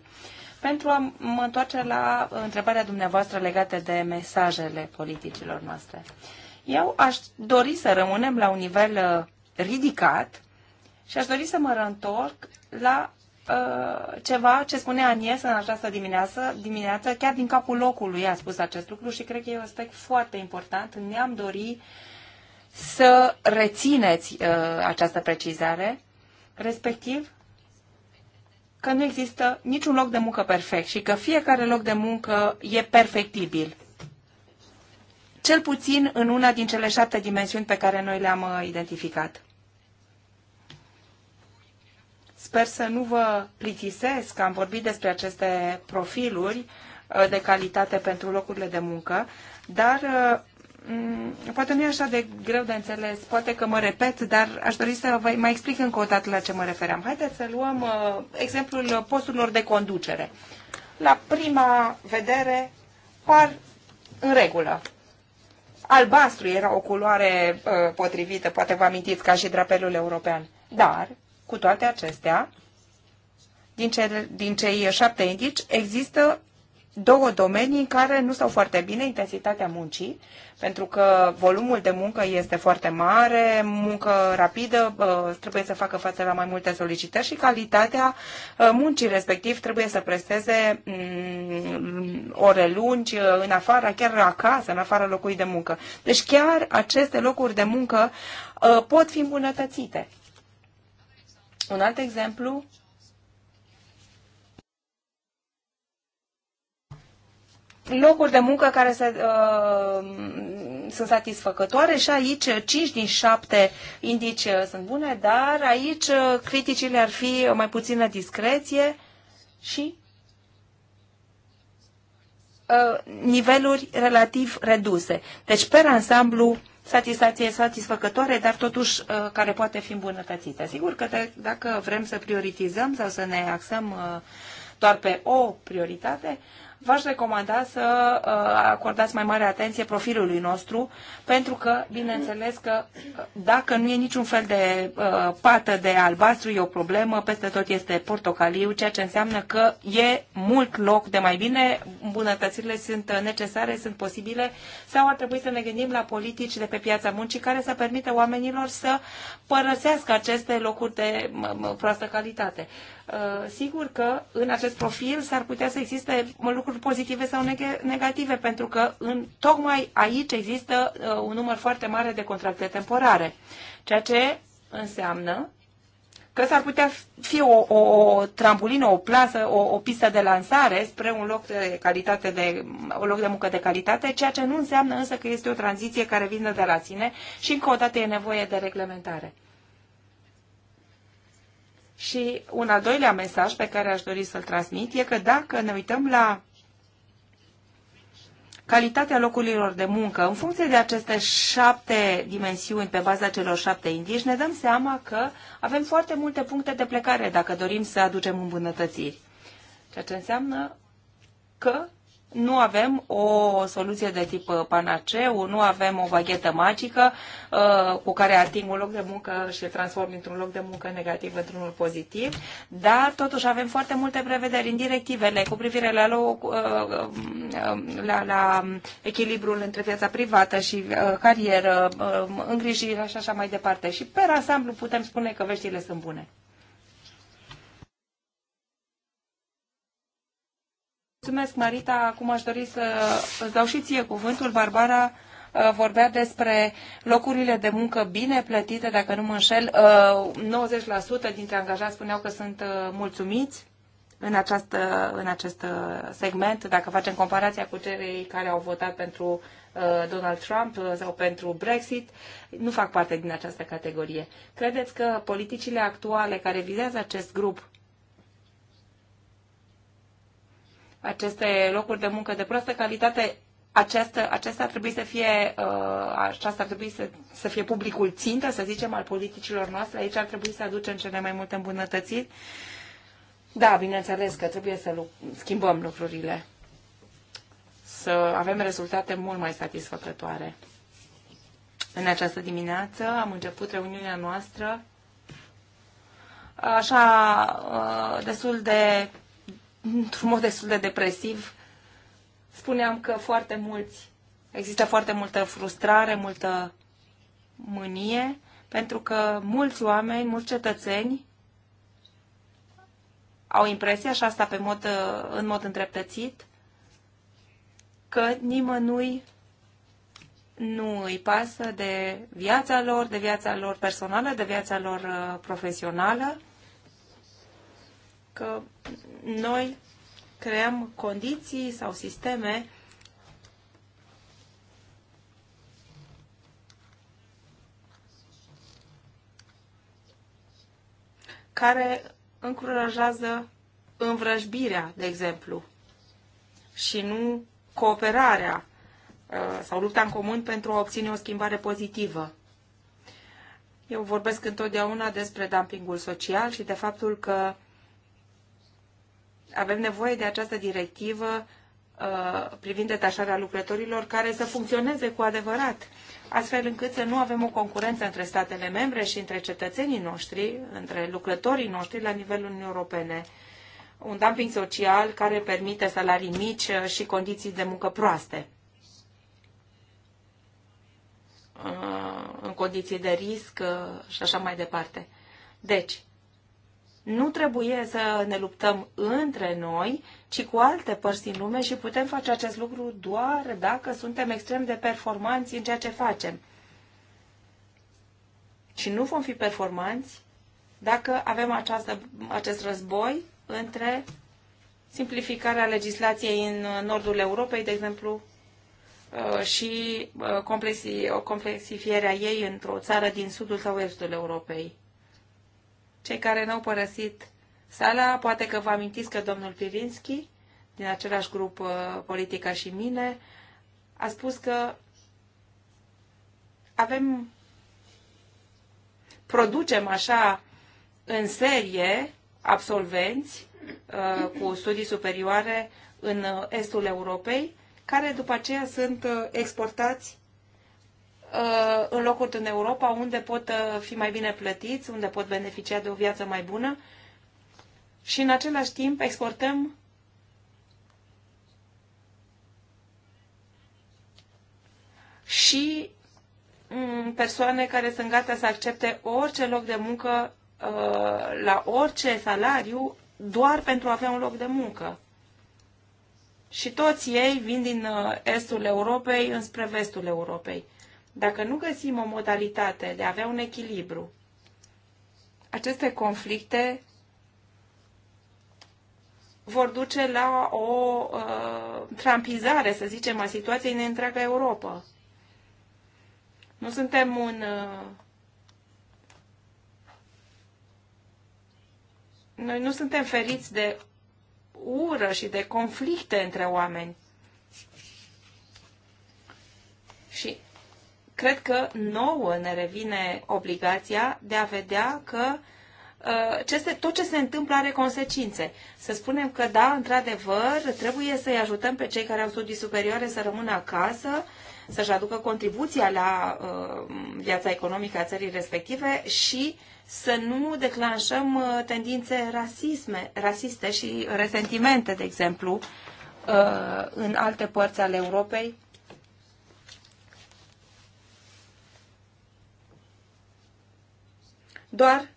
Pentru a mă întoarce la întrebarea dumneavoastră legată de mesajele politicilor noastre. Eu aș dori să rămânem la un nivel uh, ridicat și aș dori să mă întorc la Uh, ceva ce spunea Anies în această dimineață, dimineață, chiar din capul locului a spus acest lucru și cred că e un aspect foarte important. Ne-am dori să rețineți uh, această precizare, respectiv că nu există niciun loc de muncă perfect și că fiecare loc de muncă e perfectibil. Cel puțin în una din cele șapte dimensiuni pe care noi le-am uh, identificat. Sper să nu vă plictisesc că am vorbit despre aceste profiluri uh, de calitate pentru locurile de muncă, dar uh, mm, poate nu e așa de greu de înțeles, poate că mă repet, dar aș dori să vă mai explic încă o dată la ce mă refeream. Haideți să luăm uh, exemplul posturilor de conducere. La prima vedere par în regulă. Albastru era o culoare potrivită, poate vă amintiți ca și drapelul european. Dar cu toate acestea, din, ce, din cei șapte indici, există două domenii în care nu stau foarte bine intensitatea muncii, pentru că volumul de muncă este foarte mare, muncă rapidă, trebuie să facă față la mai multe solicitări și calitatea muncii respectiv trebuie să presteze mm, ore lungi în afara, chiar acasă, în afara locului de muncă. Deci chiar aceste locuri de muncă pot fi îmbunătățite. Deci, un alt exemplu locuri de muncă care se, uh, sunt satisfăcătoare și aici 5 din 7 indici uh, sunt bune, dar aici uh, criticile ar fi o mai puțină discreție și uh, niveluri relativ reduse. Deci, pe ansamblu, satisfacție satisfăcătoare, dar totuși uh, care poate fi îmbunătățită. Sigur că dacă vrem să prioritizăm sau să ne axăm uh, doar pe o prioritate, v-aș recomanda să uh, acordați mai mare atenție profilului nostru, pentru că, bineînțeles că uh, dacă nu e niciun fel de uh, pată de albastru, e o problemă, peste tot este portocaliu, ceea ce înseamnă că e mult loc de mai bine, îmbunătățirile sunt necesare, sunt posibile, sau ar trebui să ne gândim la politici de pe piața muncii care să permită oamenilor să părăsească aceste locuri de proastă calitate. Uh, sigur că în acest profil s-ar putea să existe lucruri pozitive sau negative, pentru că în, tocmai aici există uh, un număr foarte mare de contracte temporare, ceea ce înseamnă că s-ar putea fi o, o, o trambulină, o plasă, o, o pistă de lansare spre un loc de calitate de, un loc de muncă de calitate, ceea ce nu înseamnă însă că este o tranziție care vine de la sine și încă o dată e nevoie de reglementare. Și un al doilea mesaj pe care aș dori să-l transmit e că dacă ne uităm la calitatea locurilor de muncă, în funcție de aceste șapte dimensiuni, pe baza celor șapte indici, ne dăm seama că avem foarte multe puncte de plecare dacă dorim să aducem îmbunătățiri. Ceea ce înseamnă că nu avem o soluție de tip uh, panaceu, nu avem o baghetă magică uh, cu care ating un loc de muncă și îl transform într un loc de muncă negativ într-unul pozitiv, dar totuși avem foarte multe prevederi în directivele cu privire la, loc, uh, um, uh la, la echilibrul între viața privată și uh, carieră, uh, um, îngrijire și așa mai departe. Și pe ansamblu putem spune că veștile sunt bune. Mulțumesc, Marita. Acum aș dori să îți dau și ție cuvântul. Barbara uh, vorbea despre locurile de muncă bine plătite, dacă nu mă înșel. 90% uh, dintre angajați spuneau că sunt uh, mulțumiți în, această, în acest segment, dacă facem comparația cu cei care au votat pentru Donald Trump sau pentru Brexit, nu fac parte din această categorie. Credeți că politicile actuale care vizează acest grup aceste locuri de muncă de proastă calitate, aceasta, aceasta ar trebui să fie, uh, aceasta ar trebui să, să fie publicul țintă, să zicem, al politicilor noastre. Aici ar trebui să aducem cele mai multe îmbunătățiri. Da, bineînțeles că trebuie să schimbăm lucrurile, să avem rezultate mult mai satisfăcătoare. În această dimineață am început reuniunea noastră așa uh, destul de într-un mod destul de depresiv. Spuneam că foarte mulți, există foarte multă frustrare, multă mânie, pentru că mulți oameni, mulți cetățeni au impresia, și asta pe mod, în mod îndreptățit, că nimănui nu îi pasă de viața lor, de viața lor personală, de viața lor uh, profesională că noi creăm condiții sau sisteme care încurajează învrăjbirea, de exemplu, și nu cooperarea uh, sau lupta în comun pentru a obține o schimbare pozitivă. Eu vorbesc întotdeauna despre dumpingul social și de faptul că avem nevoie de această directivă uh, privind detașarea lucrătorilor care să funcționeze cu adevărat, astfel încât să nu avem o concurență între statele membre și între cetățenii noștri, între lucrătorii noștri la nivelul Uniunii Europene. Un dumping social care permite salarii mici uh, și condiții de muncă proaste. Uh, în condiții de risc și așa mai departe. Deci, nu trebuie să ne luptăm între noi, ci cu alte părți din lume și putem face acest lucru doar dacă suntem extrem de performanți în ceea ce facem. Și nu vom fi performanți dacă avem această, acest război între simplificarea legislației în nordul Europei, de exemplu, uh, și uh, complexifierea ei într-o țară din sudul sau estul Europei. Cei care n-au părăsit sala, poate că vă amintiți că domnul Pirinski, din același grup uh, politică și mine, a spus că avem producem așa în serie absolvenți uh, cu studii superioare în uh, estul Europei, care după aceea sunt exportați Uh, în locuri în Europa unde pot uh, fi mai bine plătiți, unde pot beneficia de o viață mai bună și în același timp exportăm și mm, persoane care sunt gata să accepte orice loc de muncă uh, la orice salariu doar pentru a avea un loc de muncă. Și toți ei vin din estul Europei înspre vestul Europei. Dacă nu găsim o modalitate de a avea un echilibru, aceste conflicte vor duce la o uh, trampizare, să zicem, a situației în întreaga Europa. Nu suntem un uh, noi nu suntem feriți de ură și de conflicte între oameni. cred că nouă ne revine obligația de a vedea că uh, se, tot ce se întâmplă are consecințe. Să spunem că, da, într-adevăr, trebuie să-i ajutăm pe cei care au studii superioare să rămână acasă, să-și aducă contribuția la uh, viața economică a țării respective și să nu declanșăm uh, tendințe rasisme, rasiste și resentimente, de exemplu, uh, în alte părți ale Europei doar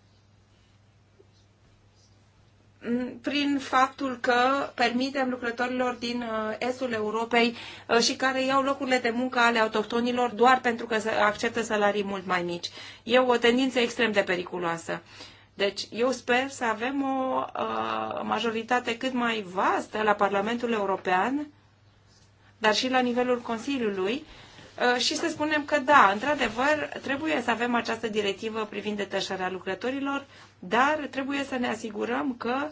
prin faptul că permitem lucrătorilor din uh, estul Europei uh, și care iau locurile de muncă ale autohtonilor doar pentru că acceptă salarii mult mai mici. E o tendință extrem de periculoasă. Deci eu sper să avem o uh, majoritate cât mai vastă la Parlamentul European, dar și la nivelul Consiliului, Uh, și să spunem că da, într-adevăr, trebuie să avem această directivă privind detașarea lucrătorilor, dar trebuie să ne asigurăm că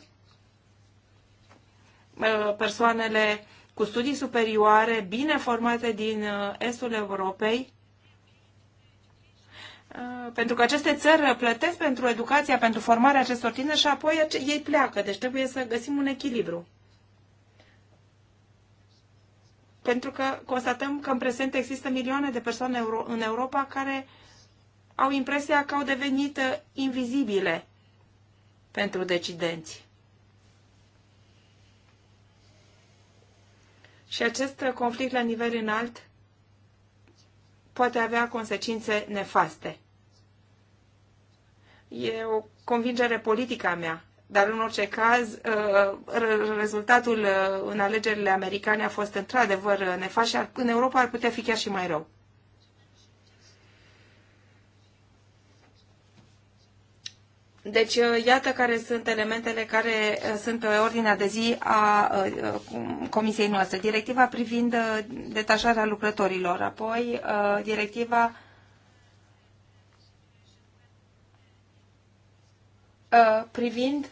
uh, persoanele cu studii superioare, bine formate din uh, estul Europei, pentru că aceste țări plătesc pentru educația, pentru formarea acestor tineri și apoi ei pleacă. Deci trebuie să găsim un echilibru pentru că constatăm că în prezent există milioane de persoane în Europa care au impresia că au devenit uh, invizibile pentru decidenți. Și acest uh, conflict la nivel înalt poate avea consecințe nefaste. E o convingere politică a mea dar, în orice caz, uh, rezultatul uh, în alegerile americane a fost într-adevăr uh, nefas și în Europa ar putea fi chiar și mai rău. Deci, iată care sunt elementele care sunt pe ordinea de zi a comisiei noastre. Directiva privind detașarea lucrătorilor, apoi directiva privind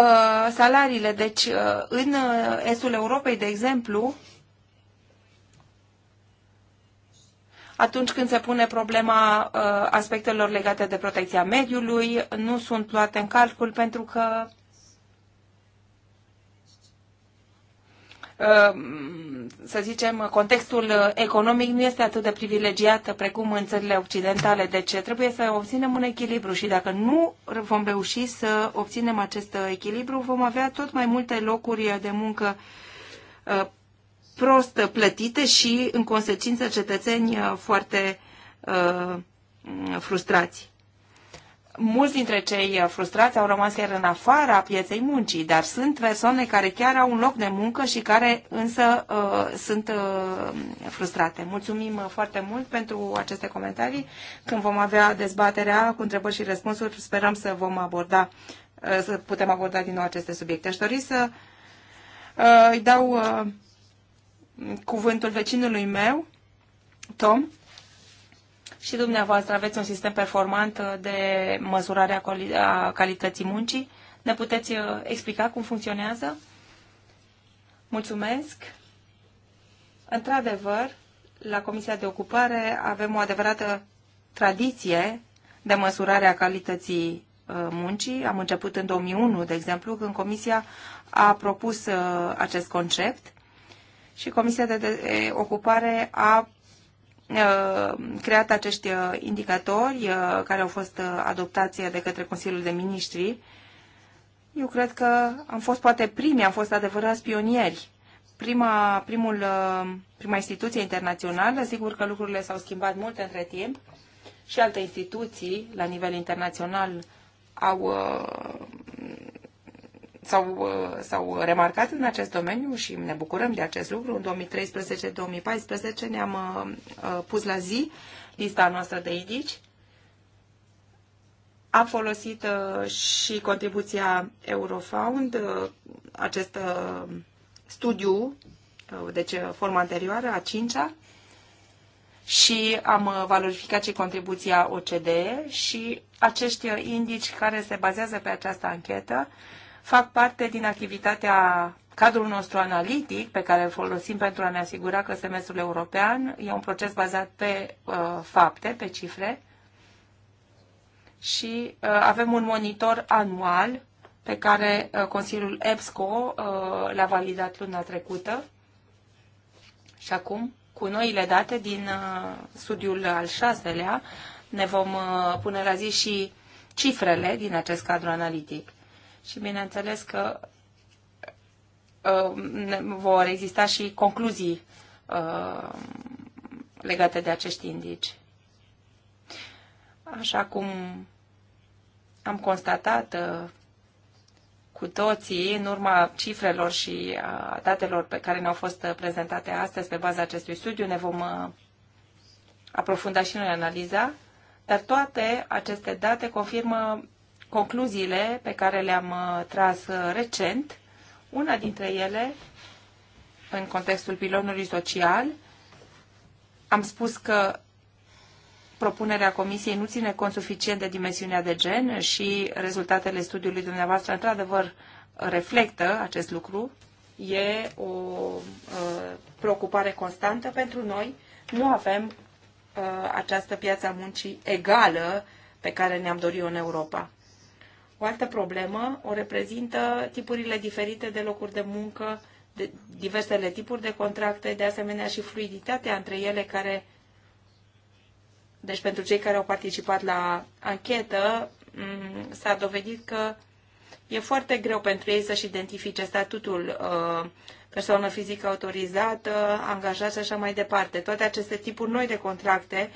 Uh, salariile. Deci, uh, în uh, estul Europei, de exemplu, atunci când se pune problema aspectelor legate de protecția mediului, nu sunt luate în calcul pentru că Ehm, să zicem, contextul economic nu este atât de privilegiat precum în țările occidentale, deci trebuie să obținem un echilibru și dacă nu vom reuși să obținem acest echilibru, vom avea tot mai multe locuri de muncă eh, prost plătite și, în consecință, cetățeni eh, foarte eh, frustrați mulți dintre cei uh, frustrați au rămas chiar în afara pieței muncii, dar sunt persoane care chiar au un loc de muncă și care însă uh, sunt uh, frustrate. Mulțumim uh, foarte mult pentru aceste comentarii. Când vom avea dezbaterea cu întrebări și răspunsuri, sperăm să vom aborda, uh, să putem aborda din nou aceste subiecte. Aș dori să uh, îi dau uh, cuvântul vecinului meu, Tom, și dumneavoastră aveți un sistem performant uh, de măsurare a calității muncii. Ne puteți uh, explica cum funcționează? Mulțumesc! Într-adevăr, la Comisia de Ocupare avem o adevărată tradiție de măsurare a calității uh, muncii. Am început în 2001, de exemplu, când Comisia a propus acest concept și Comisia de Ocupare a Uh, creat acești uh, indicatori uh, care au fost adoptați de către Consiliul de Ministri. Eu cred că am fost poate primii, am fost adevărați pionieri. Prima, primul, prima instituție internațională, sigur că lucrurile s-au schimbat mult între timp și alte instituții la nivel internațional au s-au, uh, s-au remarcat în acest domeniu și ne bucurăm de acest lucru. În 2013-2014 ne-am uh, uh, pus la zi lista noastră de indici. Am folosit și contribuția Eurofound, acest studiu, deci forma anterioară, a cincea, și am valorificat și contribuția OCDE și acești indici care se bazează pe această anchetă fac parte din activitatea cadrul nostru analitic pe care îl folosim pentru a ne asigura că semestrul european e un proces bazat pe uh, fapte, pe cifre și uh, avem un monitor anual pe care uh, Consiliul EBSCO uh, l-a validat luna trecută și acum, cu noile date din uh, studiul al șaselea, ne vom uh, pune la zi și cifrele din acest cadru analitic și bineînțeles că uh, vor exista și concluzii uh, legate de acești indici. Așa cum am constatat uh, cu toții, în urma cifrelor și a datelor pe care ne-au fost prezentate astăzi pe baza acestui studiu, ne vom aprofunda și noi analiza, dar toate aceste date confirmă concluziile pe care le-am uh, tras uh, recent. Una dintre ele, în contextul pilonului social, am spus că propunerea Comisiei nu ține cont suficient de dimensiunea de gen și rezultatele studiului dumneavoastră, într-adevăr, reflectă acest lucru. E o uh, preocupare constantă pentru noi. Nu avem uh, această piață a muncii egală pe care ne-am dorit-o în Europa. O altă problemă o reprezintă tipurile diferite de locuri de muncă, de diversele tipuri de contracte, de asemenea și fluiditatea între ele care deci pentru cei care au participat la anchetă, mm, s-a dovedit că e foarte greu pentru ei să-și identifice statutul uh, persoană fizică autorizată, angajat și așa mai departe. Toate aceste tipuri noi de contracte,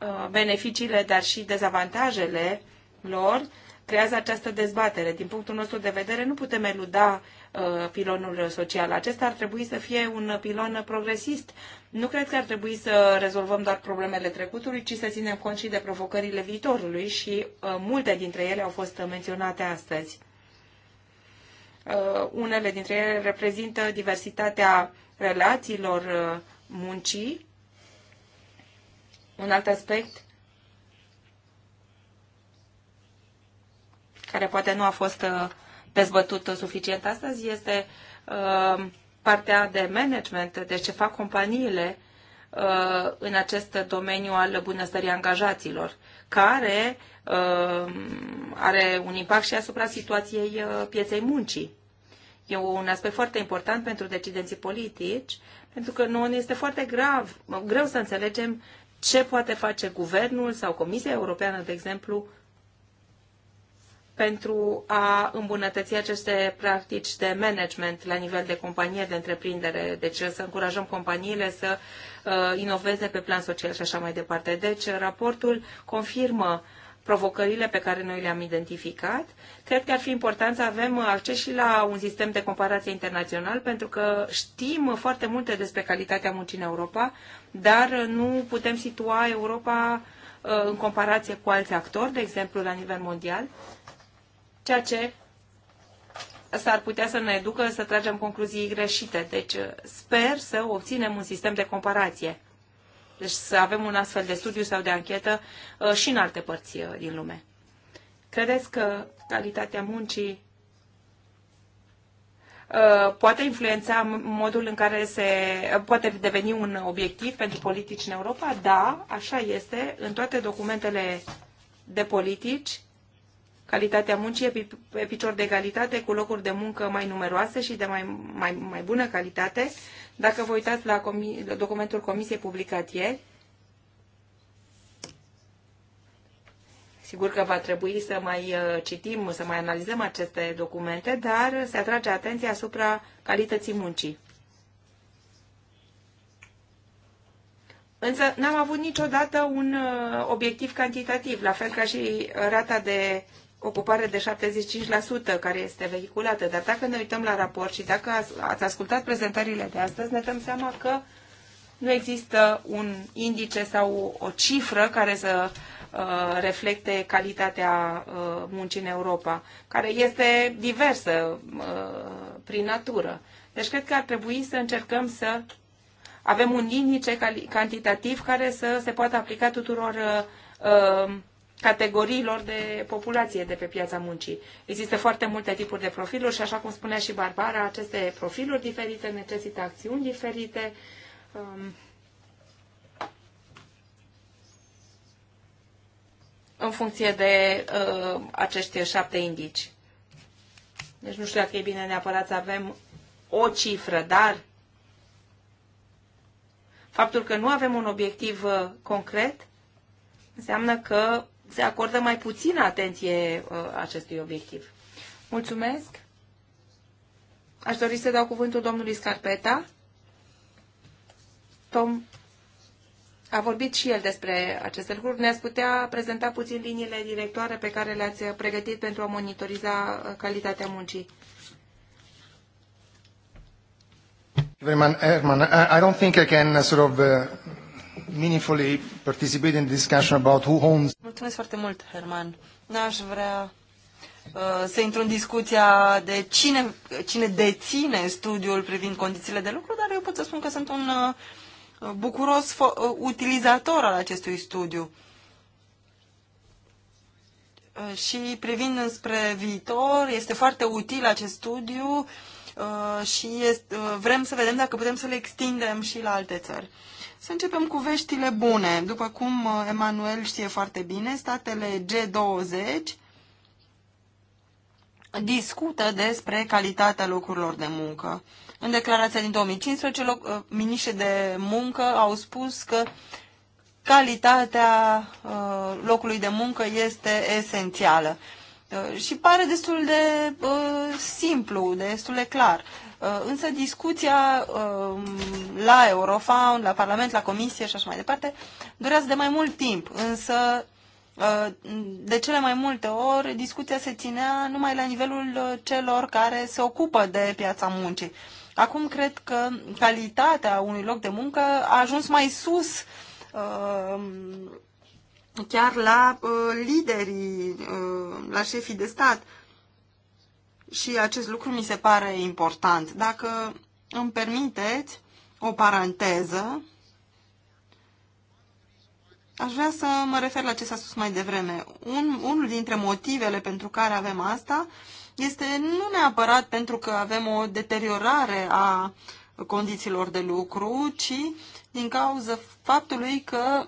uh, beneficiile, dar și dezavantajele lor, creează această dezbatere. Din punctul nostru de vedere, nu putem eluda uh, pilonul social. Acesta ar trebui să fie un pilon progresist. Nu cred că ar trebui să rezolvăm doar problemele trecutului, ci să ținem cont și de provocările viitorului și uh, multe dintre ele au fost menționate astăzi. Uh, unele dintre ele reprezintă diversitatea relațiilor muncii. Un alt aspect care poate nu a fost uh, dezbătut suficient astăzi, este uh, partea de management, de deci ce fac companiile uh, în acest domeniu al bunăstării angajaților, care are un impact și asupra situației pieței muncii. E un aspect foarte important pentru decidenții politici, pentru că nu este foarte grav, greu să înțelegem ce poate face guvernul sau Comisia Europeană, de exemplu, pentru a îmbunătăți aceste practici de management la nivel de companie, de întreprindere. Deci să încurajăm companiile să uh, inoveze pe plan social și așa mai departe. Deci raportul confirmă provocările pe care noi le-am identificat. Cred că ar fi important să avem acces și la un sistem de comparație internațional, pentru că știm foarte multe despre calitatea muncii în Europa, dar nu putem situa Europa uh, în comparație cu alți actori, de exemplu la nivel mondial ceea ce s-ar putea să ne ducă să tragem concluzii greșite. Deci uh, sper să obținem un sistem de comparație. Deci să avem un astfel de studiu sau de anchetă uh, și în alte părți uh, din lume. Credeți că calitatea muncii poate influența modul în care se poate deveni un obiectiv pentru politici în Europa? Da, așa este. În toate documentele de politici calitatea muncii pe, picior de egalitate cu locuri de muncă mai numeroase și de mai, mai, mai bună calitate. Dacă vă uitați la, comi, documentul Comisiei publicat ieri, Sigur că va trebui să mai uh, citim, să mai analizăm aceste documente, dar se atrage atenția asupra calității muncii. Însă n-am avut niciodată un uh, obiectiv cantitativ, la fel ca și rata de ocupare de 75% care este vehiculată. Dar dacă ne uităm la raport și dacă ați ascultat prezentările de astăzi, ne dăm seama că nu există un indice sau o cifră care să uh, reflecte calitatea uh, muncii în Europa, care este diversă uh, prin natură. Deci cred că ar trebui să încercăm să avem un indice cantitativ care să se poată aplica tuturor categoriilor de populație de pe piața muncii. Există foarte multe tipuri de profiluri și, așa cum spunea și Barbara, aceste profiluri diferite necesită acțiuni diferite. Um, în funcție de uh, acești șapte indici. Deci nu știu dacă e bine neapărat să avem o cifră, dar faptul că nu avem un obiectiv uh, concret înseamnă că se acordă mai puțină atenție uh, acestui obiectiv. Mulțumesc. Aș dori să dau cuvântul domnului Scarpeta. Tom a vorbit și el despre aceste lucruri. Ne-ați putea prezenta puțin liniile directoare pe care le-ați pregătit pentru a monitoriza uh, calitatea muncii. Herman, I don't think I can uh, sort of meaningfully participate in the discussion about who owns... Mulțumesc foarte mult, Herman. N-aș vrea uh, să intru în discuția de cine, cine deține studiul privind condițiile de lucru, dar eu pot să spun că sunt un uh, bucuros uh, utilizator al acestui studiu. Uh, și privind înspre viitor, este foarte util acest studiu uh, și este, uh, vrem să vedem dacă putem să-l extindem și la alte țări. Să începem cu veștile bune. După cum uh, Emanuel știe foarte bine, statele G20 discută despre calitatea locurilor de muncă. În declarația din 2015, loc, uh, miniștrii de muncă au spus că calitatea uh, locului de muncă este esențială. Și pare destul de simplu, destul de clar. Uh, însă discuția um, la Eurofound, la Parlament, la Comisie și așa mai departe, durează de mai mult timp, însă uh, de cele mai multe ori discuția se ținea numai la nivelul uh, celor care se ocupă de piața muncii. Acum cred că calitatea unui loc de muncă a ajuns mai sus um, chiar la liderii, la șefii de stat și acest lucru mi se pare important. Dacă îmi permiteți o paranteză, aș vrea să mă refer la ce s-a spus mai devreme. Un, unul dintre motivele pentru care avem asta este nu neapărat pentru că avem o deteriorare a condițiilor de lucru, ci din cauza faptului că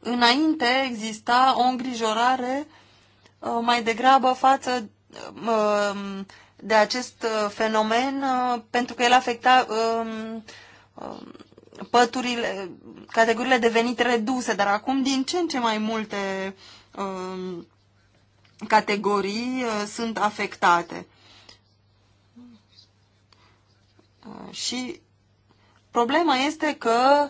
înainte exista o îngrijorare uh, mai degrabă față de acest uh, fenomen uh, pentru că el afecta um, um, păturile, categoriile de venit reduse, dar acum din ce în ce mai multe um, categorii uh, sunt afectate. Și problema este că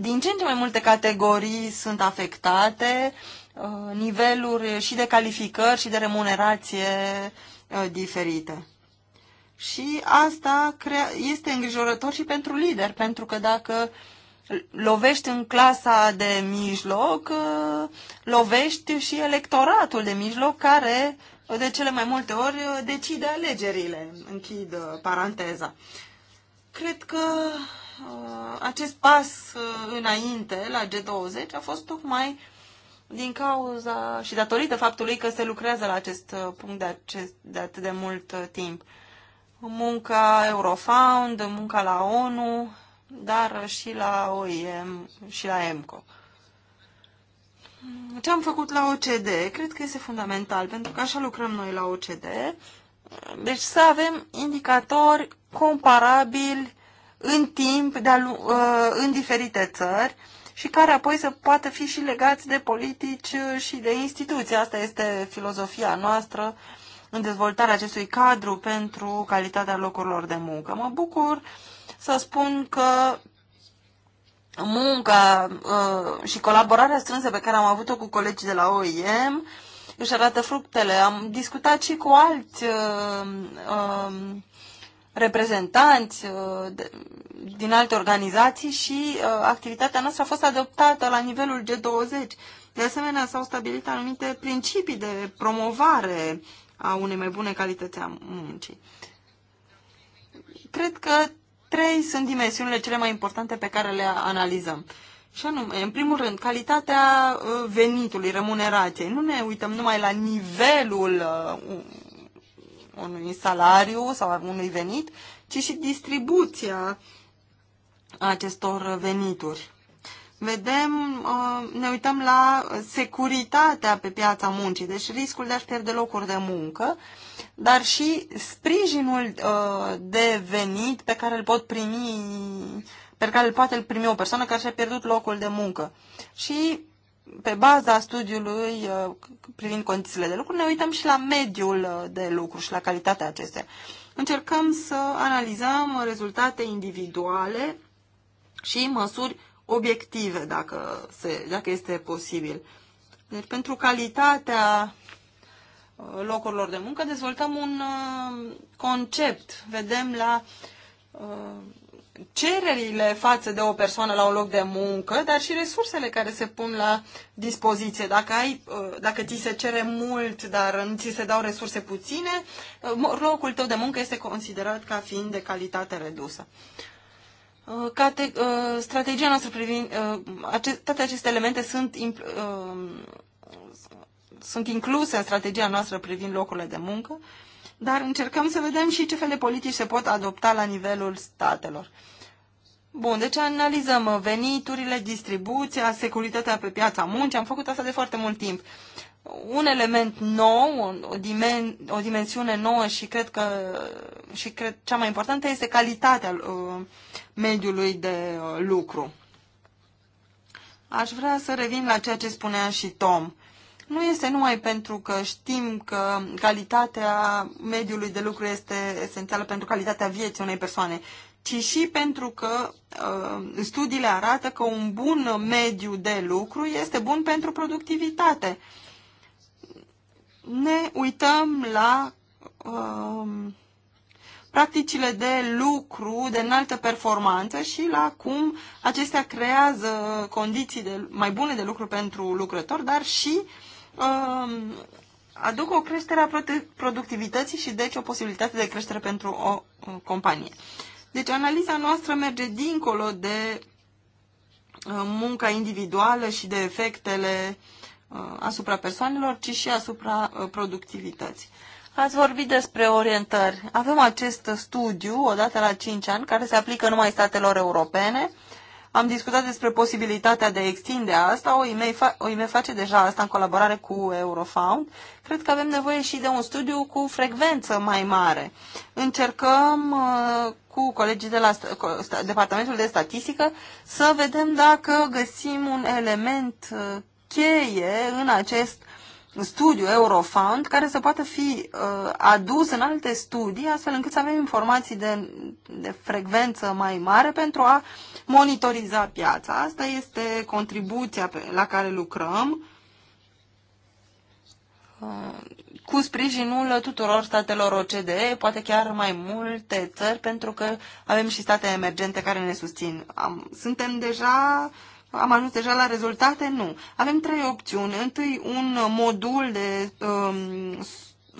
din ce în ce mai multe categorii sunt afectate Uh, niveluri și de calificări și de remunerație uh, diferite. Și asta este îngrijorător și pentru lider, pentru că dacă lovești în clasa de mijloc, uh, lovești și electoratul de mijloc care de cele mai multe ori decide alegerile. Închid paranteza. Cred că acest pas înainte la G20 a fost tocmai din cauza și datorită faptului că se lucrează la acest uh, punct de, acest, de atât de mult uh, timp. Munca Eurofound, munca la ONU, dar și la OIM și la EMCO. Ce am făcut la OCD? Cred că este fundamental, pentru că așa lucrăm noi la OCD. Deci să avem indicatori comparabili în timp, de uh, în diferite țări, și care apoi să poată fi și legați de politici uh, și de instituții. Asta este filozofia noastră în dezvoltarea acestui cadru pentru calitatea locurilor de muncă. Mă bucur să spun că munca uh, și colaborarea strânsă pe care am avut-o cu colegii de la OIM își arată fructele. Am discutat și cu alți uh, uh, reprezentanți uh, din alte organizații și uh, activitatea noastră a fost adoptată la nivelul G20. De asemenea, s-au stabilit anumite principii de promovare a unei mai bune calități a muncii. Cred că trei sunt dimensiunile cele mai importante pe care le analizăm. Și anume, în primul rând, calitatea uh, venitului, remunerației. Nu ne uităm numai la nivelul unui salariu sau unui venit, ci și distribuția acestor venituri. Vedem, uh, ne uităm la securitatea pe piața muncii, deci riscul de a-și pierde locuri de muncă, dar și sprijinul uh, de venit pe care îl pot primi pe care îl poate îl primi o persoană care și-a pierdut locul de muncă. Și pe baza studiului uh, privind condițiile de lucru, ne uităm și la mediul uh, de lucru și la calitatea acestea. Încercăm să analizăm rezultate individuale și măsuri obiective, dacă, se, dacă este posibil. Deci, pentru calitatea uh, locurilor de muncă, dezvoltăm un concept. Vedem la cererile față de o persoană la un loc de muncă, dar și resursele care se pun la dispoziție. Dacă, ai, uh, dacă ți se cere mult, dar nu ți se dau resurse puține, uh, locul tău de muncă este considerat ca fiind de calitate redusă. Uh, cate, strategia noastră privind toate aceste elemente sunt, sunt incluse în strategia noastră privind locurile de muncă dar încercăm să vedem și ce fel de politici se pot adopta la nivelul statelor. Bun, deci analizăm veniturile, distribuția, securitatea pe piața muncii. Am făcut asta de foarte mult timp. Un element nou, o, dimen- o dimensiune nouă și cred că și cred cea mai importantă este calitatea uh, mediului de uh, lucru. Aș vrea să revin la ceea ce spunea și Tom nu este numai pentru că știm că calitatea mediului de lucru este esențială pentru calitatea vieții unei persoane, ci și pentru că uh, studiile arată că un bun mediu de lucru este bun pentru productivitate. Ne uităm la uh, practicile de lucru de înaltă performanță și la cum acestea creează condiții de, mai bune de lucru pentru lucrători, dar și uh, Um, aduc o creștere a productivității și deci o posibilitate de creștere pentru o companie. Deci analiza noastră merge dincolo de uh, munca individuală și de efectele uh, asupra persoanelor, ci și asupra uh, productivității. Ați vorbit despre orientări. Avem acest studiu, odată la 5 ani, care se aplică numai statelor europene am discutat despre posibilitatea de a extinde asta. OIME, fa- OIME face deja asta în colaborare cu Eurofound. Cred că avem nevoie și de un studiu cu frecvență mai mare. Încercăm uh, cu colegii de la Departamentul de Statistică să vedem dacă găsim un element uh, cheie în acest studiu Eurofound care să poată fi uh, adus în alte studii, astfel încât să avem informații de, de frecvență mai mare pentru a monitoriza piața. Asta este contribuția pe, la care lucrăm uh, cu sprijinul tuturor statelor OCDE, poate chiar mai multe țări, pentru că avem și state emergente care ne susțin. Am, suntem deja am ajuns deja la rezultate? Nu. Avem trei opțiuni. Întâi, un modul de um,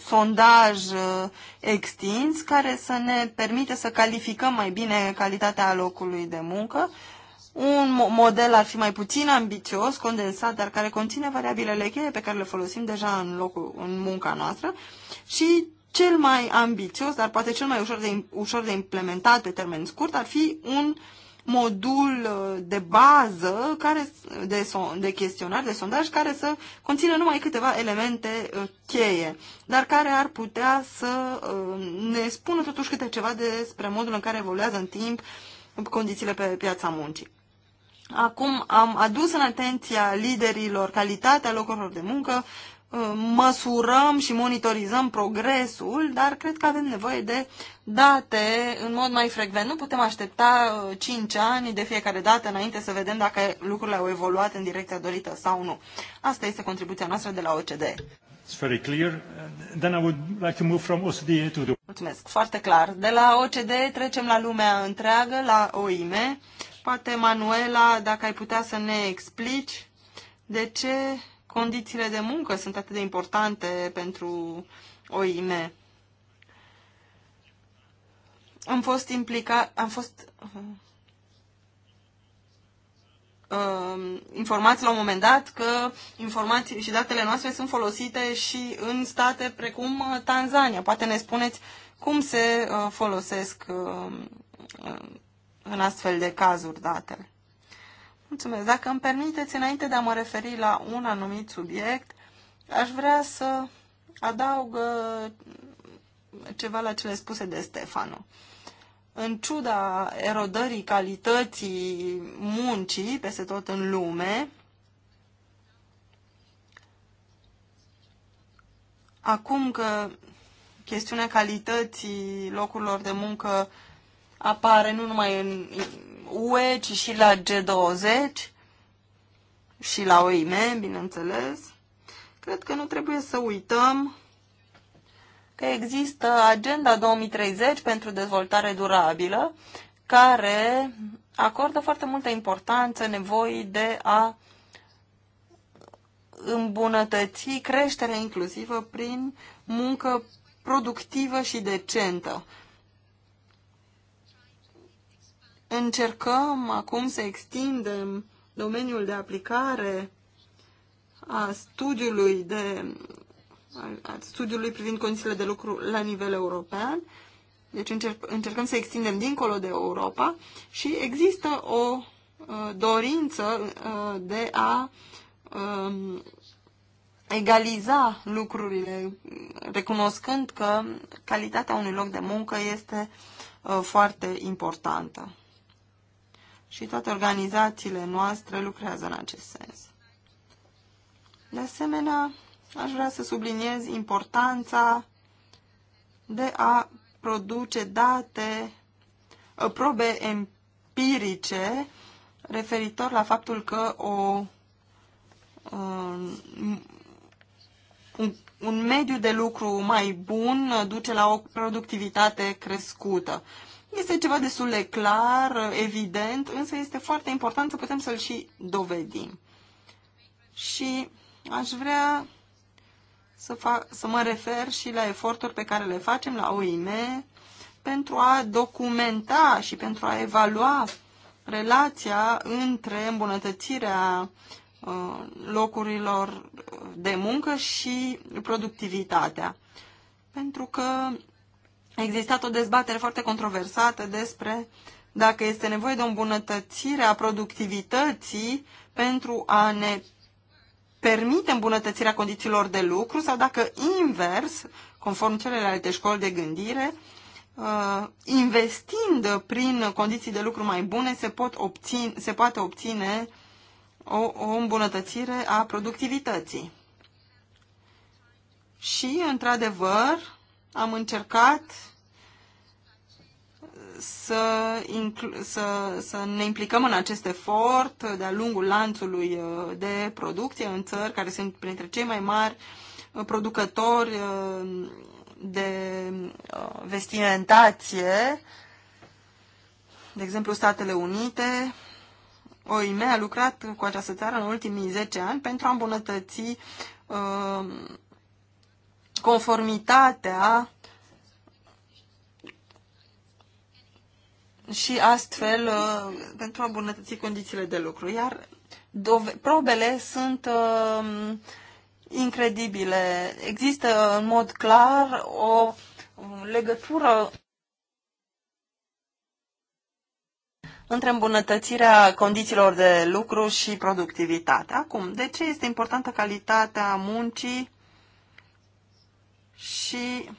sondaj uh, extins care să ne permite să calificăm mai bine calitatea locului de muncă. Un model ar fi mai puțin ambițios, condensat, dar care conține variabilele cheie pe care le folosim deja în, locul, în munca noastră și cel mai ambițios, dar poate cel mai ușor de, ușor de implementat pe termen scurt, ar fi un uh, modul uh, de bază care, de, de chestionar, de sondaj, care să conțină numai câteva elemente uh, cheie, dar care ar putea să uh, ne spună totuși câte ceva despre modul în care evoluează în timp condițiile pe piața muncii. Acum am adus în atenția liderilor calitatea locurilor de muncă, Uh, măsurăm și monitorizăm progresul, dar cred că avem nevoie de date în mod mai frecvent. Nu putem aștepta 5 uh, ani de fiecare dată înainte să vedem dacă lucrurile au evoluat în direcția dorită sau nu. Asta este contribuția noastră de la OCDE. It's very clear. Then I would like to move from OCDE to the... Mulțumesc, foarte clar. De la OCDE trecem la lumea întreagă, la OIM. Poate, Manuela, dacă ai putea să ne explici de ce condițiile de muncă sunt atât de importante pentru OIM. Am fost implicat, am fost uh, informați la un moment dat că informații și datele noastre sunt folosite și în state precum uh, Tanzania. Poate ne spuneți cum se uh, folosesc uh, în astfel de cazuri datele. Mulțumesc. Dacă îmi permiteți, înainte de a mă referi la un anumit subiect, aș vrea să adaug uh, ceva la cele spuse de Stefano. În ciuda erodării calității muncii peste tot în lume, acum că chestiunea calității locurilor de muncă apare nu numai în UE, ci și la G20 și la OIM, bineînțeles. Cred că nu trebuie să uităm că există Agenda 2030 pentru dezvoltare durabilă, care acordă foarte multă importanță nevoii de a îmbunătăți creșterea inclusivă prin muncă productivă și decentă. Încercăm acum să extindem domeniul de aplicare a studiului, de, a studiului privind condițiile de lucru la nivel european. Deci încerc, încercăm să extindem dincolo de Europa și există o uh, dorință uh, de a uh, egaliza lucrurile, recunoscând că calitatea unui loc de muncă este uh, foarte importantă și toate organizațiile noastre lucrează în acest sens. De asemenea, aș vrea să subliniez importanța de a produce date, ă, probe empirice referitor la faptul că o, um, un, un mediu de lucru mai bun duce la o productivitate crescută. Este ceva destul de clar, evident, însă este foarte important să putem să-l și dovedim. Și aș vrea să, fac, să mă refer și la eforturi pe care le facem la OIM pentru a documenta și pentru a evalua relația între îmbunătățirea uh, locurilor de muncă și productivitatea. Pentru că a existat o dezbatere foarte controversată despre dacă este nevoie de o îmbunătățire a productivității pentru a ne permite îmbunătățirea condițiilor de lucru sau dacă invers, conform celelalte școli de gândire, uh, investind prin condiții de lucru mai bune se, pot obține, se poate obține o, o îmbunătățire a productivității. Și, într-adevăr, am încercat să, să, să ne implicăm în acest efort de-a lungul lanțului uh, de producție în țări care sunt printre cei mai mari uh, producători uh, de vestimentație, de exemplu Statele Unite. OIME a lucrat cu această țară în ultimii 10 ani pentru a îmbunătăți conformitatea și astfel uh, pentru a îmbunătăți condițiile de lucru. Iar probele sunt uh, incredibile. Există în mod clar o legătură între îmbunătățirea condițiilor de lucru și productivitatea. Acum, de ce este importantă calitatea muncii și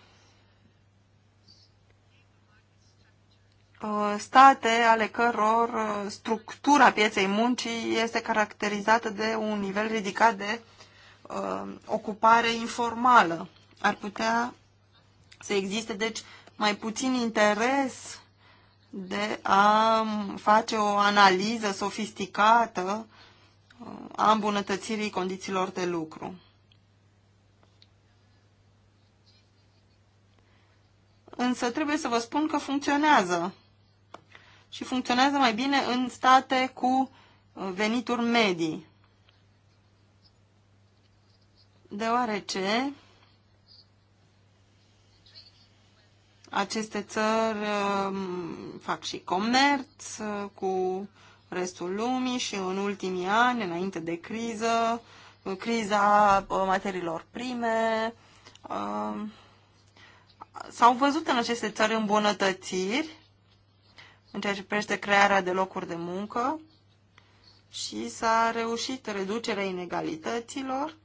uh, state ale căror uh, structura pieței muncii este caracterizată de un nivel ridicat de uh, ocupare informală. Ar putea să existe, deci, mai puțin interes de a um, face o analiză sofisticată a îmbunătățirii condițiilor de lucru. însă trebuie să vă spun că funcționează. Și funcționează mai bine în state cu uh, venituri medii. Deoarece aceste țări um, fac și comerț uh, cu restul lumii și în ultimii ani, înainte de criză, criza uh, materiilor prime, um, s-au văzut în aceste țări îmbunătățiri în ceea ce privește crearea de locuri de muncă și s-a reușit reducerea inegalităților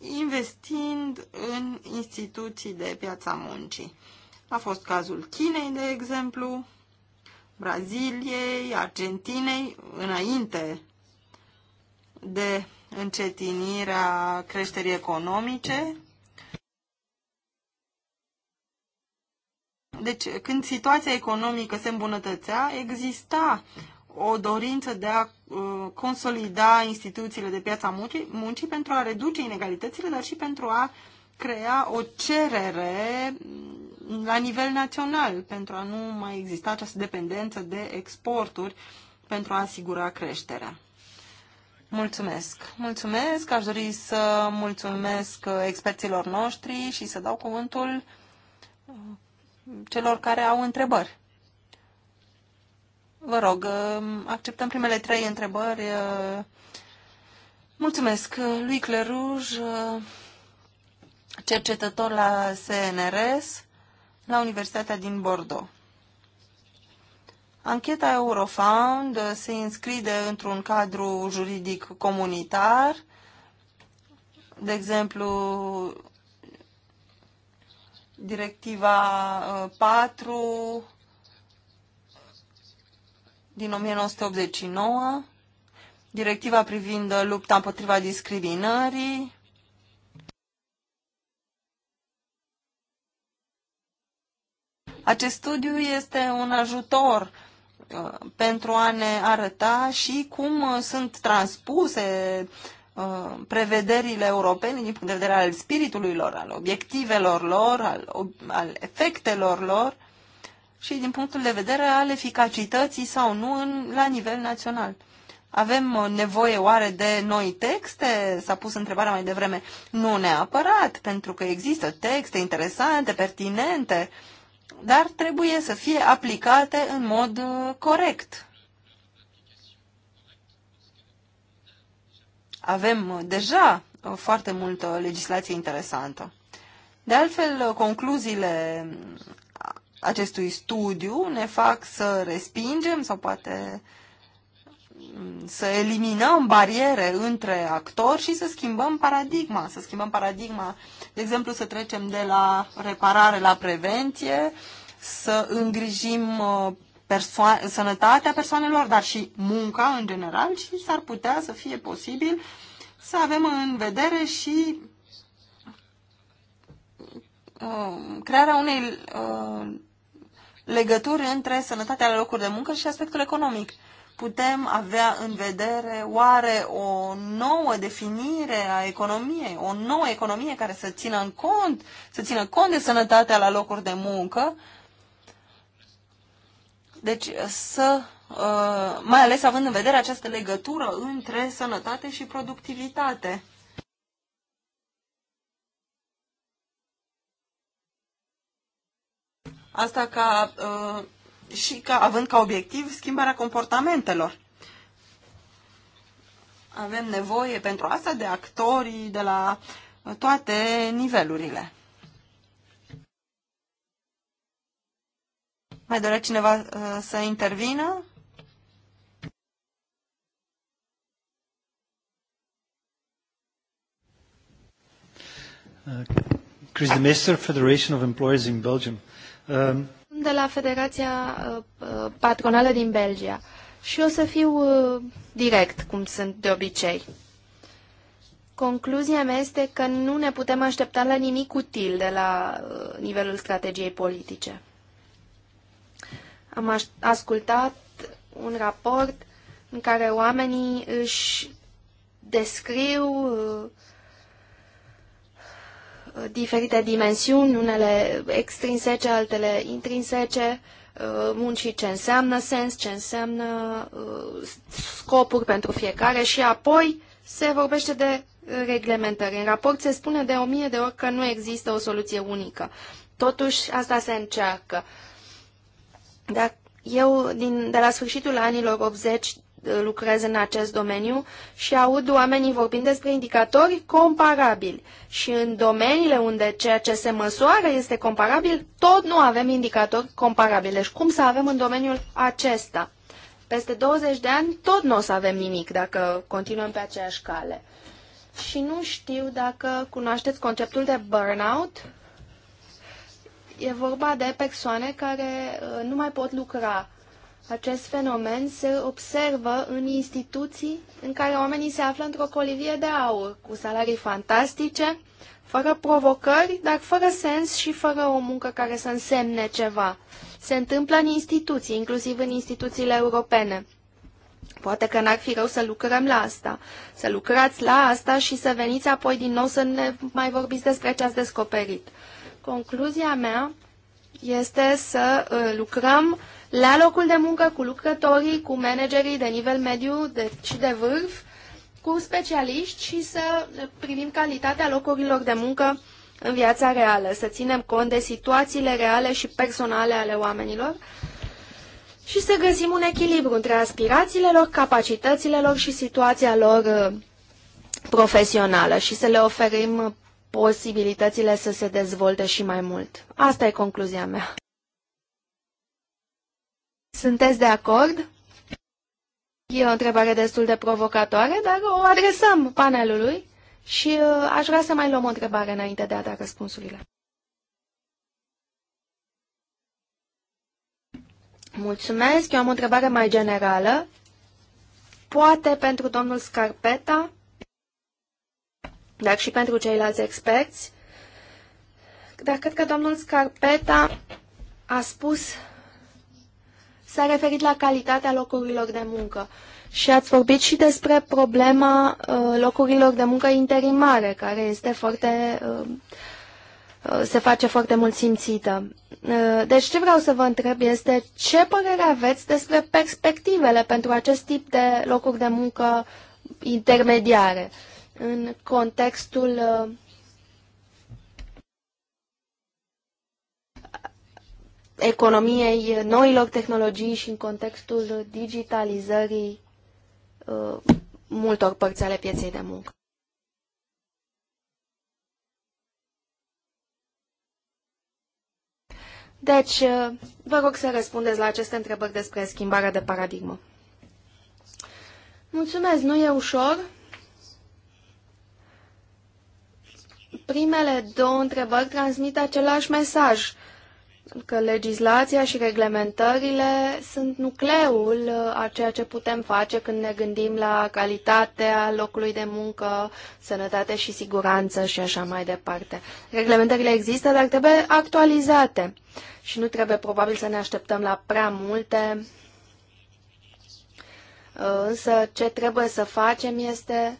investind în instituții de piața muncii. A fost cazul Chinei, de exemplu, Braziliei, Argentinei, înainte de încetinirea creșterii economice, Deci, când situația economică se îmbunătățea, exista o dorință de a uh, consolida instituțiile de piața muncii, muncii pentru a reduce inegalitățile, dar și pentru a crea o cerere la nivel național, pentru a nu mai exista această dependență de exporturi pentru a asigura creșterea. Mulțumesc. Mulțumesc. Aș dori să mulțumesc uh, experților noștri și să dau cuvântul uh, celor care au întrebări. Vă rog, um, acceptăm primele trei întrebări. Uh, mulțumesc. Lui Cleruj, uh, cercetător la CNRS, la Universitatea din Bordeaux. Ancheta Eurofound se inscrie într-un cadru juridic comunitar, de exemplu, Directiva 4 uh, din 1989, Directiva privind lupta împotriva discriminării, Acest studiu este un ajutor uh, pentru a ne arăta și cum sunt transpuse Uh, prevederile europene din punct de vedere al spiritului lor, al obiectivelor lor, al, al efectelor lor și din punctul de vedere al eficacității sau nu în, la nivel național. Avem uh, nevoie oare de noi texte? S-a pus întrebarea mai devreme. Nu neapărat, pentru că există texte interesante, pertinente, dar trebuie să fie aplicate în mod uh, corect. Avem uh, deja uh, foarte multă legislație interesantă. De altfel, uh, concluziile acestui studiu ne fac să respingem sau poate mm, să eliminăm bariere între actori și să schimbăm paradigma, să schimbăm paradigma, de exemplu să trecem de la reparare la prevenție, să îngrijim perso- sănătatea persoanelor, dar și munca în general și s-ar putea să fie posibil să avem în vedere și uh, crearea unei uh, legături între sănătatea locurilor locuri de muncă și aspectul economic. Putem avea în vedere oare o nouă definire a economiei, o nouă economie care să țină în cont, să țină cont de sănătatea la locuri de muncă, uh, deci să, uh, mai ales având în vedere această legătură între sănătate și productivitate. Asta ca, uh, și ca, având ca obiectiv schimbarea comportamentelor. Avem nevoie pentru asta de actorii de la toate nivelurile. Mai dorea cineva uh, să intervină? Uh, Chris de Meester, Federation of Employers in Belgium. Um... De la Federația uh, uh, Patronală din Belgia. Și o să fiu uh, direct, cum sunt de obicei. Concluzia mea este că nu ne putem aștepta la nimic util de la uh, nivelul strategiei politice. Am ascultat un raport în care oamenii își descriu uh, diferite dimensiuni, unele extrinsece, altele intrinsece, uh, muncii ce înseamnă sens, ce înseamnă uh, scopuri pentru fiecare și apoi se vorbește de reglementări. În raport se spune de o mie de ori că nu există o soluție unică. Totuși, asta se încearcă. Uh, dar eu, din, de la sfârșitul anilor 80, eh, lucrez în acest domeniu și aud oamenii vorbind despre indicatori comparabili. Și în domeniile unde ceea ce se măsoară este comparabil, tot nu avem indicatori comparabili. Deci cum să avem în domeniul acesta? Peste 20 de ani tot nu o să avem nimic dacă continuăm pe aceeași cale. Și nu știu dacă cunoașteți conceptul de burnout. E vorba de persoane care uh, nu mai pot lucra. Acest fenomen se observă în instituții în care oamenii se află într-o colivie de aur, cu salarii fantastice, fără provocări, dar fără sens și fără o muncă care să însemne ceva. Se întâmplă în instituții, inclusiv în instituțiile europene. Poate că n-ar fi rău să lucrăm la asta, să lucrați la asta și să veniți apoi din nou să ne mai vorbiți despre ce ați descoperit. Concluzia mea este să uh, lucrăm la locul de muncă cu lucrătorii, cu managerii de nivel mediu de, și de vârf, cu specialiști și să privim calitatea locurilor de muncă în viața reală, să ținem cont de situațiile reale și personale ale oamenilor și să găsim un echilibru între aspirațiile lor, capacitățile lor și situația lor uh, profesională și să le oferim posibilitățile să se dezvolte și mai mult. Asta e concluzia mea. Sunteți de acord? E o întrebare destul de provocatoare, dar o adresăm panelului și uh, aș vrea să mai luăm o întrebare înainte de a da răspunsurile. Mulțumesc, eu am o întrebare mai generală. Poate pentru domnul Scarpeta, dar și pentru ceilalți experți. Dar cred că domnul Scarpeta a spus, s-a referit la calitatea locurilor de muncă și ați vorbit și despre problema uh, locurilor de muncă interimare, care este foarte... Uh, uh, se face foarte mult simțită. Deci ce vreau să vă întreb este ce părere aveți despre perspectivele pentru acest tip de locuri de muncă intermediare? Uh, în contextul uh, economiei noilor tehnologii și în contextul digitalizării uh, multor părți ale pieței de muncă. Deci, uh, vă rog să răspundeți la aceste întrebări despre schimbarea de paradigmă. Mulțumesc, nu e ușor. primele două întrebări transmit același mesaj, că legislația și reglementările sunt nucleul uh, a ceea ce putem face când ne gândim la calitatea locului de muncă, sănătate și siguranță și așa mai departe. Reglementările există, dar trebuie actualizate și nu trebuie probabil să ne așteptăm la prea multe. Uh, însă ce trebuie să facem este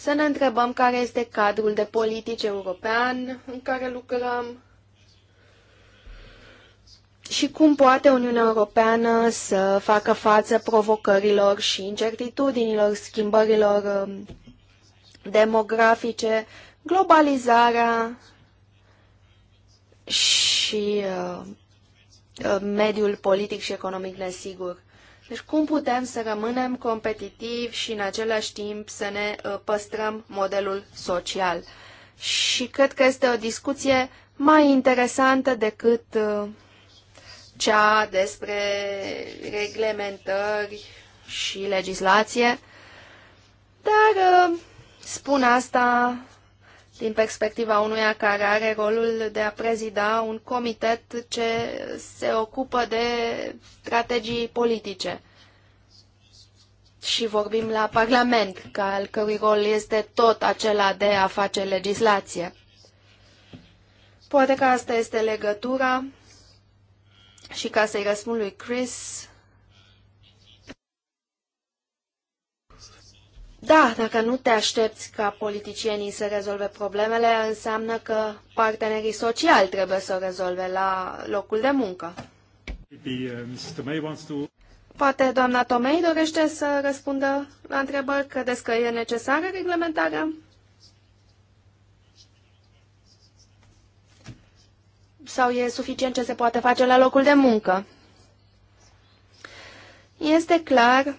să ne întrebăm care este cadrul de politici european în care lucrăm și cum poate Uniunea Europeană să facă față provocărilor și incertitudinilor, schimbărilor um, demografice, globalizarea și uh, uh, mediul politic și economic nesigur. Deci cum putem să rămânem competitivi și în același timp să ne uh, păstrăm modelul social? Și cred că este o discuție mai interesantă decât uh, cea despre reglementări și legislație, dar uh, spun asta din perspectiva unuia care are rolul de a prezida un comitet ce se ocupă de strategii politice. Și vorbim la Parlament, ca al cărui rol este tot acela de a face legislație. Poate că asta este legătura și ca să-i răspund lui Chris, Da, dacă nu te aștepți ca politicienii să rezolve problemele, înseamnă că partenerii sociali trebuie să o rezolve la locul de muncă. Uh, poate doamna Tomei dorește să răspundă la întrebări? Credeți că e necesară reglementarea? Sau e suficient ce se poate face la locul de muncă? Este clar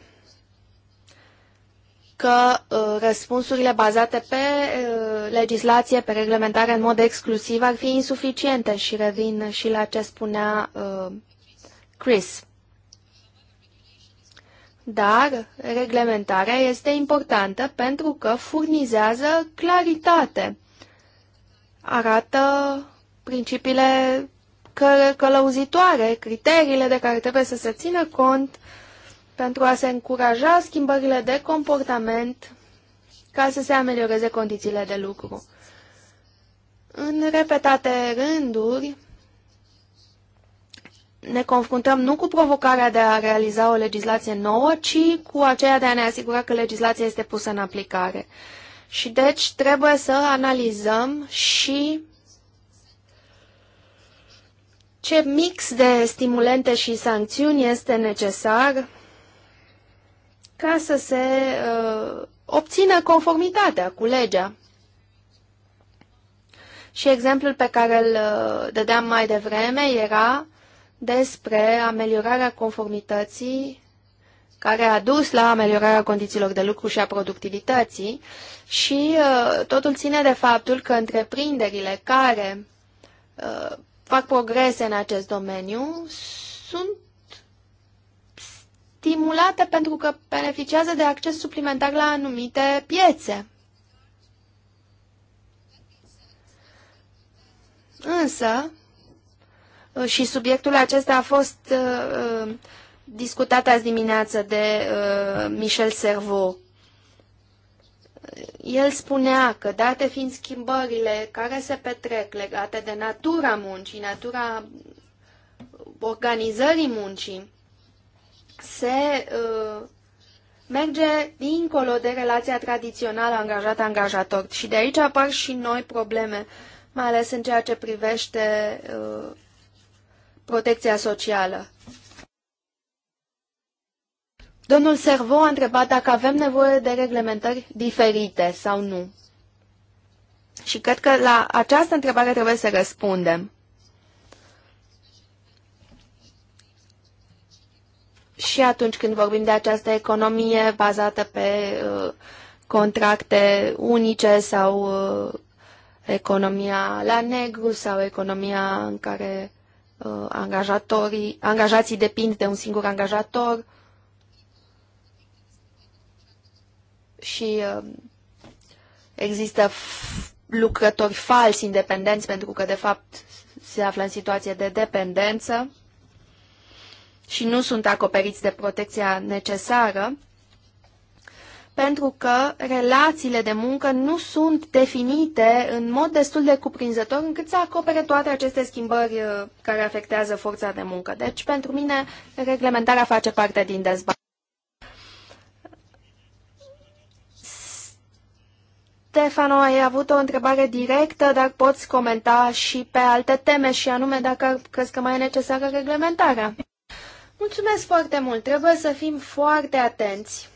că uh, răspunsurile bazate pe uh, legislație, pe reglementare în mod exclusiv ar fi insuficiente și revin și la ce spunea uh, Chris. Dar reglementarea este importantă pentru că furnizează claritate. Arată principiile călăuzitoare, criteriile de care trebuie să se țină cont pentru a se încuraja schimbările de comportament ca să se amelioreze condițiile de lucru. În repetate rânduri, ne confruntăm nu cu provocarea de a realiza o legislație nouă, ci cu aceea de a ne asigura că legislația este pusă în aplicare. Și deci trebuie să analizăm și ce mix de stimulente și sancțiuni este necesar ca să se uh, obțină conformitatea cu legea. Și exemplul pe care îl uh, dădeam mai devreme era despre ameliorarea conformității care a dus la ameliorarea condițiilor de lucru și a productivității și uh, totul ține de faptul că întreprinderile care uh, fac progrese în acest domeniu sunt stimulate pentru că beneficiază de acces suplimentar la anumite piețe. Însă, și subiectul acesta a fost uh, uh discutat azi dimineață de uh, Michel Servo. El spunea că, date fiind schimbările care se petrec legate de natura muncii, natura organizării muncii, se uh, merge dincolo de relația tradițională angajat-angajator și de aici apar și noi probleme, mai ales în ceea ce privește uh, protecția socială. Domnul Servo a întrebat dacă avem nevoie de reglementări diferite sau nu. Și cred că la această întrebare trebuie să răspundem. și atunci când vorbim de această economie bazată pe uh, contracte unice sau uh, economia la negru sau economia în care uh, angajatorii, angajații depind de un singur angajator și există lucrători falsi independenți pentru că de fapt se află în situație de dependență și nu sunt acoperiți de protecția necesară, pentru că relațiile de muncă nu sunt definite în mod destul de cuprinzător încât să acopere toate aceste schimbări uh, care afectează forța de muncă. Deci, pentru mine, reglementarea face parte din dezbatere. Stefano, ai avut o întrebare directă, dar poți comenta și pe alte teme, și anume dacă crezi că mai e necesară reglementarea. Mulțumesc foarte mult! Trebuie să fim foarte atenți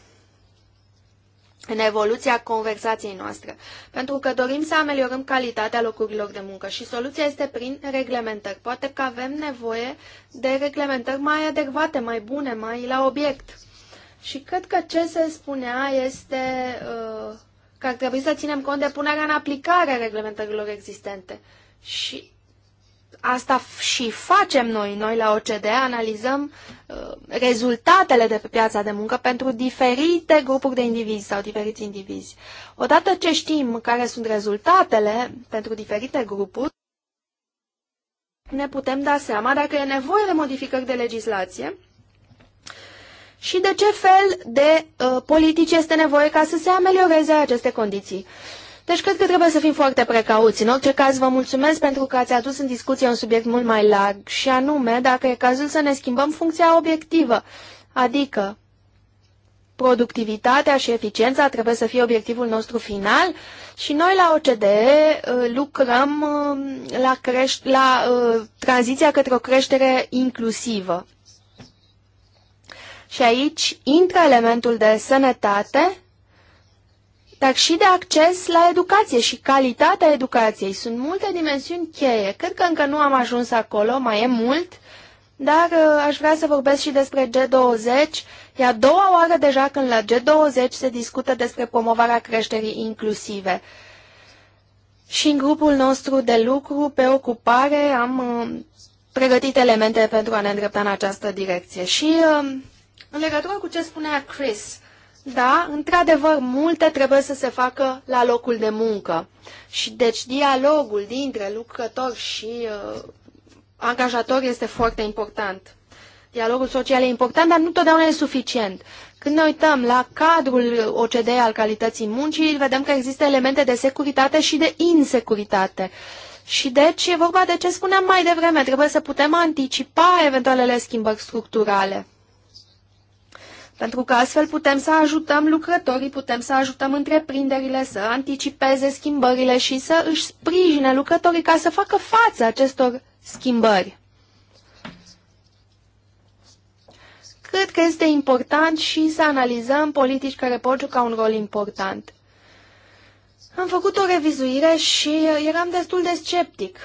în evoluția conversației noastre, pentru că dorim să ameliorăm calitatea locurilor de muncă și soluția este prin reglementări. Poate că avem nevoie de reglementări mai adecvate, mai bune, mai la obiect. Și cred că ce se spunea este uh, că ar trebui să ținem cont de punerea în aplicare a reglementărilor existente. Și asta și facem noi. Noi la OCDE analizăm uh, rezultatele de pe piața de muncă pentru diferite grupuri de indivizi sau diferiți indivizi. Odată ce știm care sunt rezultatele pentru diferite grupuri, ne putem da seama dacă e nevoie de modificări de legislație și de ce fel de uh, politici este nevoie ca să se amelioreze aceste condiții. Uh, deci cred că trebuie să fim foarte precauți. În orice caz, vă mulțumesc pentru că ați adus în discuție un subiect mult mai larg și anume dacă e cazul să ne schimbăm funcția obiectivă, adică productivitatea și eficiența trebuie să fie obiectivul nostru final și noi la OCDE uh, lucrăm uh, la, creș- la uh, tranziția către o creștere inclusivă. Și aici intră elementul de sănătate dar și de acces la educație și calitatea educației. Sunt multe dimensiuni cheie. Cred că încă nu am ajuns acolo, mai e mult, dar uh, aș vrea să vorbesc și despre G20. E a doua oară deja când la G20 se discută despre promovarea creșterii inclusive. Și în grupul nostru de lucru pe ocupare am uh, pregătit elemente pentru a ne îndrepta în această direcție. Și uh, în legătură cu ce spunea Chris, da, într-adevăr, multe trebuie să se facă la locul de muncă. Și deci dialogul dintre lucrător și uh, angajator este foarte important. Dialogul social e important, dar nu totdeauna e suficient. Când ne uităm la cadrul OCDE al calității muncii, vedem că există elemente de securitate și de insecuritate. Și deci e vorba de ce spuneam mai devreme, trebuie să putem anticipa eventualele schimbări structurale. Pentru că astfel putem să ajutăm lucrătorii, putem să ajutăm întreprinderile să anticipeze schimbările și să își sprijine lucrătorii ca să facă față acestor schimbări. Cred că este important și să analizăm politici care pot juca un rol important. Am făcut o revizuire și eram destul de sceptic,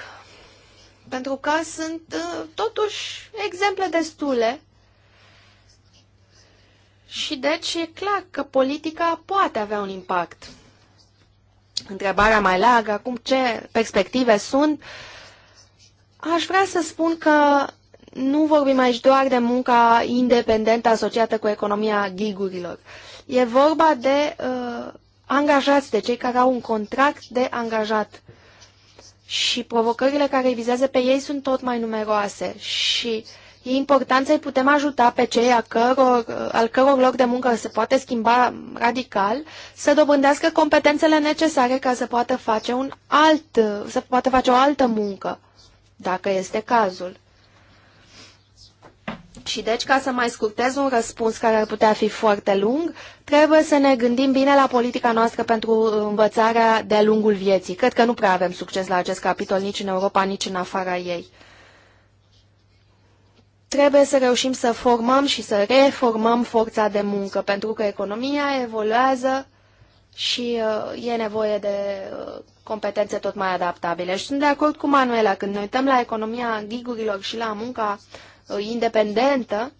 pentru că sunt uh, totuși exemple destule și deci e clar că politica poate avea un impact. Întrebarea mai largă, acum ce perspective sunt, aș vrea să spun că nu vorbim aici doar de munca independentă asociată cu economia gigurilor. E vorba de uh, angajați, de cei care au un contract de angajat. Și provocările care vizează pe ei sunt tot mai numeroase. Și uh, E important să-i putem ajuta pe cei a căror, al căror loc de muncă se poate schimba radical să dobândească competențele necesare ca să poată face, un alt, să poată face o altă muncă, dacă este cazul. Și deci, ca să mai scurtez un răspuns care ar putea fi foarte lung, trebuie să ne gândim bine la politica noastră pentru învățarea de-a lungul vieții. Cred că nu prea avem succes la acest capitol nici în Europa, nici în afara ei. Trebuie să reușim să formăm și să reformăm forța de muncă, pentru că economia evoluează și uh, e nevoie de uh, competențe tot mai adaptabile. Și sunt de acord cu Manuela, când ne uităm la economia gigurilor și la munca uh, independentă,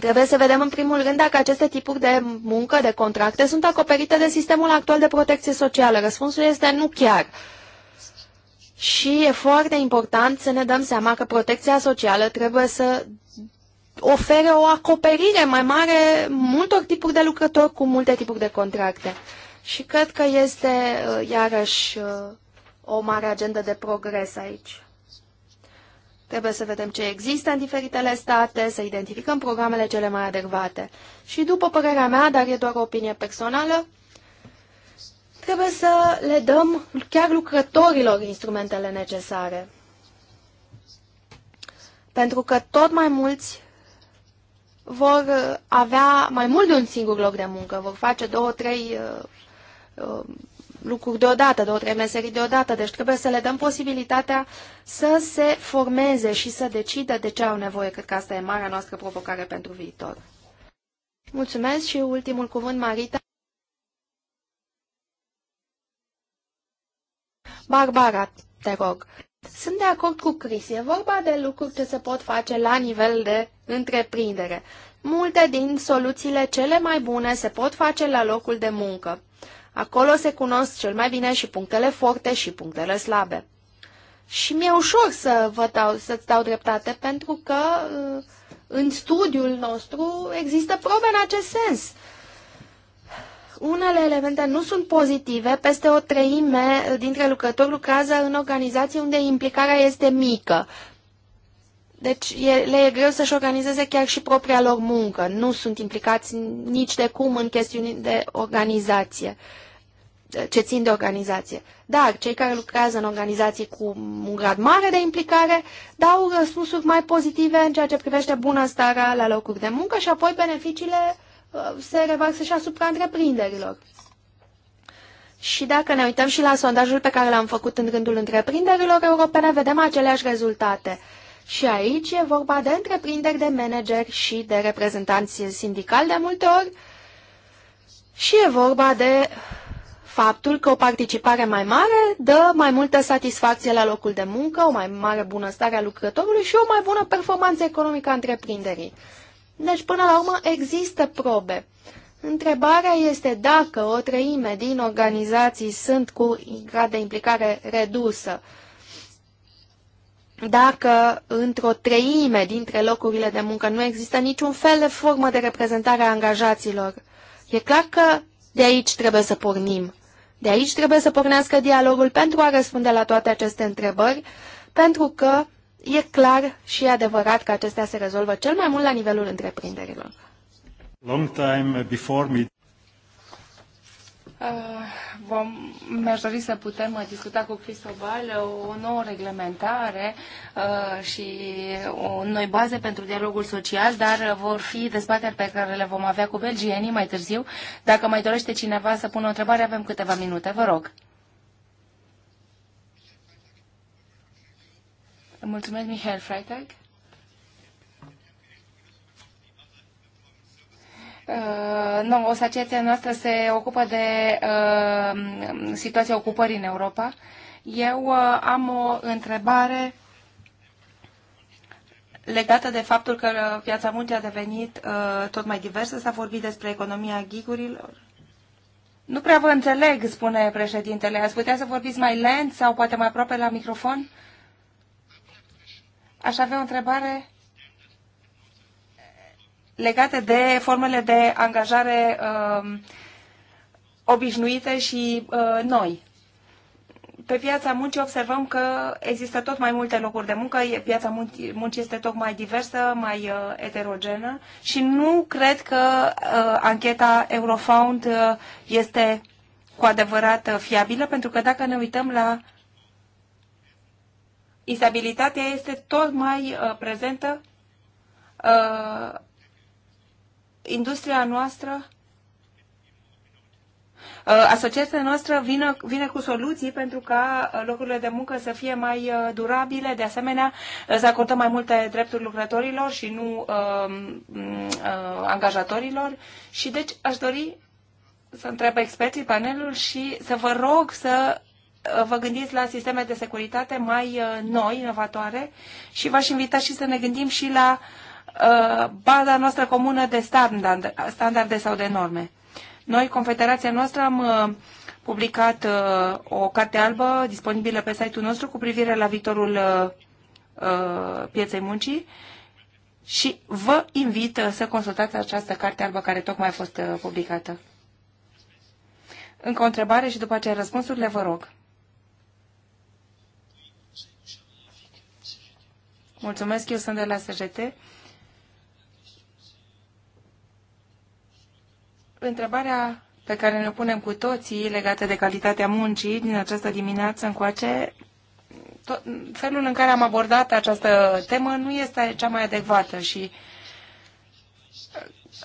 Trebuie să vedem în primul rând dacă aceste tipuri de muncă, de contracte, sunt acoperite de sistemul actual de protecție socială. Răspunsul este nu chiar. Uh, și e foarte important să ne dăm seama că protecția socială trebuie să ofere o acoperire mai mare multor tipuri de lucrători cu multe tipuri de contracte. Și cred că este uh, iarăși uh, o mare agendă de progres aici. Trebuie să vedem ce există în diferitele state, să identificăm programele cele mai adecvate. Și după părerea mea, dar e doar o opinie personală, Trebuie să le dăm chiar lucrătorilor instrumentele necesare. Pentru că tot mai mulți vor avea mai mult de un singur loc de muncă, vor face două, trei uh, uh, lucruri deodată, două, trei meserii deodată, deci trebuie să le dăm posibilitatea să se formeze și să decidă de ce au nevoie. Cred că asta e marea noastră provocare pentru viitor. Mulțumesc și ultimul cuvânt, Marita. Barbara, te rog. Sunt de acord cu Chris. E vorba de lucruri ce se pot face la nivel de întreprindere. Multe din soluțiile cele mai bune se pot face la locul de muncă. Acolo se cunosc cel mai bine și punctele forte și punctele slabe. Și mi-e ușor să vă dau, să-ți dau dreptate, pentru că uh, în studiul nostru există probe în acest sens. Unele elemente nu sunt pozitive, peste o treime dintre lucrători lucrează în organizații unde implicarea este mică. Deci e, le e greu să-și organizeze chiar și propria lor muncă. Nu sunt implicați nici de cum în chestiuni de organizație, ce țin de organizație. Dar cei care lucrează în organizații cu un grad mare de implicare dau răspunsuri mai pozitive în ceea ce privește bunăstarea la locuri de muncă și apoi beneficiile Uh, se revarsă și asupra întreprinderilor. Și dacă ne uităm și la sondajul pe care l-am făcut în rândul întreprinderilor europene, vedem aceleași rezultate. Și aici e vorba de întreprinderi, de manageri și de reprezentanți sindicali de multe ori. Și e vorba de faptul că o participare mai mare dă mai multă satisfacție la locul de muncă, o mai mare bunăstare a lucrătorului și o mai bună performanță economică a întreprinderii. Deci, până la urmă, există probe. Întrebarea este dacă o treime din organizații sunt cu grad de implicare redusă, dacă într-o treime dintre locurile de muncă nu există niciun fel de formă de reprezentare a angajaților. E clar că de aici trebuie să pornim. De aici trebuie să pornească dialogul pentru a răspunde la toate aceste întrebări, pentru că E clar și e adevărat că acestea se rezolvă cel mai mult la nivelul întreprinderilor. Long time before me. Uh, vom, mi-aș dori să putem uh, discuta cu Cristobal o nouă reglementare uh, și o noi baze pentru dialogul social, dar uh, vor fi dezbateri pe care le vom avea cu belgienii mai târziu. Dacă mai dorește cineva să pună o întrebare, avem câteva minute, vă rog. Mulțumesc, Michael Freitag. Uh, nu, asociația noastră se ocupă de uh, situația ocupării în Europa. Eu uh, am o întrebare legată de faptul că piața muncii a devenit uh, tot mai diversă. S-a vorbit despre economia gigurilor. Nu prea vă înțeleg, spune președintele. Ați putea să vorbiți mai lent sau poate mai aproape la microfon? Uh, aș avea o întrebare legată de formele de angajare uh, obișnuite și uh, noi. Pe piața muncii observăm că există tot mai multe locuri de muncă, piața muncii este tot mai diversă, mai uh, eterogenă și nu cred că uh, ancheta Eurofound uh, este cu adevărat uh, fiabilă, pentru că dacă ne uităm la uh, instabilitatea este tot mai uh, prezentă. Uh, industria noastră uh, asociația noastră vine, vine cu soluții pentru ca locurile de muncă să fie mai durabile, de asemenea să acordăm mai multe drepturi lucrătorilor și nu uh, uh, angajatorilor. Și deci aș dori să întreb experții panelul și să vă rog să vă gândiți la sisteme de securitate mai uh, noi, inovatoare și v-aș invita și să ne gândim și la uh, baza noastră comună de standard, standarde sau de norme. Noi, Confederația noastră, am uh, publicat o carte albă disponibilă pe site-ul nostru cu privire la viitorul pieței muncii și vă invit să consultați această carte albă care tocmai a fost publicată. Încă o întrebare și după aceea răspunsurile, vă rog. Mulțumesc, eu sunt de la SGT. Întrebarea pe care ne punem cu toții legată de calitatea muncii din această dimineață încoace, tot, felul în care am abordat această temă nu este cea mai adecvată și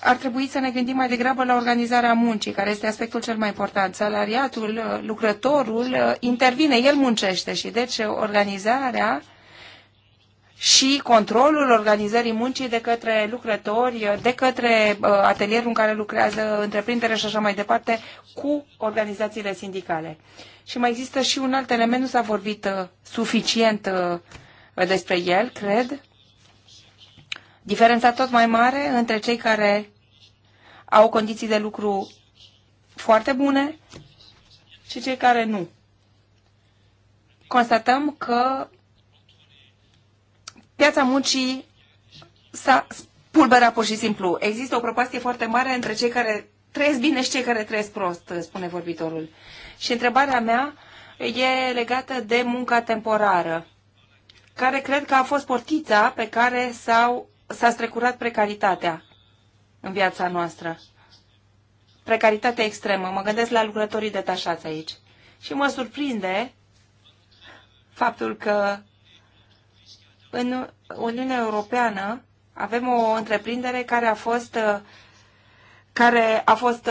ar trebui să ne gândim mai degrabă la organizarea muncii, care este aspectul cel mai important. Salariatul, lucrătorul intervine, el muncește și deci organizarea și controlul organizării muncii de către lucrători, de către uh, atelierul în care lucrează întreprindere și așa mai departe, cu organizațiile sindicale. Și mai există și un alt element, nu s-a vorbit uh, suficient uh, despre el, cred. Diferența tot mai mare între cei care au condiții de lucru foarte bune și cei care nu. Constatăm că piața muncii s-a pulberat pur și simplu. Există o propastie foarte mare între cei care trăiesc bine și cei care trăiesc prost, spune vorbitorul. Și întrebarea mea e legată de munca temporară, care cred că a fost portița pe care s-au, s-a strecurat precaritatea în viața noastră. Precaritatea extremă. Mă gândesc la lucrătorii detașați aici. Și mă surprinde faptul că în Uniunea Europeană avem o întreprindere care a fost care a fost,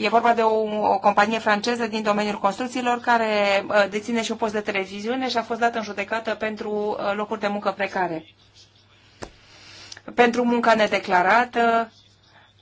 e vorba de o, o companie franceză din domeniul construcțiilor care uh, deține și un post de televiziune și a fost dată în judecată pentru uh, locuri de muncă precare. Pentru munca nedeclarată,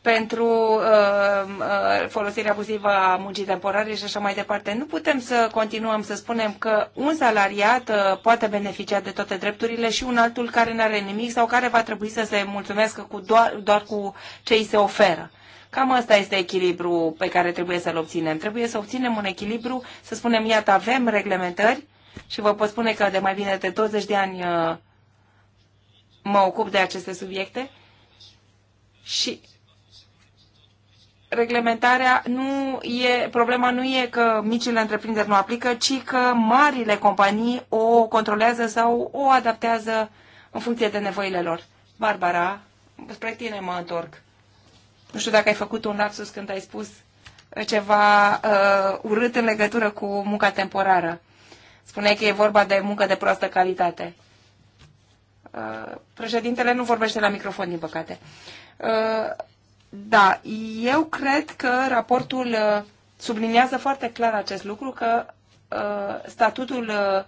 pentru uh, uh, folosirea abuzivă a muncii temporare și așa mai departe. Nu putem să continuăm să spunem că un salariat uh, poate beneficia de toate drepturile și un altul care nu are nimic sau care va trebui să se mulțumească cu doar, doar cu ce îi se oferă. Cam asta este echilibru pe care trebuie să-l obținem. Trebuie să obținem un echilibru, să spunem, iată, avem reglementări și vă pot spune că de mai bine de 20 de ani uh, mă ocup de aceste subiecte și reglementarea nu e, problema nu e că micile întreprinderi nu aplică, ci că marile companii o controlează sau o adaptează în funcție de nevoile lor. Barbara, spre tine mă întorc. Nu știu dacă ai făcut un lapsus când ai spus uh, ceva uh, urât în legătură cu munca temporară. Spuneai că e vorba de muncă de proastă calitate. Uh, președintele nu vorbește la microfon, din păcate. Uh, da, eu cred că raportul uh, subliniază foarte clar acest lucru, că uh, statutul uh,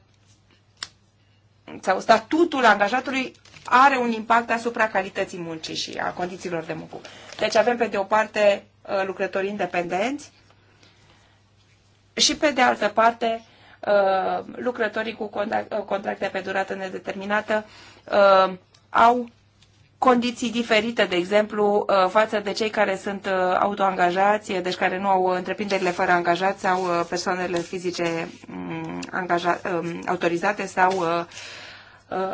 sau statutul angajatului are un impact asupra calității muncii și a condițiilor de muncă. Deci avem pe de o parte lucrători independenți și pe de altă parte lucrătorii cu contracte pe durată nedeterminată au condiții diferite, de exemplu, uh, față de cei care sunt uh, autoangajați, deci care nu au întreprinderile fără angajați sau uh, persoanele fizice mm, angaja, um, autorizate sau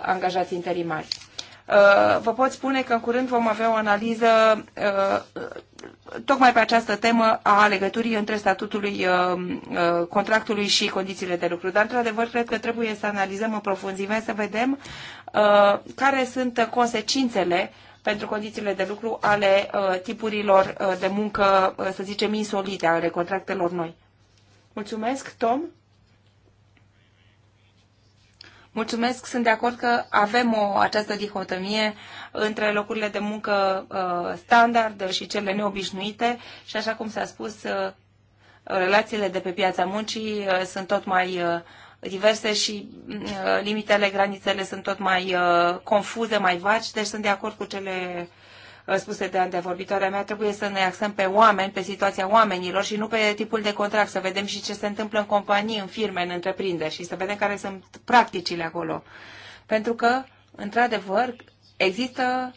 angajați interimari. Uh, vă pot spune că în curând vom avea o analiză uh, tocmai pe această temă a legăturii între statutului uh, contractului și condițiile de lucru. Dar, într-adevăr, cred că trebuie să analizăm în profunzime, să vedem care sunt consecințele pentru condițiile de lucru ale tipurilor de muncă, să zicem, insolite, ale contractelor noi. Mulțumesc, Tom. Mulțumesc, sunt de acord că avem o, această dihotomie între locurile de muncă uh, standard și cele neobișnuite și așa cum s-a spus, uh, relațiile de pe piața muncii uh, sunt tot mai uh, diverse și uh, limitele, granițele sunt tot mai uh, confuze, mai vaci, deci sunt de acord cu cele spuse de antevorbitoarea mea, trebuie să ne axăm pe oameni, pe situația oamenilor și nu pe tipul de contract, să vedem și ce se întâmplă în companii, în firme, în întreprinderi și să vedem care sunt practicile acolo. Pentru că, într-adevăr, există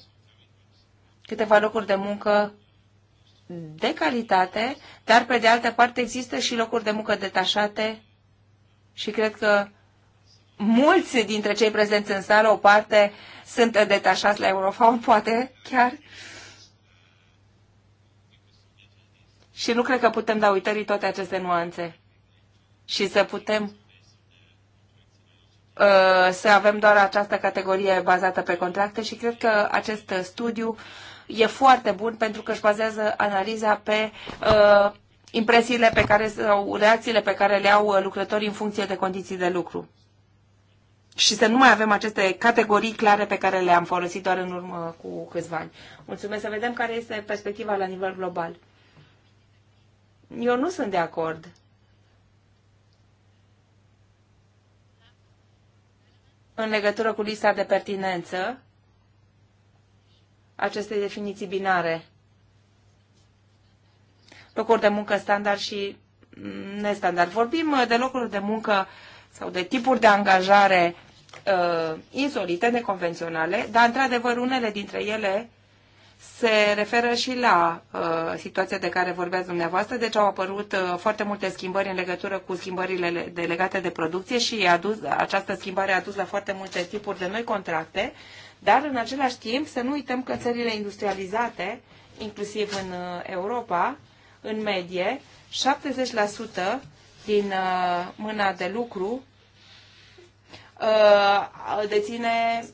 câteva locuri de muncă de calitate, dar pe de altă parte există și locuri de muncă detașate și cred că mulți dintre cei prezenți în sală, o parte sunt detașați la Eurofaun, poate chiar. Și nu cred că putem da uitării toate aceste nuanțe și să putem uh, să avem doar această categorie bazată pe contracte și cred că acest studiu e foarte bun pentru că își bazează analiza pe uh, impresiile pe care sau reacțiile pe care le au uh, lucrătorii în funcție de condiții de lucru și să nu mai avem aceste categorii clare pe care le-am folosit doar în urmă cu câțiva ani. Mulțumesc să vedem care este perspectiva la nivel global. Eu nu sunt de acord. În legătură cu lista de pertinență, aceste definiții binare, locuri de muncă standard și nestandard. Vorbim de locuri de muncă uh, sau de tipuri de angajare uh, insolite, neconvenționale, dar într-adevăr unele dintre ele se referă și la uh, situația de care vorbeați dumneavoastră, deci au apărut uh, foarte multe schimbări în legătură cu schimbările de, legate de producție și a dus, această schimbare a dus la foarte multe tipuri de noi contracte, dar în același timp să nu uităm că țările industrializate, inclusiv în uh, Europa, în medie, 70% din uh, mâna de lucru uh, deține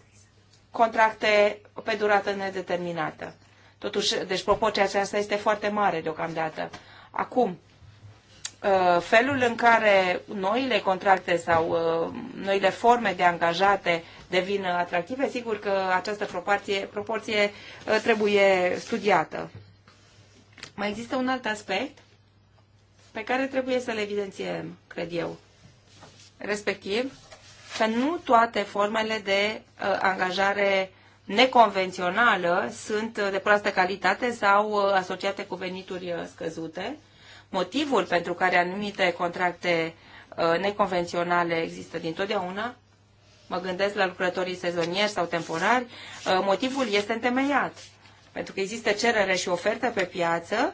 contracte pe durată nedeterminată. Totuși, deci proporția aceasta este foarte mare deocamdată. Acum, uh, felul în care noile contracte sau noile forme de angajate devin atractive, sigur că această proporție, proporție trebuie studiată. Mai există un alt aspect pe care trebuie să le evidențiem, cred eu. Respectiv, că nu toate formele de uh, angajare neconvențională sunt uh, de proastă calitate sau uh, asociate cu venituri uh, scăzute. Motivul pentru care anumite contracte neconvenționale există dintotdeauna, mă gândesc la lucrătorii sezonieri sau temporari, motivul este întemeiat. Pentru că există cerere și ofertă pe piață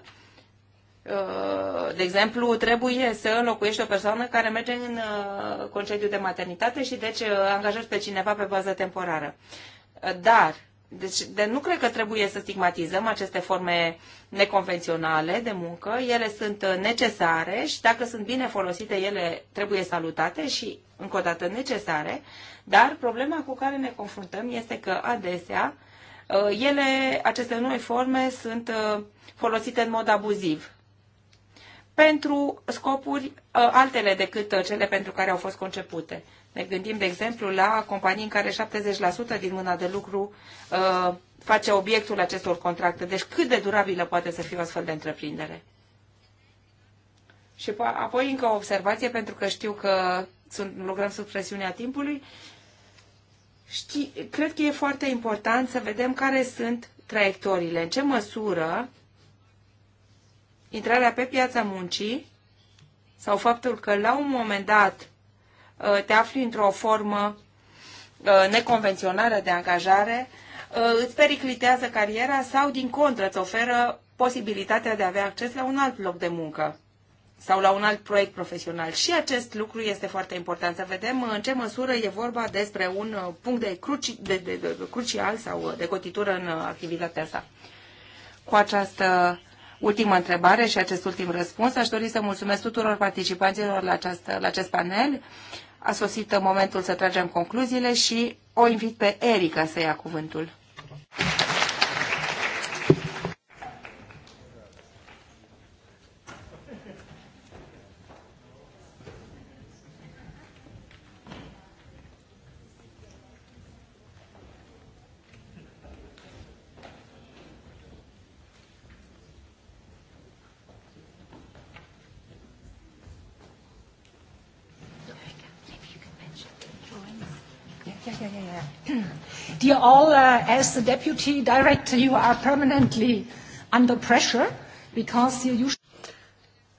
Uh, de exemplu, trebuie să înlocuiești o persoană care merge în uh, concediu de maternitate și deci uh, angajezi pe cineva pe bază temporară. Dar, deci, de nu cred că trebuie să stigmatizăm aceste forme neconvenționale de muncă. Ele sunt necesare și dacă sunt bine folosite, ele trebuie salutate și, încă o dată, necesare. Dar problema cu care ne confruntăm este că adesea ele, aceste noi forme sunt folosite în mod abuziv pentru scopuri uh, altele decât uh, cele pentru care au fost concepute. Ne gândim, de exemplu, la companii în care 70% din mâna de lucru uh, face obiectul acestor contracte. Deci cât de durabilă poate să fie o astfel de întreprindere? Și apoi încă o observație, pentru că știu că sunt, lucrăm sub presiunea timpului. Știi, cred că e foarte important să vedem care sunt traiectoriile, în ce măsură intrarea pe piața muncii sau faptul că la un moment dat ă, te afli într-o formă ă, neconvențională de angajare, ă, îți periclitează cariera sau, din contră, îți oferă posibilitatea de a avea acces la un alt loc de muncă sau la un alt proiect profesional. Și acest lucru este foarte important, să vedem în ce măsură e vorba despre un punct de, cruci, de, de, de, crucial sau de cotitură în activitatea sa. Cu această ultimă întrebare și acest ultim răspuns. Aș dori să mulțumesc tuturor participanților la, această, la acest panel. A sosit momentul să tragem concluziile și o invit pe Erica să ia cuvântul. dear all, uh, as the deputy director, you are permanently under pressure because you usually...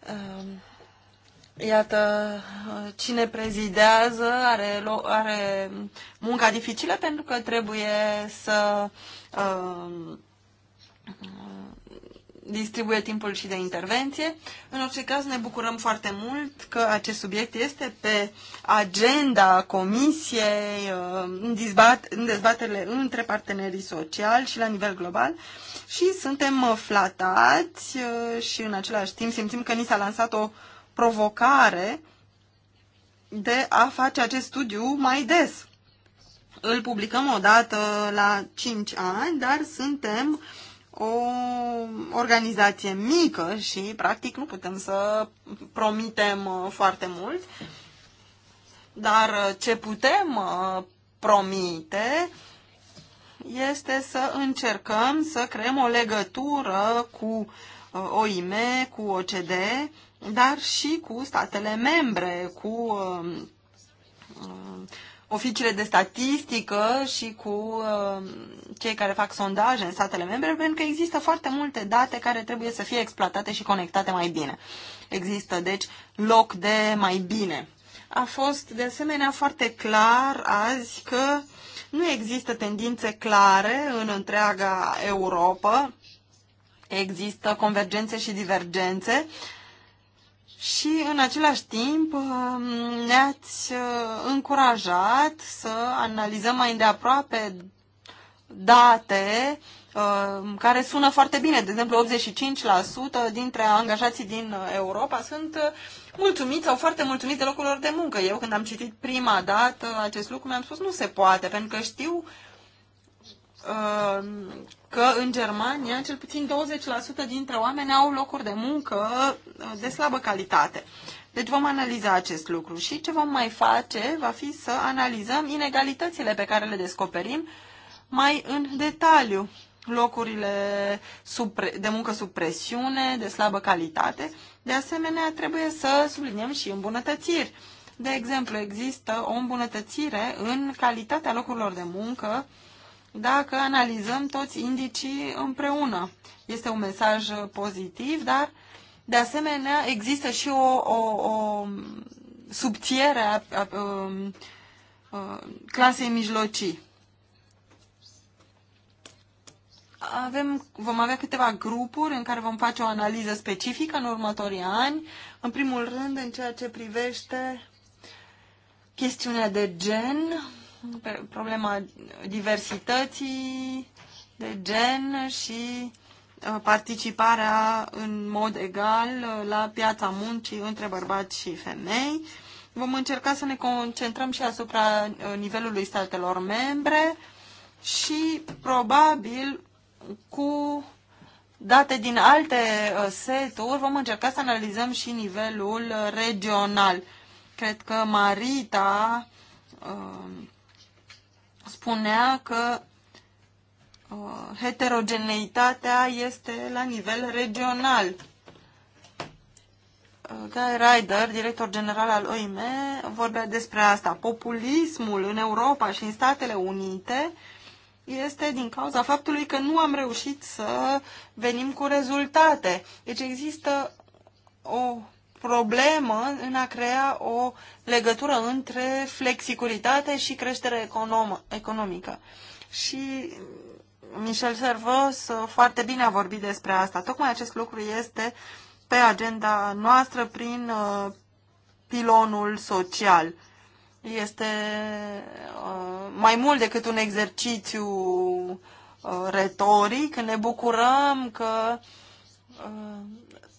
Um, iată, cine prezidează are, are munca dificilă pentru că trebuie să uh, distribuie timpul și de intervenție. În orice caz, ne bucurăm foarte mult că acest subiect este pe agenda Comisiei uh, în, dezbat, în dezbaterile între partenerii sociali și la nivel global și suntem uh, flatați uh, și în același timp simțim că ni s-a lansat o provocare de a face acest studiu mai des. Îl publicăm o dată la 5 ani, dar suntem uh, o organizație mică și, practic, nu putem să promitem uh, foarte mult, dar uh, ce putem uh, promite este să încercăm să creăm o legătură cu OIM, cu OCD, dar și cu statele membre, cu um, oficiile de statistică și cu uh, cei care fac sondaje în statele membre, pentru că există foarte multe date care trebuie să fie exploatate și conectate mai bine. Există, deci, loc de mai bine. A fost, de asemenea, foarte clar azi că nu există tendințe clare în întreaga Europa, există convergențe și divergențe și în același timp uh, ne-ați uh, încurajat să analizăm mai îndeaproape date uh, care sună foarte bine. De exemplu, 85% dintre angajații din Europa sunt mulțumiți sau foarte mulțumiți de lor de muncă. Eu când am citit prima dată acest lucru mi-am spus nu se poate, pentru că știu Um, că în Germania cel puțin 20% dintre oameni au locuri de muncă uh, de slabă calitate. Deci vom analiza acest lucru și ce vom mai face va fi să analizăm inegalitățile pe care le descoperim mai în detaliu. Locurile de muncă sub presiune, de slabă calitate. De asemenea, trebuie să subliniem și îmbunătățiri. De exemplu, există o îmbunătățire în calitatea locurilor de muncă dacă analizăm toți indicii împreună. Este un mesaj pozitiv, dar de asemenea există și o, o, o subțiere a, a, a, um, a uh, clasei mijlocii. avem, vom avea câteva grupuri în care vom face o analiză specifică în următorii ani. În primul rând, în ceea ce privește chestiunea de gen, problema diversității de gen și uh, participarea în mod egal uh, la piața muncii între bărbați și femei. Vom încerca să ne concentrăm și asupra uh, nivelului statelor membre și probabil cu date din alte seturi vom încerca să analizăm și nivelul regional. Cred că Marita spunea că uh, heterogeneitatea este la nivel regional. Uh, Guy Ryder, director general al OIM, vorbea despre asta. Populismul în Europa și în Statele Unite este din cauza faptului că nu am reușit să venim cu rezultate. Deci există o problemă în a crea o legătură între flexicuritate și creștere economică. Și Michel Servos foarte bine a vorbit despre asta. Tocmai acest lucru este pe agenda noastră prin uh, pilonul social. Este uh, mai mult decât un exercițiu uh, retoric. Ne bucurăm că uh, Uh,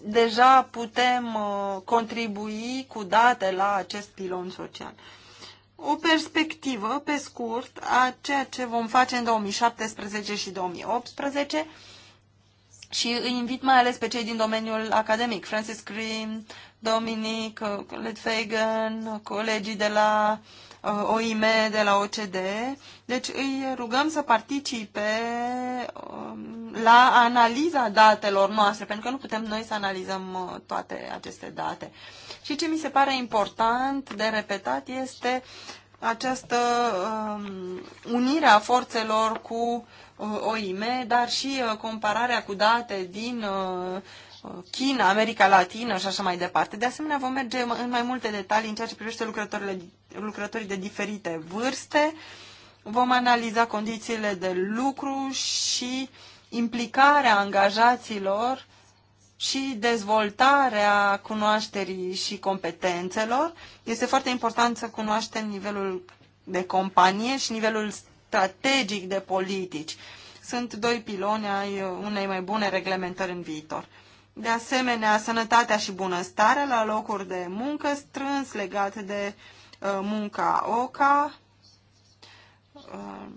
deja putem uh, contribui cu date la acest pilon social. O perspectivă, pe scurt, a ceea ce vom face în 2017 și 2018 și îi invit mai ales pe cei din domeniul academic, Francis Green, Dominic, uh, Colette Fagan, colegii de la uh, Uh, OIM de la OCDE. Deci îi rugăm să participe um, la analiza datelor noastre, pentru că nu putem noi să analizăm uh, toate aceste date. Și ce mi se pare important de repetat este această um, unire a forțelor cu uh, OIM, dar și compararea cu date din China, America Latină și așa mai departe. De asemenea, vom merge în mai multe detalii în ceea ce privește lucrătorii de diferite vârste, vom analiza condițiile de lucru și implicarea angajaților și dezvoltarea cunoașterii și competențelor. Este foarte important să cunoaștem nivelul de companie și nivelul strategic de politici. Sunt doi piloni ai unei mai bune reglementări în viitor. De asemenea, sănătatea și bunăstarea la locuri de muncă strâns legate de uh, munca OCA. Uh,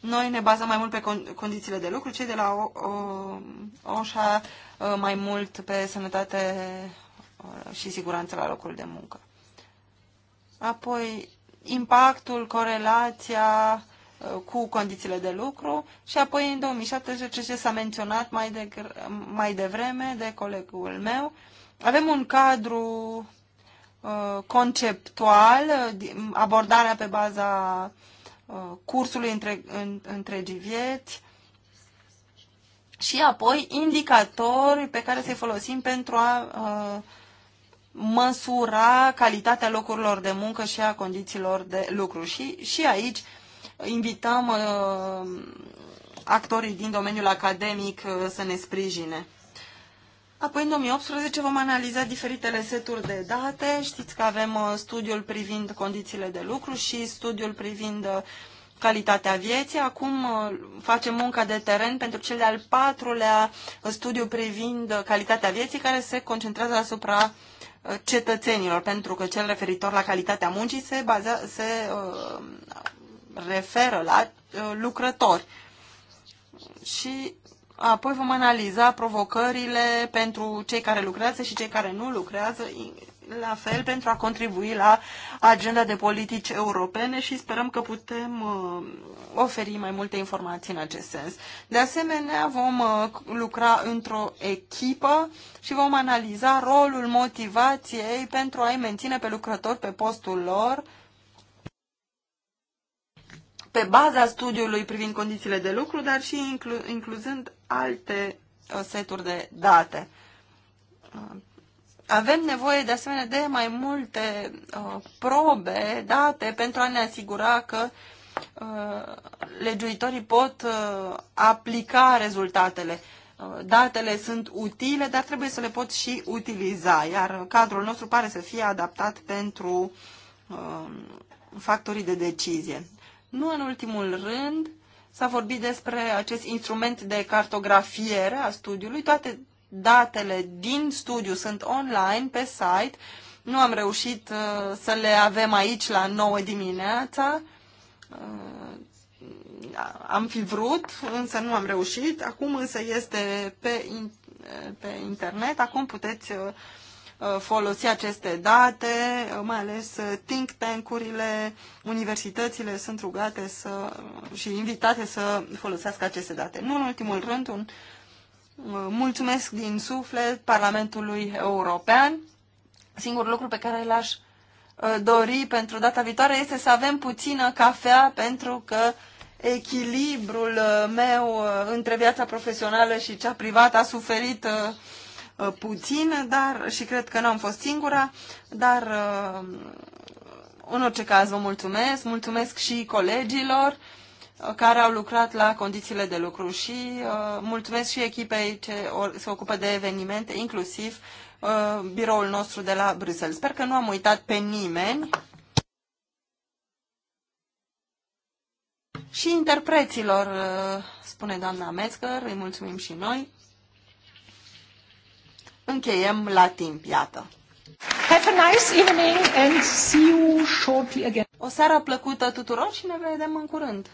noi ne bazăm mai mult pe con condițiile de lucru, cei de la o o OSHA uh, mai mult pe sănătate uh, și siguranță la locul de muncă. Apoi, impactul, corelația cu condițiile de lucru și apoi în 2017 ce s-a menționat mai, de, mai devreme de colegul meu. Avem un cadru uh, conceptual, uh, abordarea pe baza uh, cursului între, între întregii vieți și apoi indicatori pe care să-i folosim pentru a măsura calitatea locurilor de muncă și a condițiilor de lucru. Și, și aici invităm uh, actorii din domeniul academic uh, să ne sprijine. Apoi, în 2018, vom analiza diferitele seturi de date. Știți că avem uh, studiul privind condițiile de lucru și studiul privind calitatea vieții. Acum facem munca de teren pentru cel de-al patrulea studiu privind calitatea vieții, care se concentrează asupra cetățenilor, pentru că cel referitor la calitatea muncii se, baza, se uh, referă la uh, lucrători. Și apoi vom analiza provocările pentru cei care lucrează și cei care nu lucrează, la fel pentru a contribui la agenda de politici europene și sperăm că putem uh, oferi mai multe informații în acest sens. De asemenea, vom uh, lucra într-o echipă și vom analiza rolul motivației pentru a-i menține pe lucrători pe postul lor pe baza studiului privind condițiile de lucru, dar și inclu- incluzând alte uh, seturi de date. Uh, avem nevoie de asemenea de mai multe uh, probe, date, pentru a ne asigura că uh, legiuitorii pot aplica rezultatele. datele sunt utile, dar trebuie să le pot și utiliza, iar cadrul nostru pare să fie adaptat pentru factorii de decizie. Nu în ultimul rând, s-a vorbit despre acest instrument de cartografiere a studiului. Toate datele din studiu sunt online pe site. Nu am reușit uh, să le avem aici la 9 dimineața. Uh, am fi vrut, însă nu am reușit. Acum însă este pe, pe internet. Acum puteți uh, Uh, folosi aceste date, uh, mai ales uh, think tank-urile, universitățile sunt rugate să, și invitate să folosească aceste date. Nu în ultimul rând, un mulțumesc din suflet Parlamentului European. Singurul lucru pe care l-aș dori pentru data viitoare este să avem puțină cafea pentru că echilibrul meu între viața profesională și cea privată a suferit Uh, puțin, dar și cred că n-am fost singura, dar uh, în orice caz vă mulțumesc, mulțumesc și colegilor uh, care au lucrat la condițiile de lucru și mulțumesc și echipei ce se ocupă de evenimente, inclusiv biroul nostru de la Bruxelles. Sper că nu am uitat pe nimeni. Și interpreților, spune doamna Metzger, îi mulțumim și noi încheiem la timp, iată. Have a nice evening and see you shortly again. O seară plăcută tuturor și ne vedem în curând.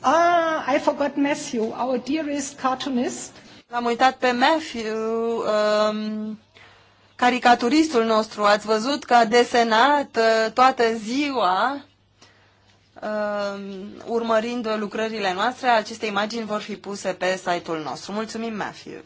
Ah, I forgot Matthew, our dearest cartoonist. L-am uitat pe Matthew, um, caricaturistul nostru. Ați văzut că a desenat uh, toată ziua Um, urmărind lucrările noastre, aceste imagini vor fi puse pe site-ul nostru. Mulțumim, Matthew!